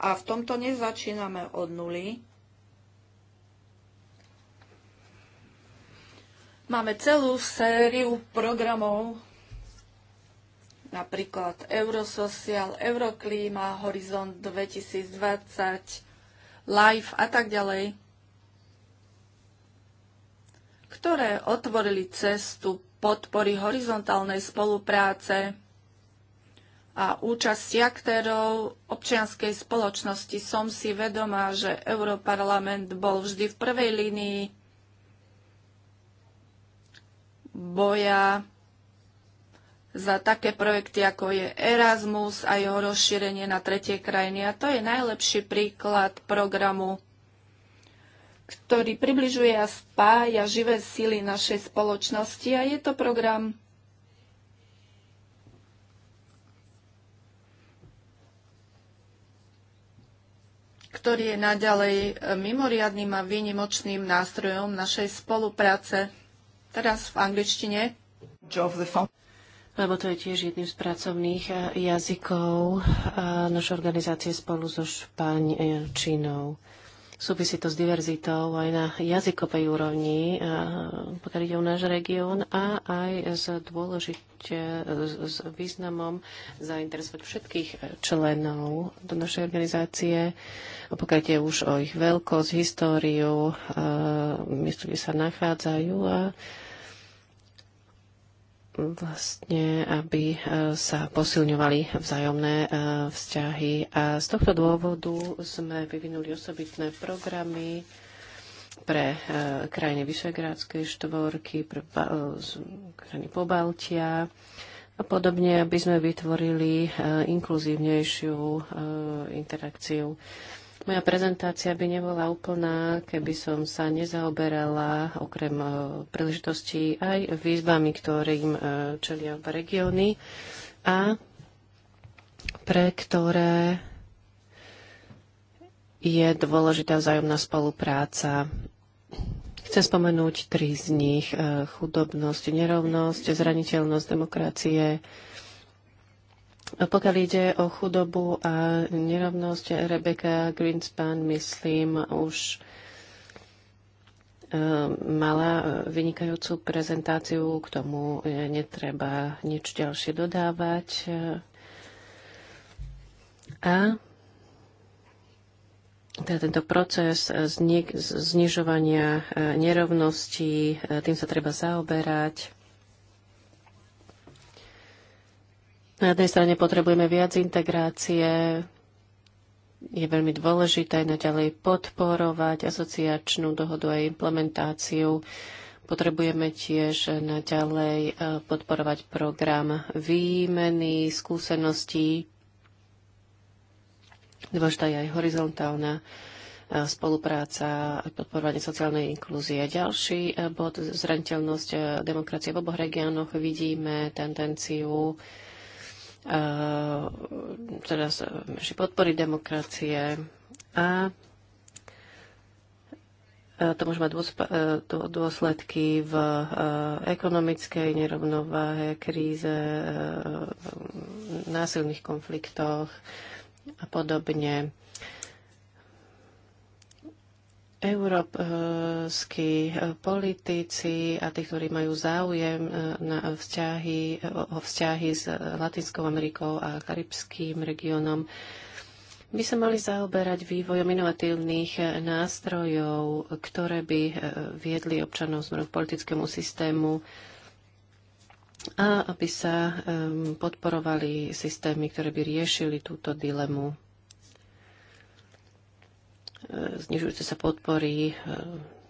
A v tomto nezačíname od nuly. Máme celú sériu programov, napríklad Eurosocial, Euroklíma, Horizont 2020, Life a tak ďalej, ktoré otvorili cestu podpory horizontálnej spolupráce a účasti aktérov občianskej spoločnosti. Som si vedomá, že Europarlament bol vždy v prvej línii boja za také projekty, ako je Erasmus a jeho rozšírenie na tretie krajiny. A to je najlepší príklad programu, ktorý približuje a spája živé sily našej spoločnosti. A je to program ktorý je naďalej e, mimoriadným a výnimočným nástrojom našej spolupráce. Teraz v angličtine lebo to je tiež jedným z pracovných eh, jazykov eh, našej organizácie spolu so Španielčinou. Súvisí to s diverzitou aj na jazykovej úrovni, eh, pokiaľ ide o náš región, a aj s dôležite, s významom zainteresovať všetkých členov do našej organizácie, pokiaľ ide už o ich veľkosť, históriu, miesto, kde sa nachádzajú a vlastne, aby e, sa posilňovali vzájomné e, vzťahy. A z tohto dôvodu sme vyvinuli osobitné programy pre e, krajiny Vyšegrádskej štvorky, pre krajiny Pobaltia a podobne, aby sme vytvorili inkluzívnejšiu interakciu moja prezentácia by nebola úplná, keby som sa nezaoberala okrem e, príležitostí aj výzvami, ktorým e, čelia oba regióny a pre ktoré je dôležitá vzájomná spolupráca. Chcem spomenúť tri z nich. E, chudobnosť, nerovnosť, zraniteľnosť demokracie, pokiaľ ide o chudobu a nerovnosť, Rebecca Greenspan, myslím, už e, mala vynikajúcu prezentáciu, k tomu netreba nič ďalšie dodávať. A teda tento proces znižovania e, nerovností, e, tým sa treba zaoberať. Na jednej strane potrebujeme viac integrácie, je veľmi dôležité naďalej podporovať asociačnú dohodu a implementáciu. Potrebujeme tiež naďalej e, podporovať program výmeny skúseností. Dôležitá je aj horizontálna e, spolupráca, a podporovanie sociálnej inklúzie. Ďalší e, bod, zraniteľnosť demokracie v oboch regiónoch, vidíme tendenciu Eh, teda že eh, podpory demokracie a eh, to môže mať dôsledky v ekonomickej nerovnováhe, kríze, násilných konfliktoch a podobne európsky eh, politici a tí, ktorí majú záujem eh, na vzťahy, o vzťahy s eh, Latinskou Amerikou a Karibským regiónom, by sa mali zaoberať vývojom inovatívnych nástrojov, ktoré by viedli občanov smerom k politickému systému a aby sa podporovali systémy, ktoré by riešili túto dilemu znižujúce sa podpory e,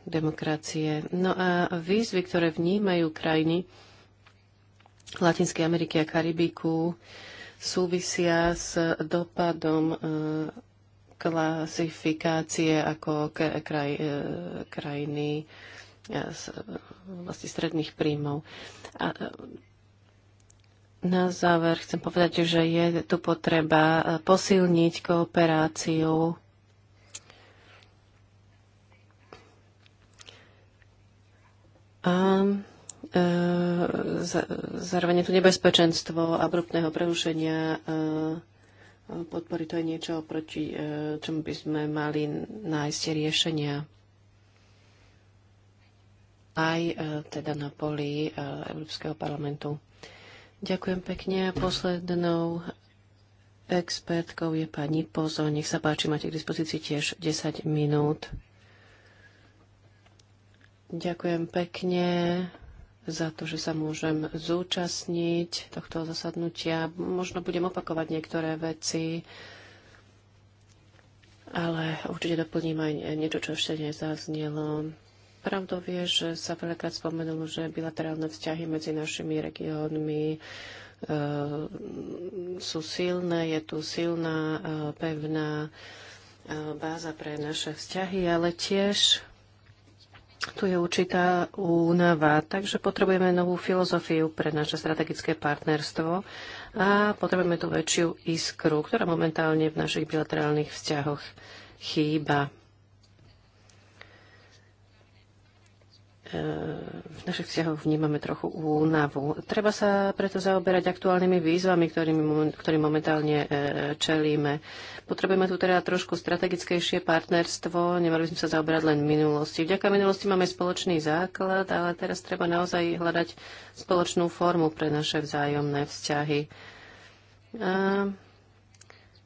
demokracie. No a výzvy, ktoré vnímajú krajiny Latinskej Ameriky a Karibiku, súvisia s dopadom e, klasifikácie ako kraj, e, krajiny z vlastne stredných príjmov. A na záver chcem povedať, že je tu potreba posilniť kooperáciu A e, zároveň je tu nebezpečenstvo abruptného prerušenia e, podpory. To je niečo, proti e, čomu by sme mali nájsť riešenia aj teda na poli Európskeho parlamentu. Ďakujem pekne. Poslednou expertkou je pani Pozo. Nech sa páči, máte k dispozícii tiež 10 minút. Ďakujem pekne za to, že sa môžem zúčastniť tohto zasadnutia. Možno budem opakovať niektoré veci, ale určite doplním aj niečo, čo ešte nezaznelo. Pravdou je, že sa veľakrát spomenulo, že bilaterálne vzťahy medzi našimi regiónmi e, sú silné, je tu silná, e, pevná e, báza pre naše vzťahy, ale tiež tu je určitá únava, takže potrebujeme novú filozofiu pre naše strategické partnerstvo a potrebujeme tú väčšiu iskru, ktorá momentálne v našich bilaterálnych vzťahoch chýba. v našich vzťahoch vnímame trochu únavu. Treba sa preto zaoberať aktuálnymi výzvami, ktorými, ktorým momentálne e, čelíme. Potrebujeme tu teda trošku strategickejšie partnerstvo, nemali by sme sa zaoberať len minulosti. Vďaka minulosti máme spoločný základ, ale teraz treba naozaj hľadať spoločnú formu pre naše vzájomné vzťahy. A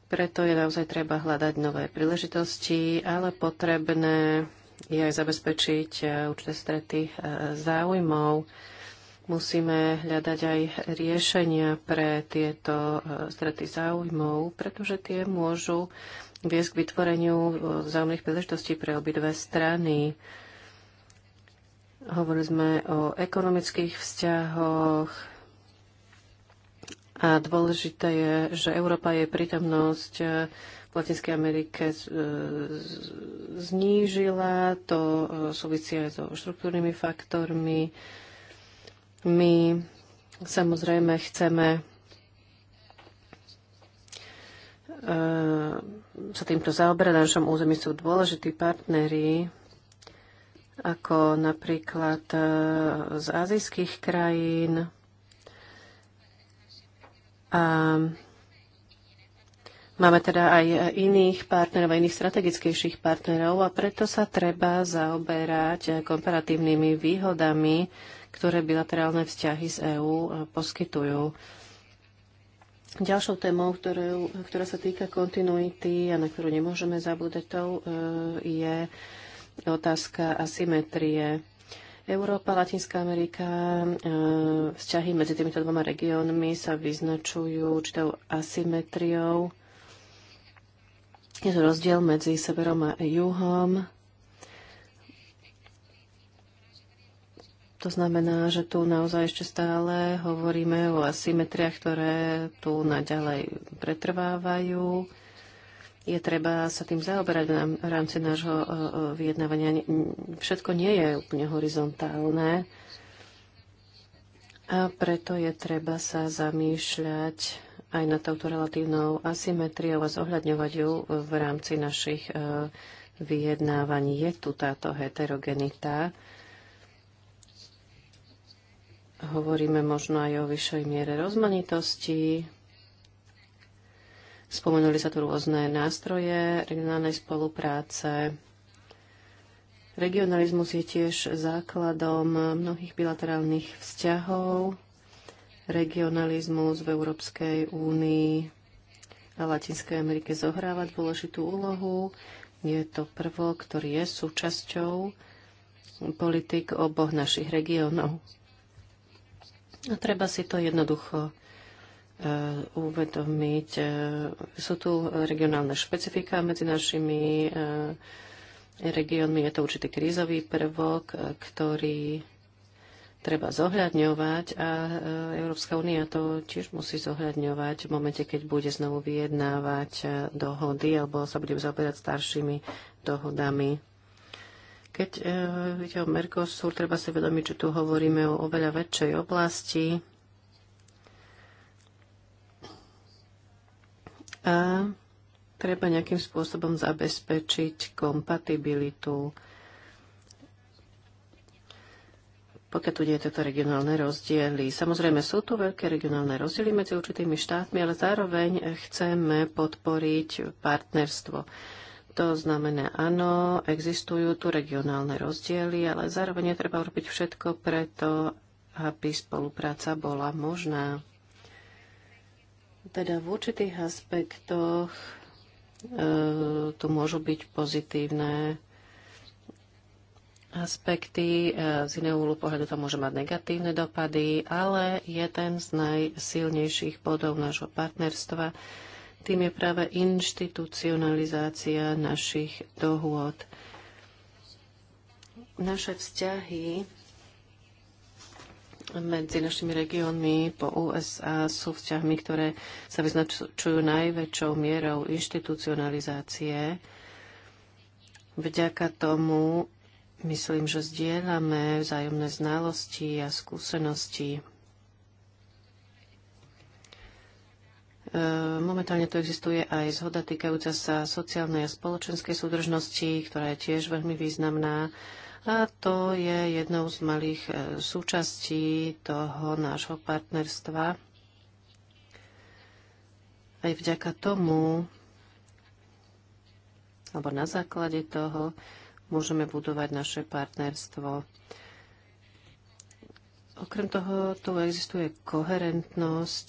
preto je naozaj treba hľadať nové príležitosti, ale potrebné je aj zabezpečiť e, určité strety e, záujmov. Musíme hľadať aj riešenia pre tieto e, strety záujmov, pretože tie môžu viesť k vytvoreniu vzájomných príležitostí pre obidve strany. Hovorili sme o ekonomických vzťahoch a dôležité je, že Európa je prítomnosť v Latinskej Amerike e, znížila. To e, súvisí aj so štruktúrnymi faktormi. My samozrejme chceme e, sa týmto zaoberať. Na našom území sú dôležití partnery, ako napríklad z azijských krajín. A Máme teda aj iných partnerov, iných strategickejších partnerov a preto sa treba zaoberať komparatívnymi výhodami, ktoré bilaterálne vzťahy z EÚ e, poskytujú. Ďalšou témou, ktorú, ktorá sa týka kontinuity a na ktorú nemôžeme zabúdať, to e, je otázka asymetrie. Európa, Latinská Amerika, e, vzťahy medzi týmito dvoma regiónmi sa vyznačujú určitou asymetriou je to rozdiel medzi severom a juhom. To znamená, že tu naozaj ešte stále hovoríme o asymetriách, ktoré tu naďalej pretrvávajú. Je treba sa tým zaoberať v rámci nášho vyjednávania. Všetko nie je úplne horizontálne a preto je treba sa zamýšľať aj nad touto relatívnou asymetriou a zohľadňovať ju v rámci našich e, vyjednávaní. Je tu táto heterogenita. Hovoríme možno aj o vyššej miere rozmanitosti. Spomenuli sa tu rôzne nástroje regionálnej spolupráce. Regionalizmus je tiež základom mnohých bilaterálnych vzťahov regionalizmus v Európskej únii a Latinskej Amerike zohrávať dôležitú úlohu. Je to prvo, ktorý je súčasťou politik oboch našich regiónov. A treba si to jednoducho e, uvedomiť. E, sú tu regionálne špecifika medzi našimi e, regiónmi. Je to určitý krízový prvok, ktorý treba zohľadňovať a e, Európska únia to tiež musí zohľadňovať v momente, keď bude znovu vyjednávať e, dohody alebo sa bude zaoberať staršími dohodami. Keď e, ide o Mercosur, treba si vedomiť, že tu hovoríme o oveľa väčšej oblasti. A treba nejakým spôsobom zabezpečiť kompatibilitu pokiaľ tu nie je tieto regionálne rozdiely. Samozrejme, sú tu veľké regionálne rozdiely medzi určitými štátmi, ale zároveň chceme podporiť partnerstvo. To znamená, áno, existujú tu regionálne rozdiely, ale zároveň je treba urobiť všetko preto, aby spolupráca bola možná. Teda v určitých aspektoch e, tu môžu byť pozitívne aspekty. E, z iného úhlu pohľadu to môže mať negatívne dopady, ale jeden z najsilnejších bodov nášho partnerstva tým je práve inštitucionalizácia našich dohôd. Naše vzťahy medzi našimi regiónmi po USA sú vzťahmi, ktoré sa vyznačujú najväčšou mierou inštitucionalizácie. Vďaka tomu Myslím, že zdieľame vzájomné znalosti a skúsenosti. E, momentálne tu existuje aj zhoda týkajúca sa sociálnej a spoločenskej súdržnosti, ktorá je tiež veľmi významná. A to je jednou z malých e, súčastí toho nášho partnerstva. Aj vďaka tomu, alebo na základe toho, môžeme budovať naše partnerstvo. Okrem toho, tu existuje koherentnosť.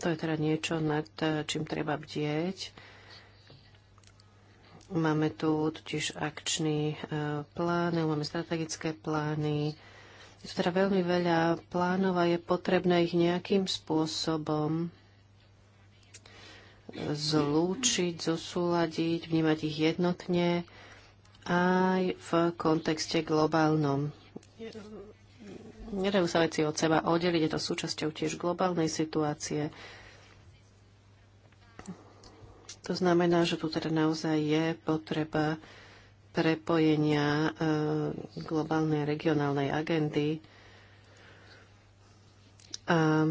To je teda niečo, nad čím treba bdieť. Máme tu totiž akčný e, plán, e, máme strategické plány. Je to teda veľmi veľa plánov a je potrebné ich nejakým spôsobom e, zlúčiť, zosúľadiť, vnímať ich jednotne aj v kontexte globálnom. Nedajú sa veci od seba oddeliť, je to súčasťou tiež globálnej situácie. To znamená, že tu teda naozaj je potreba prepojenia e, globálnej regionálnej agendy. A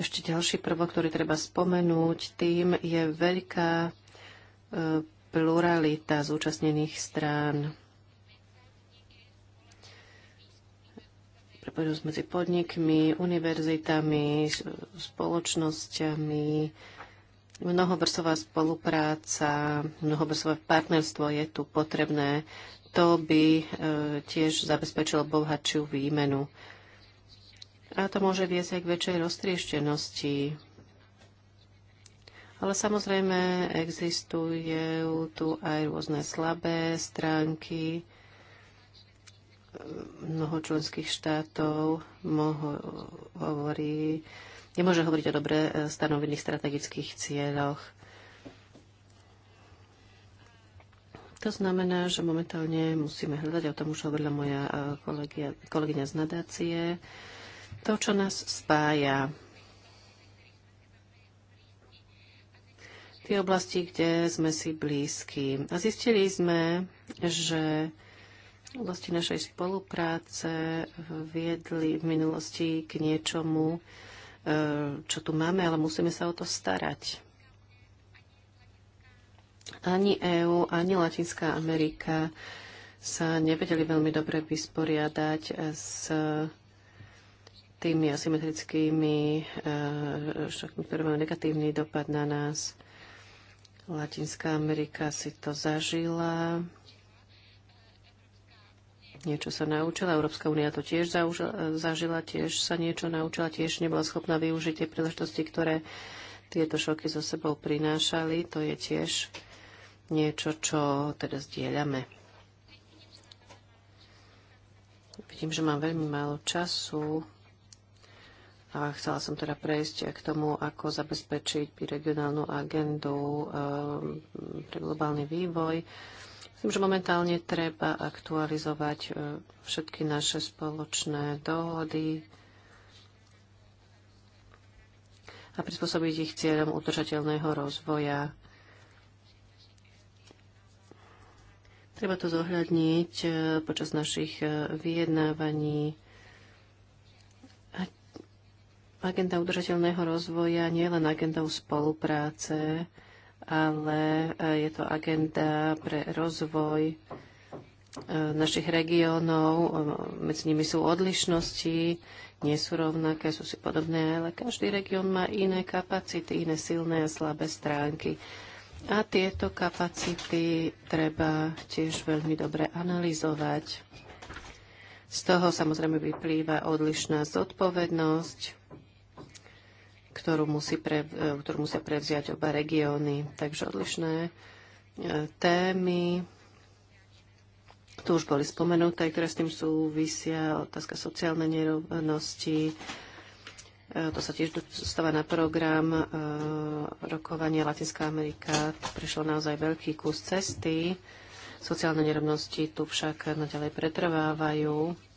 ešte ďalší prvok, ktorý treba spomenúť, tým je veľká e, pluralita zúčastnených strán, prepojenosť medzi podnikmi, univerzitami, spoločnosťami, mnohobrstová spolupráca, mnohobrstové partnerstvo je tu potrebné. To by e, tiež zabezpečilo bohatšiu výmenu. A to môže viesť aj k väčšej roztrieštenosti ale samozrejme existujú tu aj rôzne slabé stránky. Mnoho členských štátov moho, hovorí, nemôže hovoriť o dobre stanovených strategických cieľoch. To znamená, že momentálne musíme hľadať, o tom už hovorila moja eh, kolegia, kolegyňa z nadácie, to, čo nás spája tie oblasti, kde sme si blízki. A zistili sme, že v oblasti našej spolupráce viedli v minulosti k niečomu, e, čo tu máme, ale musíme sa o to starať. Ani EÚ, ani Latinská Amerika sa nevedeli veľmi dobre vysporiadať s tými asymetrickými e, ktoré majú negatívny dopad na nás. Latinská Amerika si to zažila. Niečo sa naučila. Európska únia to tiež zažila, tiež sa niečo naučila, tiež nebola schopná využiť tie príležitosti, ktoré tieto šoky so sebou prinášali. To je tiež niečo, čo teda zdieľame. Vidím, že mám veľmi málo času. A chcela som teda prejsť k tomu, ako zabezpečiť regionálnu agendu ehm, pre globálny vývoj. Myslím, že momentálne treba aktualizovať e, všetky naše spoločné dohody a prispôsobiť ich cieľom udržateľného rozvoja. Treba to zohľadniť e, počas našich e, vyjednávaní Agenda udržateľného rozvoja nie je len agendou spolupráce, ale e, je to agenda pre rozvoj e, našich regiónov. E, medzi nimi sú odlišnosti, nie sú rovnaké, sú si podobné, ale každý región má iné kapacity, iné silné a slabé stránky. A tieto kapacity treba tiež veľmi dobre analyzovať. Z toho samozrejme vyplýva odlišná zodpovednosť ktorú, musí pre, e, ktorú musia prevziať oba regióny. Takže odlišné e, témy. Tu už boli spomenuté, ktoré s tým súvisia. Otázka sociálnej nerovnosti. E, to sa tiež dostáva na program rokovania Latinská Amerika. Prišlo naozaj veľký kus cesty. Sociálne nerovnosti tu však naďalej pretrvávajú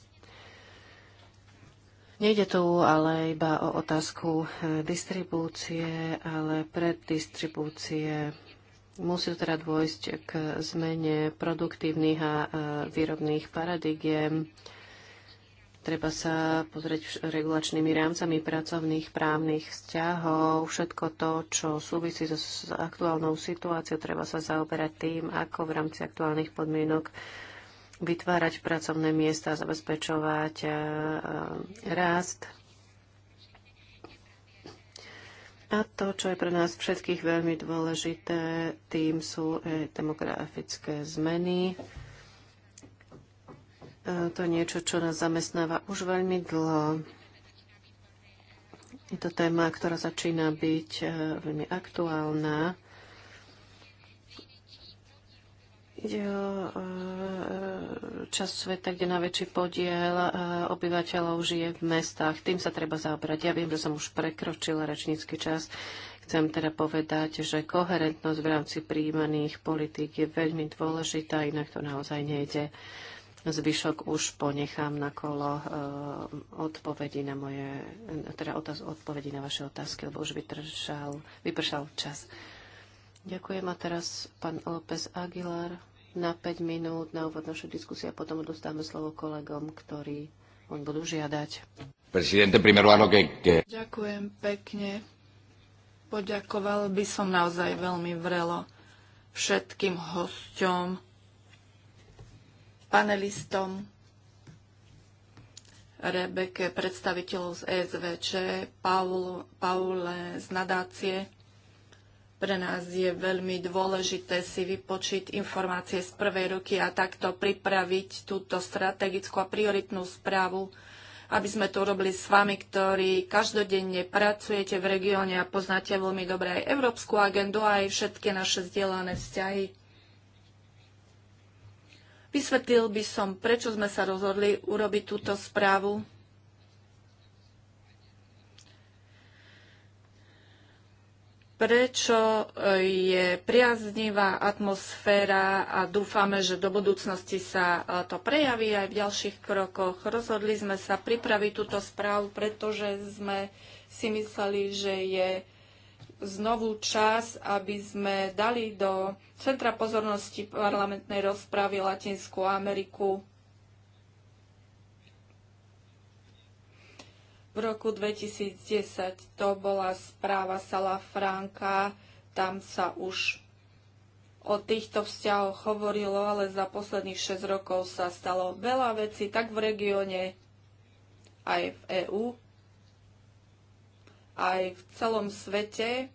Nejde tu ale iba o otázku e, distribúcie, ale preddistribúcie. Musí teda dôjsť k zmene produktívnych a e, výrobných paradigiem. Treba sa pozrieť regulačnými rámcami pracovných právnych vzťahov. Všetko to, čo súvisí so, s aktuálnou situáciou, treba sa zaoberať tým, ako v rámci aktuálnych podmienok vytvárať pracovné miesta, zabezpečovať e, e, rast. A to, čo je pre nás všetkých veľmi dôležité, tým sú e, demografické zmeny. To je niečo, čo nás zamestnáva už veľmi dlho. Je to téma, ktorá začína byť veľmi aktuálna. E, e, časť sveta, kde väčší podiel e, obyvateľov žije v mestách. Tým sa treba zaobrať. Ja viem, že som už prekročila rečnícky čas. Chcem teda povedať, že koherentnosť v rámci príjmaných politík je veľmi dôležitá, inak to naozaj nejde. Zvyšok už ponechám na kolo e, odpovedi na moje, teda otáz, odpovedi na vaše otázky, lebo už vypršal, vypršal čas. Ďakujem a teraz pán López Aguilar na 5 minút na úvod našej diskusie a potom dostávame slovo kolegom, ktorí oň budú žiadať. Ďakujem pekne. Poďakoval by som naozaj veľmi vrelo všetkým hosťom, panelistom, Rebeke, predstaviteľov z ESVČ, Paul, Paule z nadácie pre nás je veľmi dôležité si vypočiť informácie z prvej ruky a takto pripraviť túto strategickú a prioritnú správu, aby sme to robili s vami, ktorí každodenne pracujete v regióne a poznáte veľmi dobre aj európsku agendu a aj všetky naše vzdielané vzťahy. Vysvetlil by som, prečo sme sa rozhodli urobiť túto správu prečo e, je priaznivá atmosféra a dúfame, že do budúcnosti sa e, to prejaví aj v ďalších krokoch. Rozhodli sme sa pripraviť túto správu, pretože sme si mysleli, že je znovu čas, aby sme dali do centra pozornosti parlamentnej rozpravy Latinskú Ameriku V roku 2010 to bola správa Sala Franka, tam sa už o týchto vzťahoch hovorilo, ale za posledných 6 rokov sa stalo veľa vecí, tak v regióne, aj v EÚ, aj v celom svete.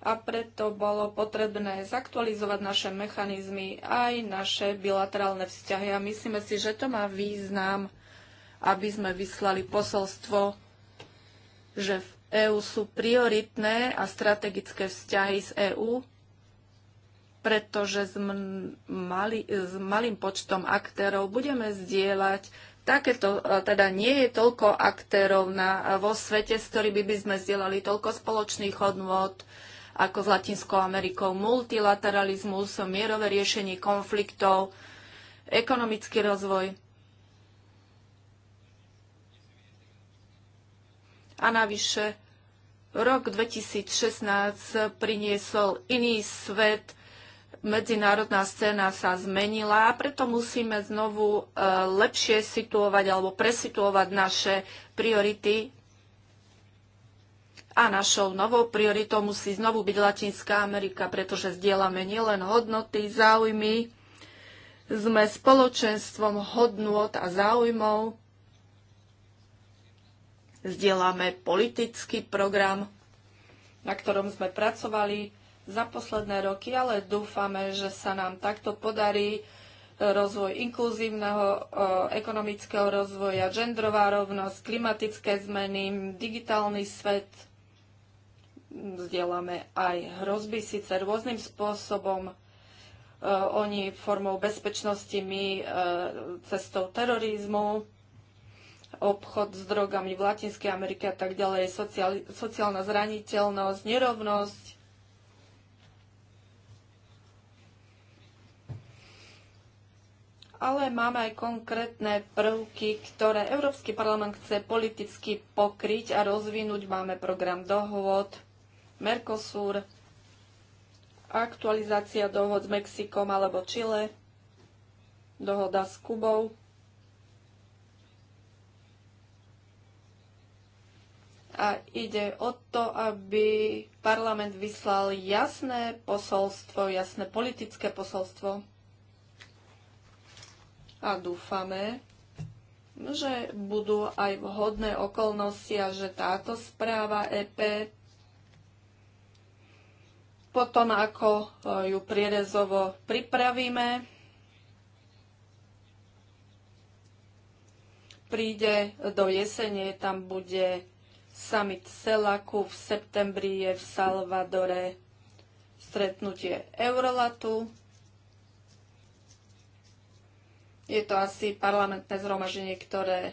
A preto bolo potrebné zaktualizovať naše mechanizmy, aj naše bilaterálne vzťahy. A myslíme si, že to má význam aby sme vyslali posolstvo, že v EÚ sú prioritné a strategické vzťahy z EÚ, pretože s, mali, s malým počtom aktérov budeme zdieľať takéto, e, teda nie je toľko aktérov na, e, vo svete, s ktorými by sme zdieľali toľko spoločných hodnôt ako s Latinskou Amerikou, multilateralizmus, mierové riešenie konfliktov, ekonomický rozvoj. A navyše, rok 2016 priniesol iný svet, medzinárodná scéna sa zmenila a preto musíme znovu e, lepšie situovať alebo presituovať naše priority. A našou novou prioritou musí znovu byť Latinská Amerika, pretože zdieľame nielen hodnoty, záujmy, sme spoločenstvom hodnôt a záujmov, Zdieľame politický program, na ktorom sme pracovali za posledné roky, ale dúfame, že sa nám takto podarí e, rozvoj inkluzívneho e, ekonomického rozvoja, genderová rovnosť, klimatické zmeny, digitálny svet. Zdieľame aj hrozby síce rôznym spôsobom, e, oni formou bezpečnosti, my cestou terorizmu obchod s drogami v Latinskej Amerike a tak ďalej, sociál, sociálna zraniteľnosť, nerovnosť. Ale máme aj konkrétne prvky, ktoré Európsky parlament chce politicky pokryť a rozvinúť. Máme program dohôd, Mercosur, aktualizácia dohod s Mexikom alebo Chile, dohoda s Kubou a ide o to, aby parlament vyslal jasné posolstvo, jasné politické posolstvo. A dúfame, že budú aj vhodné okolnosti a že táto správa EP potom, ako ju prierezovo pripravíme, príde do jesene, tam bude Summit CELACu v septembri je v Salvadore stretnutie Eurolatu. Je to asi parlamentné zhromaženie, ktoré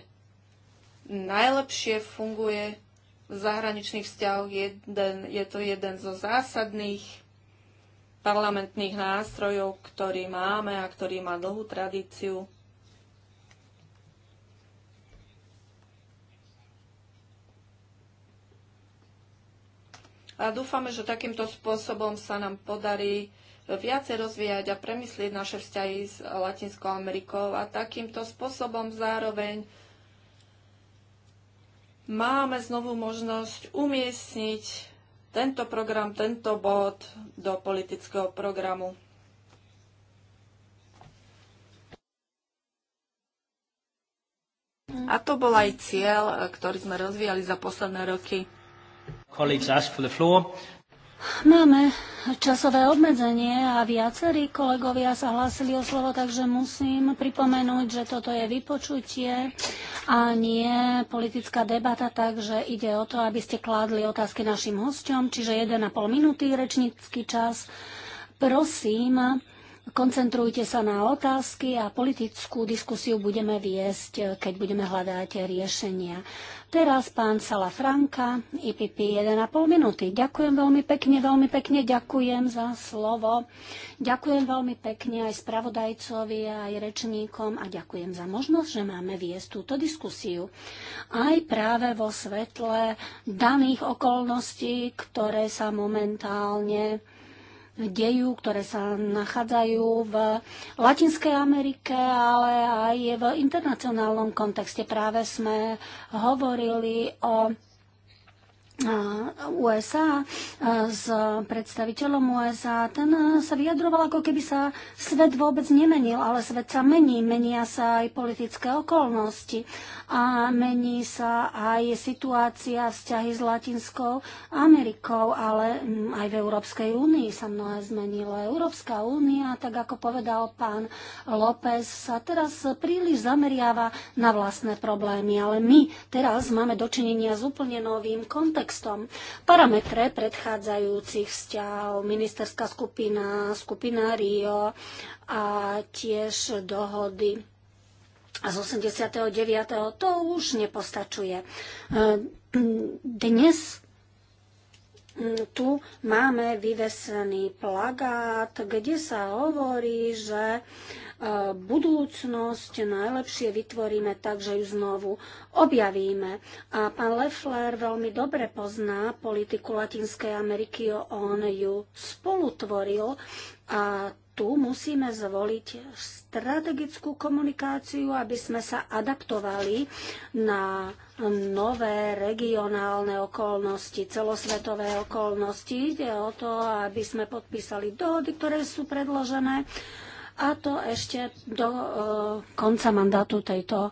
najlepšie funguje v zahraničných vzťahoch. Jeden, je to jeden zo zásadných parlamentných nástrojov, ktorý máme a ktorý má dlhú tradíciu. A dúfame, že takýmto spôsobom sa nám podarí viacej rozvíjať a premyslieť naše vzťahy s Latinskou Amerikou a takýmto spôsobom zároveň máme znovu možnosť umiestniť tento program, tento bod do politického programu. A to bol aj cieľ, ktorý sme rozvíjali za posledné roky. Máme časové obmedzenie a viacerí kolegovia sa hlásili o slovo, takže musím pripomenúť, že toto je vypočutie a nie politická debata, takže ide o to, aby ste kládli otázky našim hosťom, čiže 1,5 minúty rečnícky čas. Prosím, Koncentrujte sa na otázky a politickú diskusiu budeme viesť, keď budeme hľadať riešenia. Teraz pán Sala Franka, IPP 1,5 minúty. Ďakujem veľmi pekne, veľmi pekne ďakujem za slovo. Ďakujem veľmi pekne aj spravodajcovi, aj rečníkom a ďakujem za možnosť, že máme viesť túto diskusiu. Aj práve vo svetle daných okolností, ktoré sa momentálne dejú, ktoré sa nachádzajú v Latinskej Amerike, ale aj v internacionálnom kontexte. Práve sme hovorili o USA s predstaviteľom USA, ten sa vyjadroval, ako keby sa svet vôbec nemenil, ale svet sa mení, menia sa aj politické okolnosti a mení sa aj situácia vzťahy s Latinskou Amerikou, ale mm, aj v Európskej únii sa mnohé zmenilo. Európska únia, tak ako povedal pán López, sa teraz príliš zameriava na vlastné problémy, ale my teraz máme dočinenia s úplne novým kontextom. Parametre predchádzajúcich vzťahov, ministerská skupina, skupina Rio a tiež dohody z 89. to už nepostačuje. E, dnes mm, tu máme vyvesený plagát, kde sa hovorí, že e, budúcnosť najlepšie vytvoríme tak, že ju znovu objavíme. A pán Leffler veľmi dobre pozná politiku Latinskej Ameriky, on ju spolutvoril a tu musíme zvoliť strategickú komunikáciu, aby sme sa adaptovali na nové regionálne okolnosti, celosvetové okolnosti. Ide o to, aby sme podpísali dohody, ktoré sú predložené a to ešte do e, konca mandátu tejto e,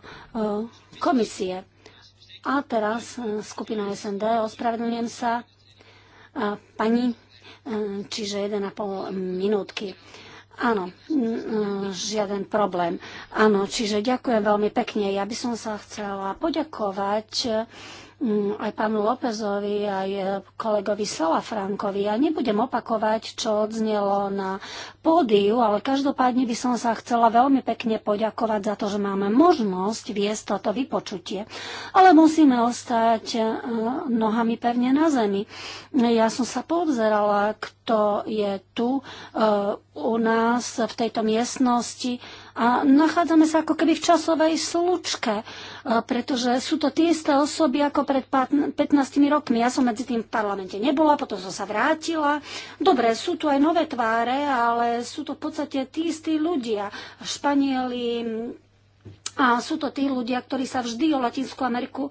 komisie. A teraz e, skupina SND, ospravedlňujem sa pani, čiže 1,5 minútky. Áno, mm, eh, žiaden problém. Áno, čiže ďakujem veľmi pekne. Ja by som sa chcela poďakovať eh, Mm, aj pánu Lópezovi, aj e, kolegovi Frankovi. Ja nebudem opakovať, čo odznelo na pódiu, ale každopádne by som sa chcela veľmi pekne poďakovať za to, že máme možnosť viesť toto vypočutie. Ale musíme ostať e, nohami pevne na zemi. Ja som sa povzerala, kto je tu e, u nás v tejto miestnosti. A nachádzame sa ako keby v časovej slučke, e, pretože sú to tie isté osoby ako pred 15 rokmi. Ja som medzi tým v parlamente nebola, potom som sa vrátila. Dobre, sú tu aj nové tváre, ale sú to v podstate tí istí ľudia. Španieli, a sú to tí ľudia, ktorí sa vždy o Latinskú Ameriku e,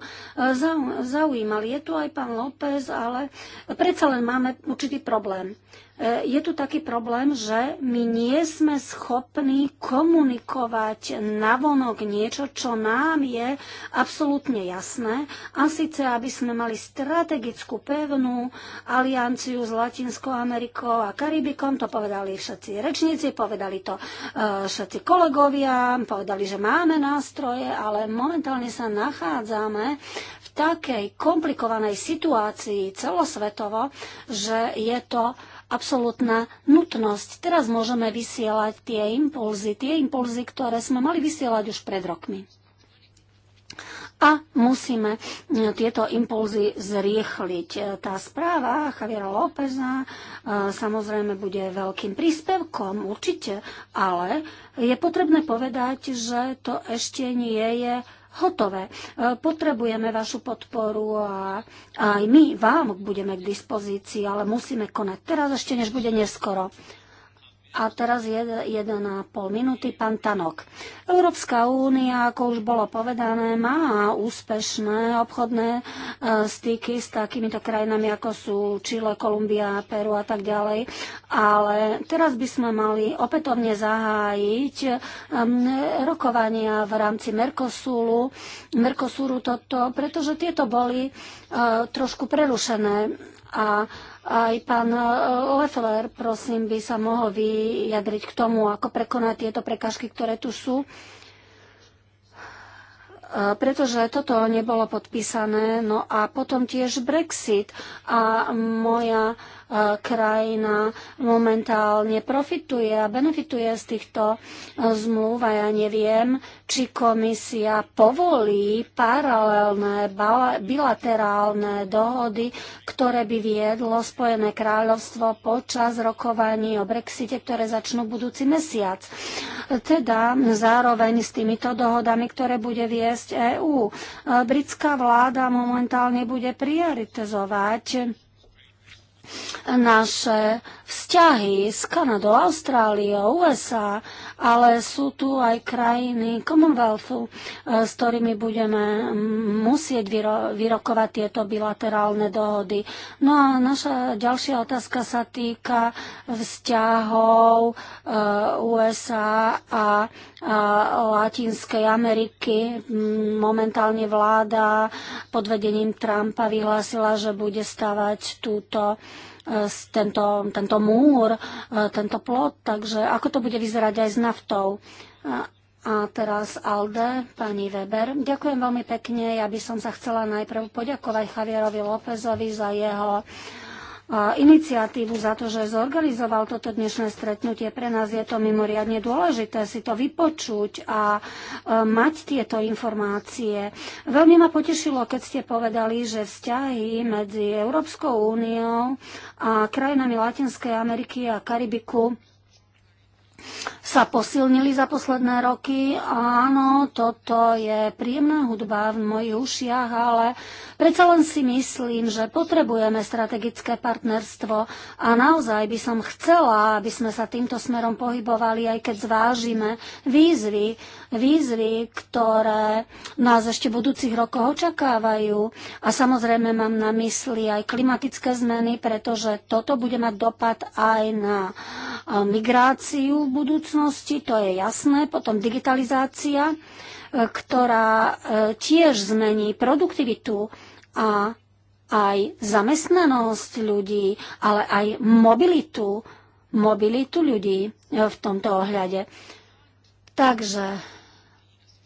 zaujímali. Je tu aj pán López, ale predsa len máme určitý problém. Eh, je tu taký problém, že my nie sme schopní komunikovať navonok niečo, čo nám je absolútne jasné, a síce, aby sme mali strategickú pevnú alianciu s Latinskou Amerikou a Karibikom, to povedali všetci rečníci, povedali to eh, všetci kolegovia, povedali, že máme nástroje, ale momentálne sa nachádzame v takej komplikovanej situácii celosvetovo, že je to absolútna nutnosť. Teraz môžeme vysielať tie impulzy, tie impulzy, ktoré sme mali vysielať už pred rokmi. A musíme mm, tieto impulzy zrýchliť. E, tá správa Javiera Lópeza e, samozrejme bude veľkým príspevkom, určite, ale je potrebné povedať, že to ešte nie je hotové. E, potrebujeme vašu podporu a, aj my vám budeme k dispozícii, ale musíme konať teraz ešte, než bude neskoro. A teraz jeden a pol minúty, pán Tanok. Európska únia, ako už bolo povedané, má úspešné obchodné e, styky s takýmito krajinami, ako sú Čile, Kolumbia, Peru a tak ďalej. Ale teraz by sme mali opätovne zahájiť e, rokovania v rámci Mercosuru, Mercosuru toto, pretože tieto boli e, trošku prerušené. A aj pán e, Leffler, prosím, by sa mohol vyjadriť k tomu, ako prekonať tieto prekažky, ktoré tu sú e, pretože toto nebolo podpísané. No a potom tiež Brexit a moja E, krajina momentálne profituje a benefituje z týchto e, zmluv a ja neviem, či komisia povolí paralelné bilaterálne dohody, ktoré by viedlo Spojené kráľovstvo počas rokovaní o Brexite, ktoré začnú budúci mesiac. Teda zároveň s týmito dohodami, ktoré bude viesť EÚ. E, britská vláda momentálne bude prioritizovať naše vzťahy s Kanadou, Austráliou, USA ale sú tu aj krajiny Commonwealthu, e, s ktorými budeme musieť vyro- vyrokovať tieto bilaterálne dohody. No a naša ďalšia otázka sa týka vzťahov e, USA a Latinskej Ameriky. Momentálne vláda pod vedením Trumpa vyhlásila, že bude stavať túto tento, tento múr, e, tento plot, takže ako to bude vyzerať aj s naftou. A teraz Alde, pani Weber. Ďakujem veľmi pekne. Ja by som sa chcela najprv poďakovať Javierovi Lópezovi za jeho uh, iniciatívu za to, že zorganizoval toto dnešné stretnutie. Pre nás je to mimoriadne dôležité si to vypočuť a e, mať tieto informácie. Veľmi ma potešilo, keď ste povedali, že vzťahy medzi Európskou úniou a krajinami Latinskej Ameriky a Karibiku sa posilnili za posledné roky. Áno, toto je príjemná hudba v mojich ušiach, ale Predsa len si myslím, že potrebujeme strategické partnerstvo a naozaj by som chcela, aby sme sa týmto smerom pohybovali, aj keď zvážime výzvy, výzvy, ktoré nás ešte v budúcich rokoch očakávajú. A samozrejme mám na mysli aj klimatické zmeny, pretože toto bude mať dopad aj na migráciu v budúcnosti, to je jasné, potom digitalizácia, e, ktorá e, tiež zmení produktivitu a aj zamestnanosť ľudí, ale aj mobilitu, mobilitu ľudí e, v tomto ohľade. Takže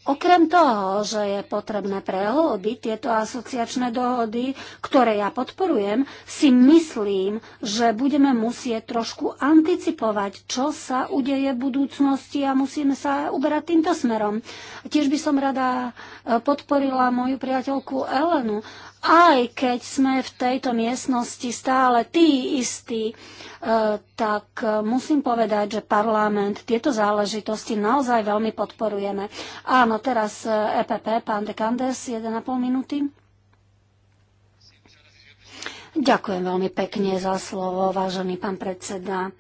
Okrem toho, že je potrebné prehlbiť tieto asociačné dohody, ktoré ja podporujem, si myslím, že budeme musieť trošku anticipovať, čo sa udeje v budúcnosti a musíme sa uberať týmto smerom. Tiež by som rada e, podporila moju priateľku Elenu aj keď sme v tejto miestnosti stále tí istí, e, tak e, musím povedať, že parlament tieto záležitosti naozaj veľmi podporujeme. Áno, teraz EPP, e pán de Kandes, 1,5 minúty. Ďakujem veľmi pekne za slovo, vážený pán predseda.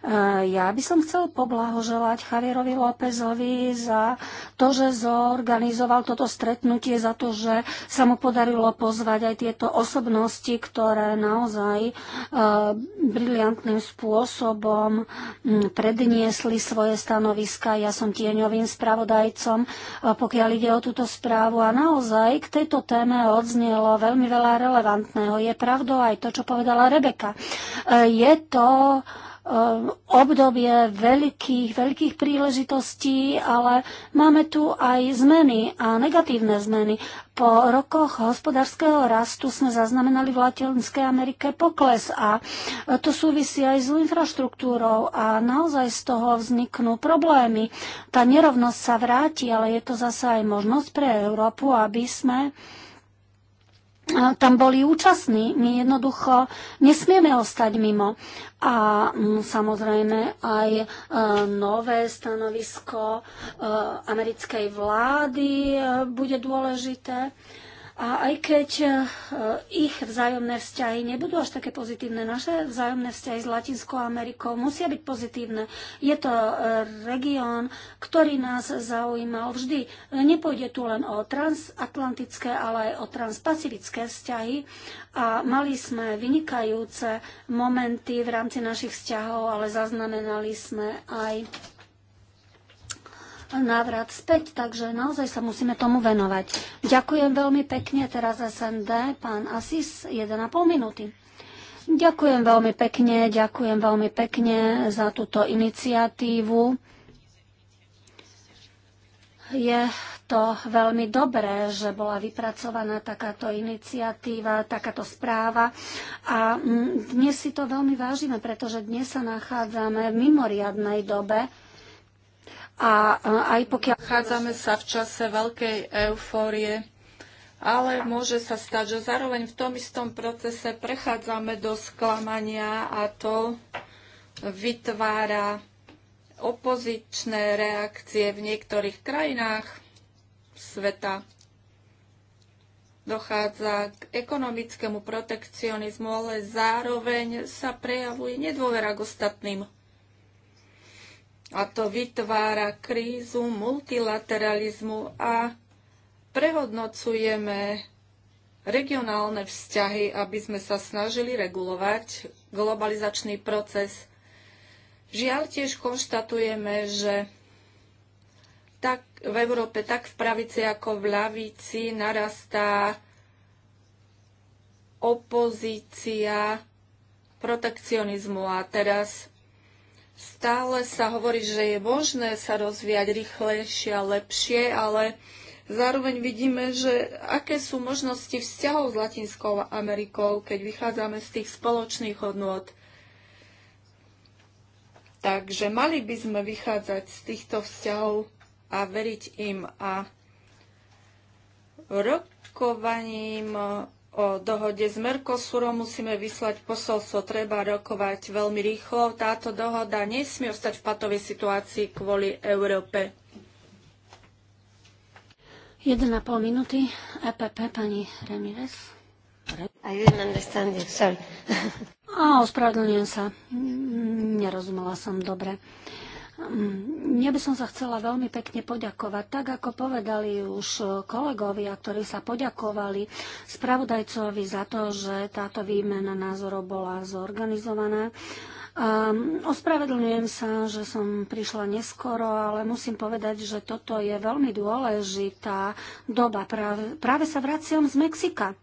Eh, ja by som chcel poblahoželať Javierovi Lópezovi za to, že zorganizoval toto stretnutie, za to, že sa mu podarilo pozvať aj tieto osobnosti, ktoré naozaj eh, briliantným spôsobom hm, predniesli svoje stanoviska. Ja som tieňovým spravodajcom, eh, pokiaľ ide o túto správu. A naozaj k tejto téme odznelo veľmi veľa relevantného. Je pravdou aj to, čo povedala Rebeka. Je to Um, obdobie veľkých, veľkých príležitostí, ale máme tu aj zmeny a negatívne zmeny. Po rokoch hospodárskeho rastu sme zaznamenali v Latinskej Amerike pokles a to súvisí aj s infraštruktúrou a naozaj z toho vzniknú problémy. Tá nerovnosť sa vráti, ale je to zase aj možnosť pre Európu, aby sme tam boli účastní. My jednoducho nesmieme ostať mimo. A mm, samozrejme aj e, nové stanovisko e, americkej vlády e, bude dôležité. A aj keď e, ich vzájomné vzťahy nebudú až také pozitívne, naše vzájomné vzťahy s Latinskou Amerikou musia byť pozitívne. Je to e, región, ktorý nás zaujímal vždy. Nepôjde tu len o transatlantické, ale aj o transpacifické vzťahy. A mali sme vynikajúce momenty v rámci našich vzťahov, ale zaznamenali sme aj návrat späť, takže naozaj sa musíme tomu venovať. Ďakujem veľmi pekne teraz SND, pán Asis, 1,5 minúty. Ďakujem veľmi pekne, ďakujem veľmi pekne za túto iniciatívu. Je to veľmi dobré, že bola vypracovaná takáto iniciatíva, takáto správa. A mm, dnes si to veľmi vážime, pretože dnes sa nachádzame v mimoriadnej dobe, a eh, aj pokiaľ... Chádzame sa v čase veľkej eufórie, ale môže sa stať, že zároveň v tom istom procese prechádzame do sklamania a to vytvára opozičné reakcie v niektorých krajinách sveta. Dochádza k ekonomickému protekcionizmu, ale zároveň sa prejavuje nedôvera k ostatným. A to vytvára krízu multilateralizmu a prehodnocujeme regionálne vzťahy, aby sme sa snažili regulovať globalizačný proces. Žiaľ tiež konštatujeme, že tak v Európe, tak v pravici ako v lavici narastá opozícia protekcionizmu. A teraz Stále sa hovorí, že je možné sa rozvíjať rýchlejšie a lepšie, ale zároveň vidíme, že aké sú možnosti vzťahov s Latinskou Amerikou, keď vychádzame z tých spoločných hodnôt. Takže mali by sme vychádzať z týchto vzťahov a veriť im. A rokovaním o dohode s Mercosurom musíme vyslať posolstvo, treba rokovať veľmi rýchlo. Táto dohoda nesmie ostať v patovej situácii kvôli Európe. 1,5 minúty. EPP, pani Ramirez. I didn't understand you, sorry. A, ospravedlňujem sa. Nerozumela som dobre. Uh, mne mm, by som sa chcela veľmi pekne poďakovať. Tak ako povedali už kolegovia, ktorí sa poďakovali spravodajcovi za to, že táto výmena názorov bola zorganizovaná. Um, ospravedlňujem sa, že som prišla neskoro, ale musím povedať, že toto je veľmi dôležitá doba. Práve, práve sa vraciam z Mexika.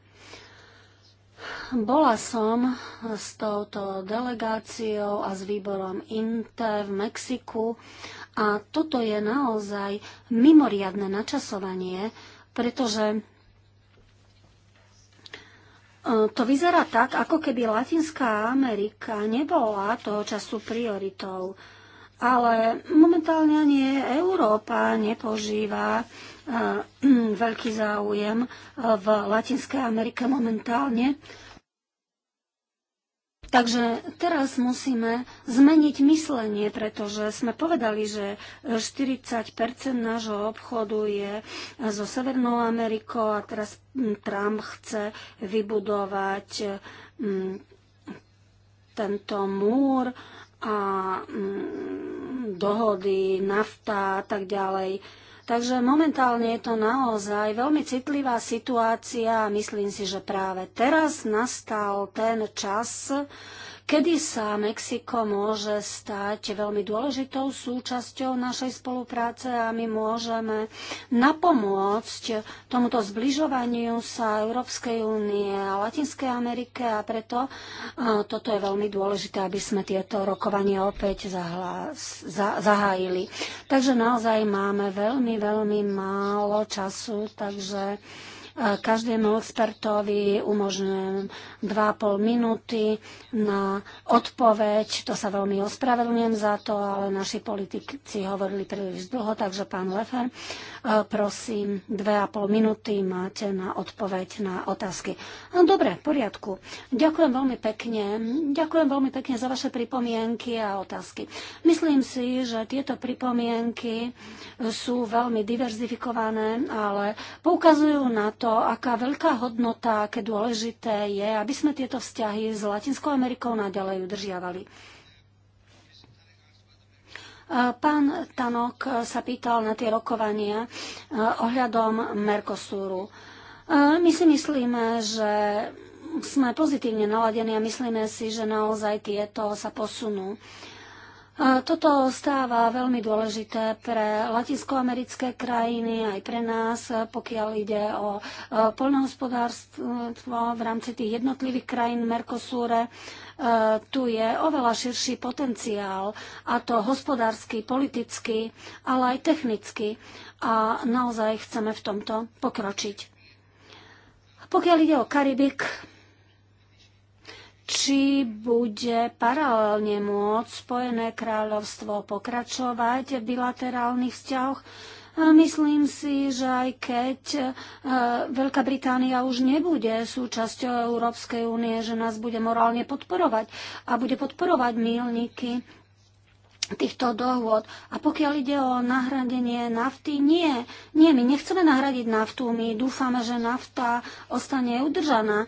Bola som s touto delegáciou a s výborom INTE v Mexiku a toto je naozaj mimoriadne načasovanie, pretože e, to vyzerá tak, ako keby Latinská Amerika nebola toho času prioritou. Ale momentálne ani Európa nepožíva veľký záujem v Latinskej Amerike momentálne. Takže teraz musíme zmeniť myslenie, pretože sme povedali, že 40 nášho obchodu je so Severnou Amerikou a teraz Trump chce vybudovať tento múr a dohody, nafta a tak ďalej. Takže momentálne je to naozaj veľmi citlivá situácia a myslím si, že práve teraz nastal ten čas, Kedy sa Mexiko môže stať veľmi dôležitou súčasťou našej spolupráce a my môžeme napomôcť tomuto zbližovaniu sa Európskej únie a Latinskej Amerike a preto toto je veľmi dôležité, aby sme tieto rokovania opäť zahlas, za, zahájili. Takže naozaj máme veľmi, veľmi málo času, takže každému expertovi umožňujem 2,5 minúty na odpoveď. To sa veľmi ospravedlňujem za to, ale naši politici hovorili príliš dlho, takže pán Lefer, e, prosím, 2,5 minúty máte na odpoveď na otázky. No, dobre, v poriadku. Ďakujem veľmi pekne. Ďakujem veľmi pekne za vaše pripomienky a otázky. Myslím si, že tieto pripomienky sú veľmi diverzifikované, ale poukazujú na to, to, aká veľká hodnota, aké dôležité je, aby sme tieto vzťahy s Latinskou Amerikou naďalej udržiavali. E, pán Tanok sa pýtal na tie rokovania e, ohľadom Mercosuru. E, my si myslíme, že sme pozitívne naladení a myslíme si, že naozaj tieto sa posunú. Toto stáva veľmi dôležité pre latinskoamerické krajiny, aj pre nás, pokiaľ ide o poľnohospodárstvo v rámci tých jednotlivých krajín Mercosure. E, tu je oveľa širší potenciál, a to hospodársky, politický, ale aj technicky. A naozaj chceme v tomto pokročiť. Pokiaľ ide o Karibik, či bude paralelne môcť Spojené kráľovstvo pokračovať v bilaterálnych vzťahoch. Myslím si, že aj keď e, Veľká Británia už nebude súčasťou Európskej únie, že nás bude morálne podporovať a bude podporovať milníky týchto dohôd. A pokiaľ ide o nahradenie nafty, nie. Nie, my nechceme nahradiť naftu. My dúfame, že nafta ostane udržaná, e,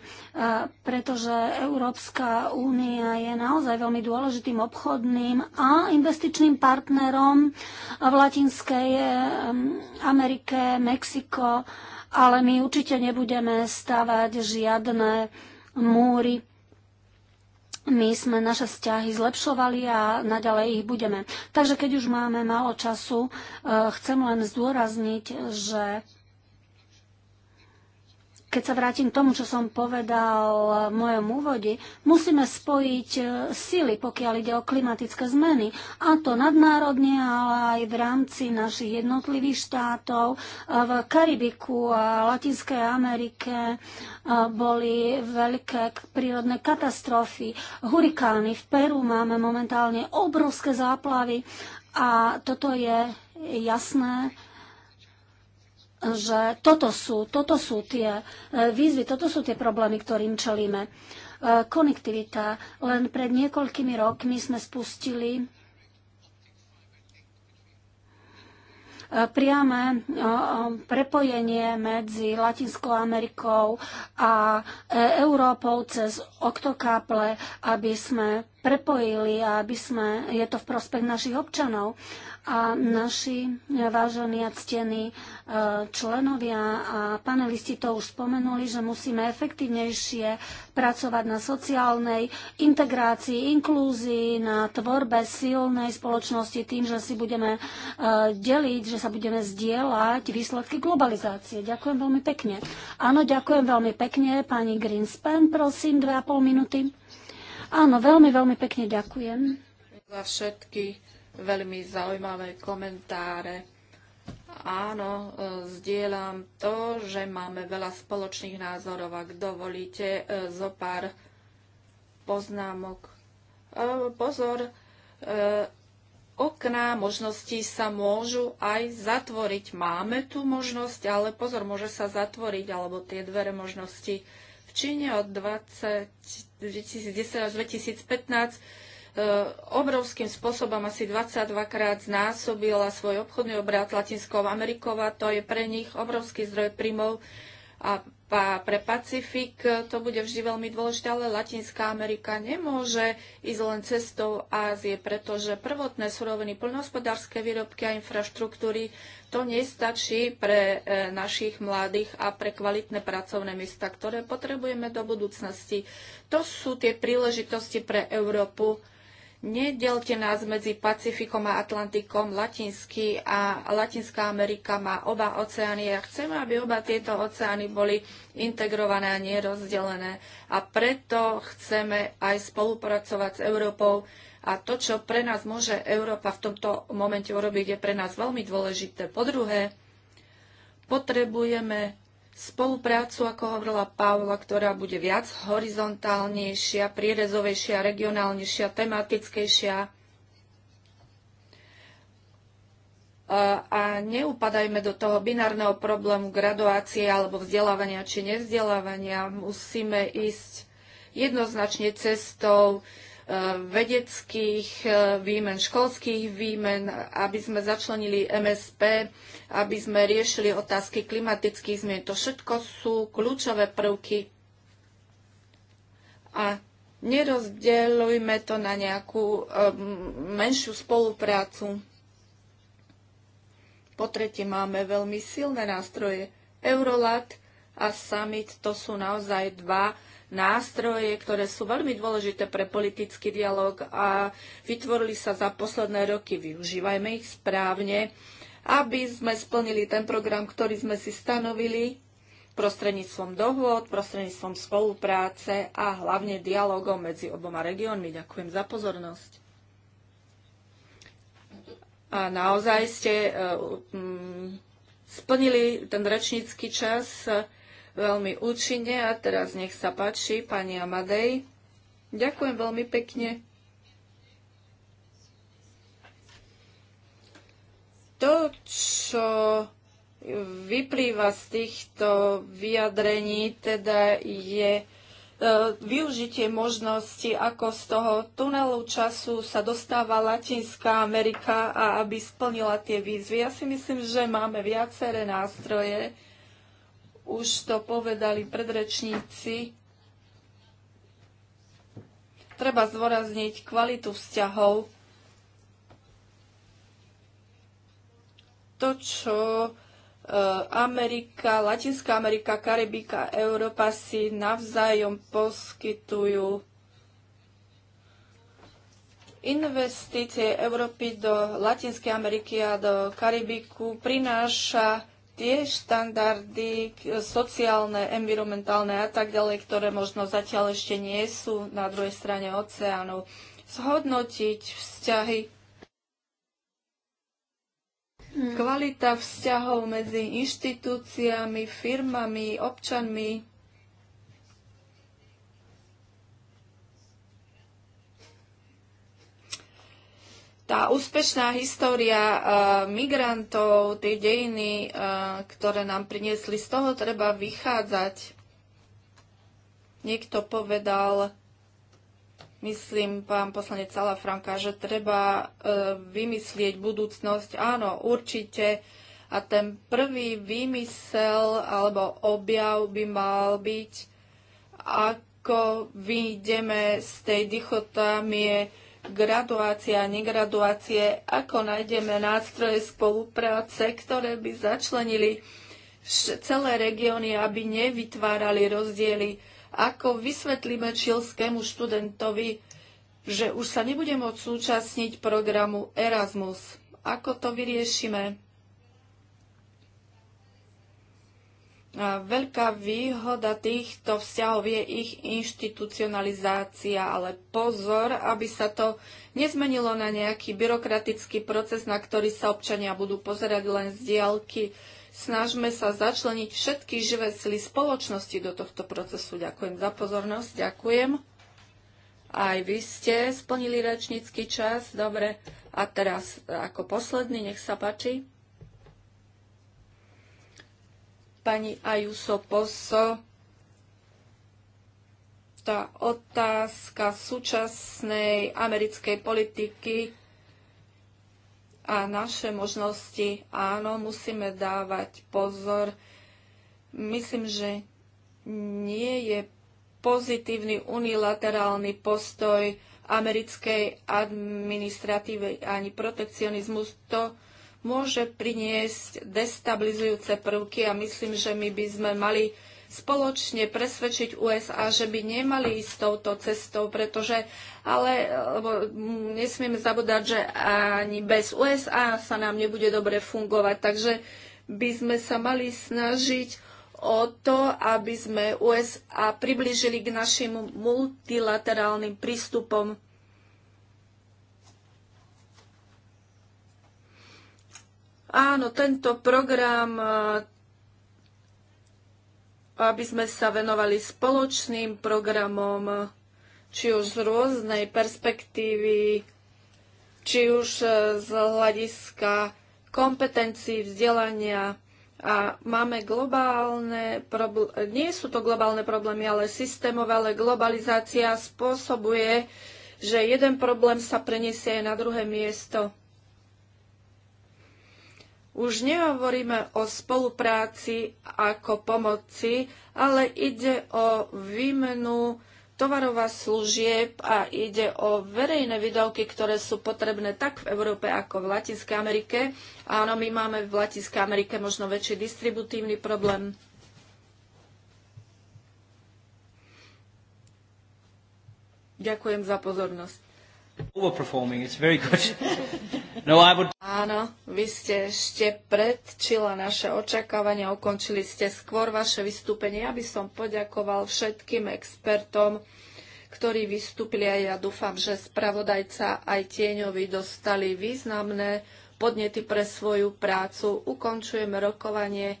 pretože Európska únia je naozaj veľmi dôležitým obchodným a investičným partnerom v Latinskej e, Amerike, Mexiko, ale my určite nebudeme stavať žiadne múry my sme naše vzťahy zlepšovali a naďalej ich budeme. Takže keď už máme málo času, eh, chcem len zdôrazniť, že keď sa vrátim k tomu, čo som povedal v mojom úvode, musíme spojiť e, sily, pokiaľ ide o klimatické zmeny. A to nadnárodne, ale aj v rámci našich jednotlivých štátov. E, v Karibiku a Latinskej Amerike e, boli veľké prírodné katastrofy, hurikány. V Peru máme momentálne obrovské záplavy a toto je jasné že toto sú, toto sú tie e, výzvy, toto sú tie problémy, ktorým čelíme. E, konektivita. Len pred niekoľkými rokmi sme spustili e, priame prepojenie medzi Latinskou Amerikou a Európou cez oktokáple, aby sme prepojili a aby sme, je to v prospech našich občanov a naši vážení a ctení e, členovia a panelisti to už spomenuli, že musíme efektívnejšie pracovať na sociálnej integrácii, inklúzii, na tvorbe silnej spoločnosti tým, že si budeme e, deliť, že sa budeme zdieľať výsledky globalizácie. Ďakujem veľmi pekne. Áno, ďakujem veľmi pekne. Pani Greenspan, prosím, dve a pol minúty. Áno, veľmi, veľmi pekne ďakujem. Za všetkých veľmi zaujímavé komentáre. Áno, e, zdieľam to, že máme veľa spoločných názorov. Ak dovolíte, e, zo pár poznámok. E, pozor, okná možností sa môžu aj zatvoriť. Máme tu možnosť, ale pozor, môže sa zatvoriť, alebo tie dvere možnosti. V Číne od 20, 2010 až 2015 E, obrovským spôsobom asi 22 krát znásobila svoj obchodný obrat Latinskou Amerikou a to je pre nich obrovský zdroj príjmov a pre Pacifik e, to bude vždy veľmi dôležité, ale Latinská Amerika nemôže ísť len cestou Ázie, pretože prvotné suroviny, plnohospodárske výrobky a infraštruktúry to nestačí pre e, našich mladých a pre kvalitné pracovné miesta, ktoré potrebujeme do budúcnosti. To sú tie príležitosti pre Európu Nedelte nás medzi Pacifikom a Atlantikom. Latinský a Latinská Amerika má oba oceány a chceme, aby oba tieto oceány boli integrované a nerozdelené. A preto chceme aj spolupracovať s Európou. A to, čo pre nás môže Európa v tomto momente urobiť, je pre nás veľmi dôležité. Po druhé, potrebujeme spoluprácu, ako hovorila Paula, ktorá bude viac horizontálnejšia, prierezovejšia, regionálnejšia, tematickejšia. A neupadajme do toho binárneho problému graduácie alebo vzdelávania či nevzdelávania. Musíme ísť jednoznačne cestou vedeckých e, výmen, školských výmen, aby sme začlenili MSP, aby sme riešili otázky klimatických zmien. To všetko sú kľúčové prvky. A nerozdeľujme to na nejakú e, menšiu spoluprácu. Po tretie máme veľmi silné nástroje. Eurolat a Summit to sú naozaj dva nástroje, ktoré sú veľmi dôležité pre politický dialog a vytvorili sa za posledné roky. Využívajme ich správne, aby sme splnili ten program, ktorý sme si stanovili prostredníctvom dohôd, prostredníctvom spolupráce a hlavne dialogom medzi oboma regiónmi. Ďakujem za pozornosť. A naozaj ste uh, um, splnili ten rečnícky čas. Uh, veľmi účinne. A teraz nech sa páči, pani Amadej. Ďakujem veľmi pekne. To, čo vyplýva z týchto vyjadrení, teda je e, využitie možnosti, ako z toho tunelu času sa dostáva Latinská Amerika a aby splnila tie výzvy. Ja si myslím, že máme viaceré nástroje, už to povedali predrečníci. Treba zvorazniť kvalitu vzťahov. To, čo e, Amerika, Latinská Amerika, Karibika, Európa si navzájom poskytujú investície Európy do Latinskej Ameriky a do Karibiku prináša tie štandardy sociálne, environmentálne a tak ďalej, ktoré možno zatiaľ ešte nie sú na druhej strane oceánu. Zhodnotiť vzťahy, mm. kvalita vzťahov medzi inštitúciami, firmami, občanmi, tá úspešná história e, migrantov, tie dejiny, e, ktoré nám priniesli, z toho treba vychádzať. Niekto povedal, myslím, pán poslanec Salafranka, že treba e, vymyslieť budúcnosť. Áno, určite. A ten prvý výmysel alebo objav by mal byť, ako vyjdeme z tej dichotámie graduácie a negraduácie, ako nájdeme nástroje spolupráce, ktoré by začlenili celé regióny, aby nevytvárali rozdiely. Ako vysvetlíme čilskému študentovi, že už sa nebude môcť súčasniť programu Erasmus? Ako to vyriešime? veľká výhoda týchto vzťahov je ich inštitucionalizácia, ale pozor, aby sa to nezmenilo na nejaký byrokratický proces, na ktorý sa občania budú pozerať len z diálky. Snažme sa začleniť všetky živé sily spoločnosti do tohto procesu. Ďakujem za pozornosť, ďakujem. Aj vy ste splnili rečnícky čas, dobre. A teraz ako posledný, nech sa páči pani Ajuso Poso. Tá otázka súčasnej americkej politiky a naše možnosti, áno, musíme dávať pozor. Myslím, že nie je pozitívny unilaterálny postoj americkej administratívy ani protekcionizmus. To môže priniesť destabilizujúce prvky a myslím, že my by sme mali spoločne presvedčiť USA, že by nemali ísť touto cestou, pretože ale nesmieme zabúdať, že ani bez USA sa nám nebude dobre fungovať. Takže by sme sa mali snažiť o to, aby sme USA priblížili k našim multilaterálnym prístupom Áno, tento program, aby sme sa venovali spoločným programom, či už z rôznej perspektívy, či už e, z hľadiska kompetencií, vzdelania. A máme globálne problémy, nie sú to globálne problémy, ale systémové, ale globalizácia spôsobuje, že jeden problém sa preniesie aj na druhé miesto. Už nehovoríme o spolupráci ako pomoci, ale ide o výmenu tovarov a služieb a ide o verejné výdavky, ktoré sú potrebné tak v Európe ako v Latinskej Amerike. Áno, my máme v Latinskej Amerike možno väčší distributívny problém. Ďakujem za pozornosť. Overperforming, it's very good. No, I would... Áno, vy ste ešte predčila naše očakávania, ukončili ste skôr vaše vystúpenie. Ja by som poďakoval všetkým expertom, ktorí vystúpili a ja dúfam, že spravodajca aj tieňovi dostali významné podnety pre svoju prácu. Ukončujeme rokovanie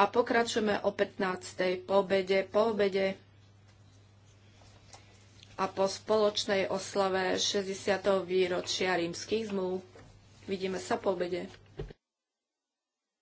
a pokračujeme o 15. po obede. Po obede a po spoločnej oslave 60. výročia rímskych zmluv. Vidíme sa po obede.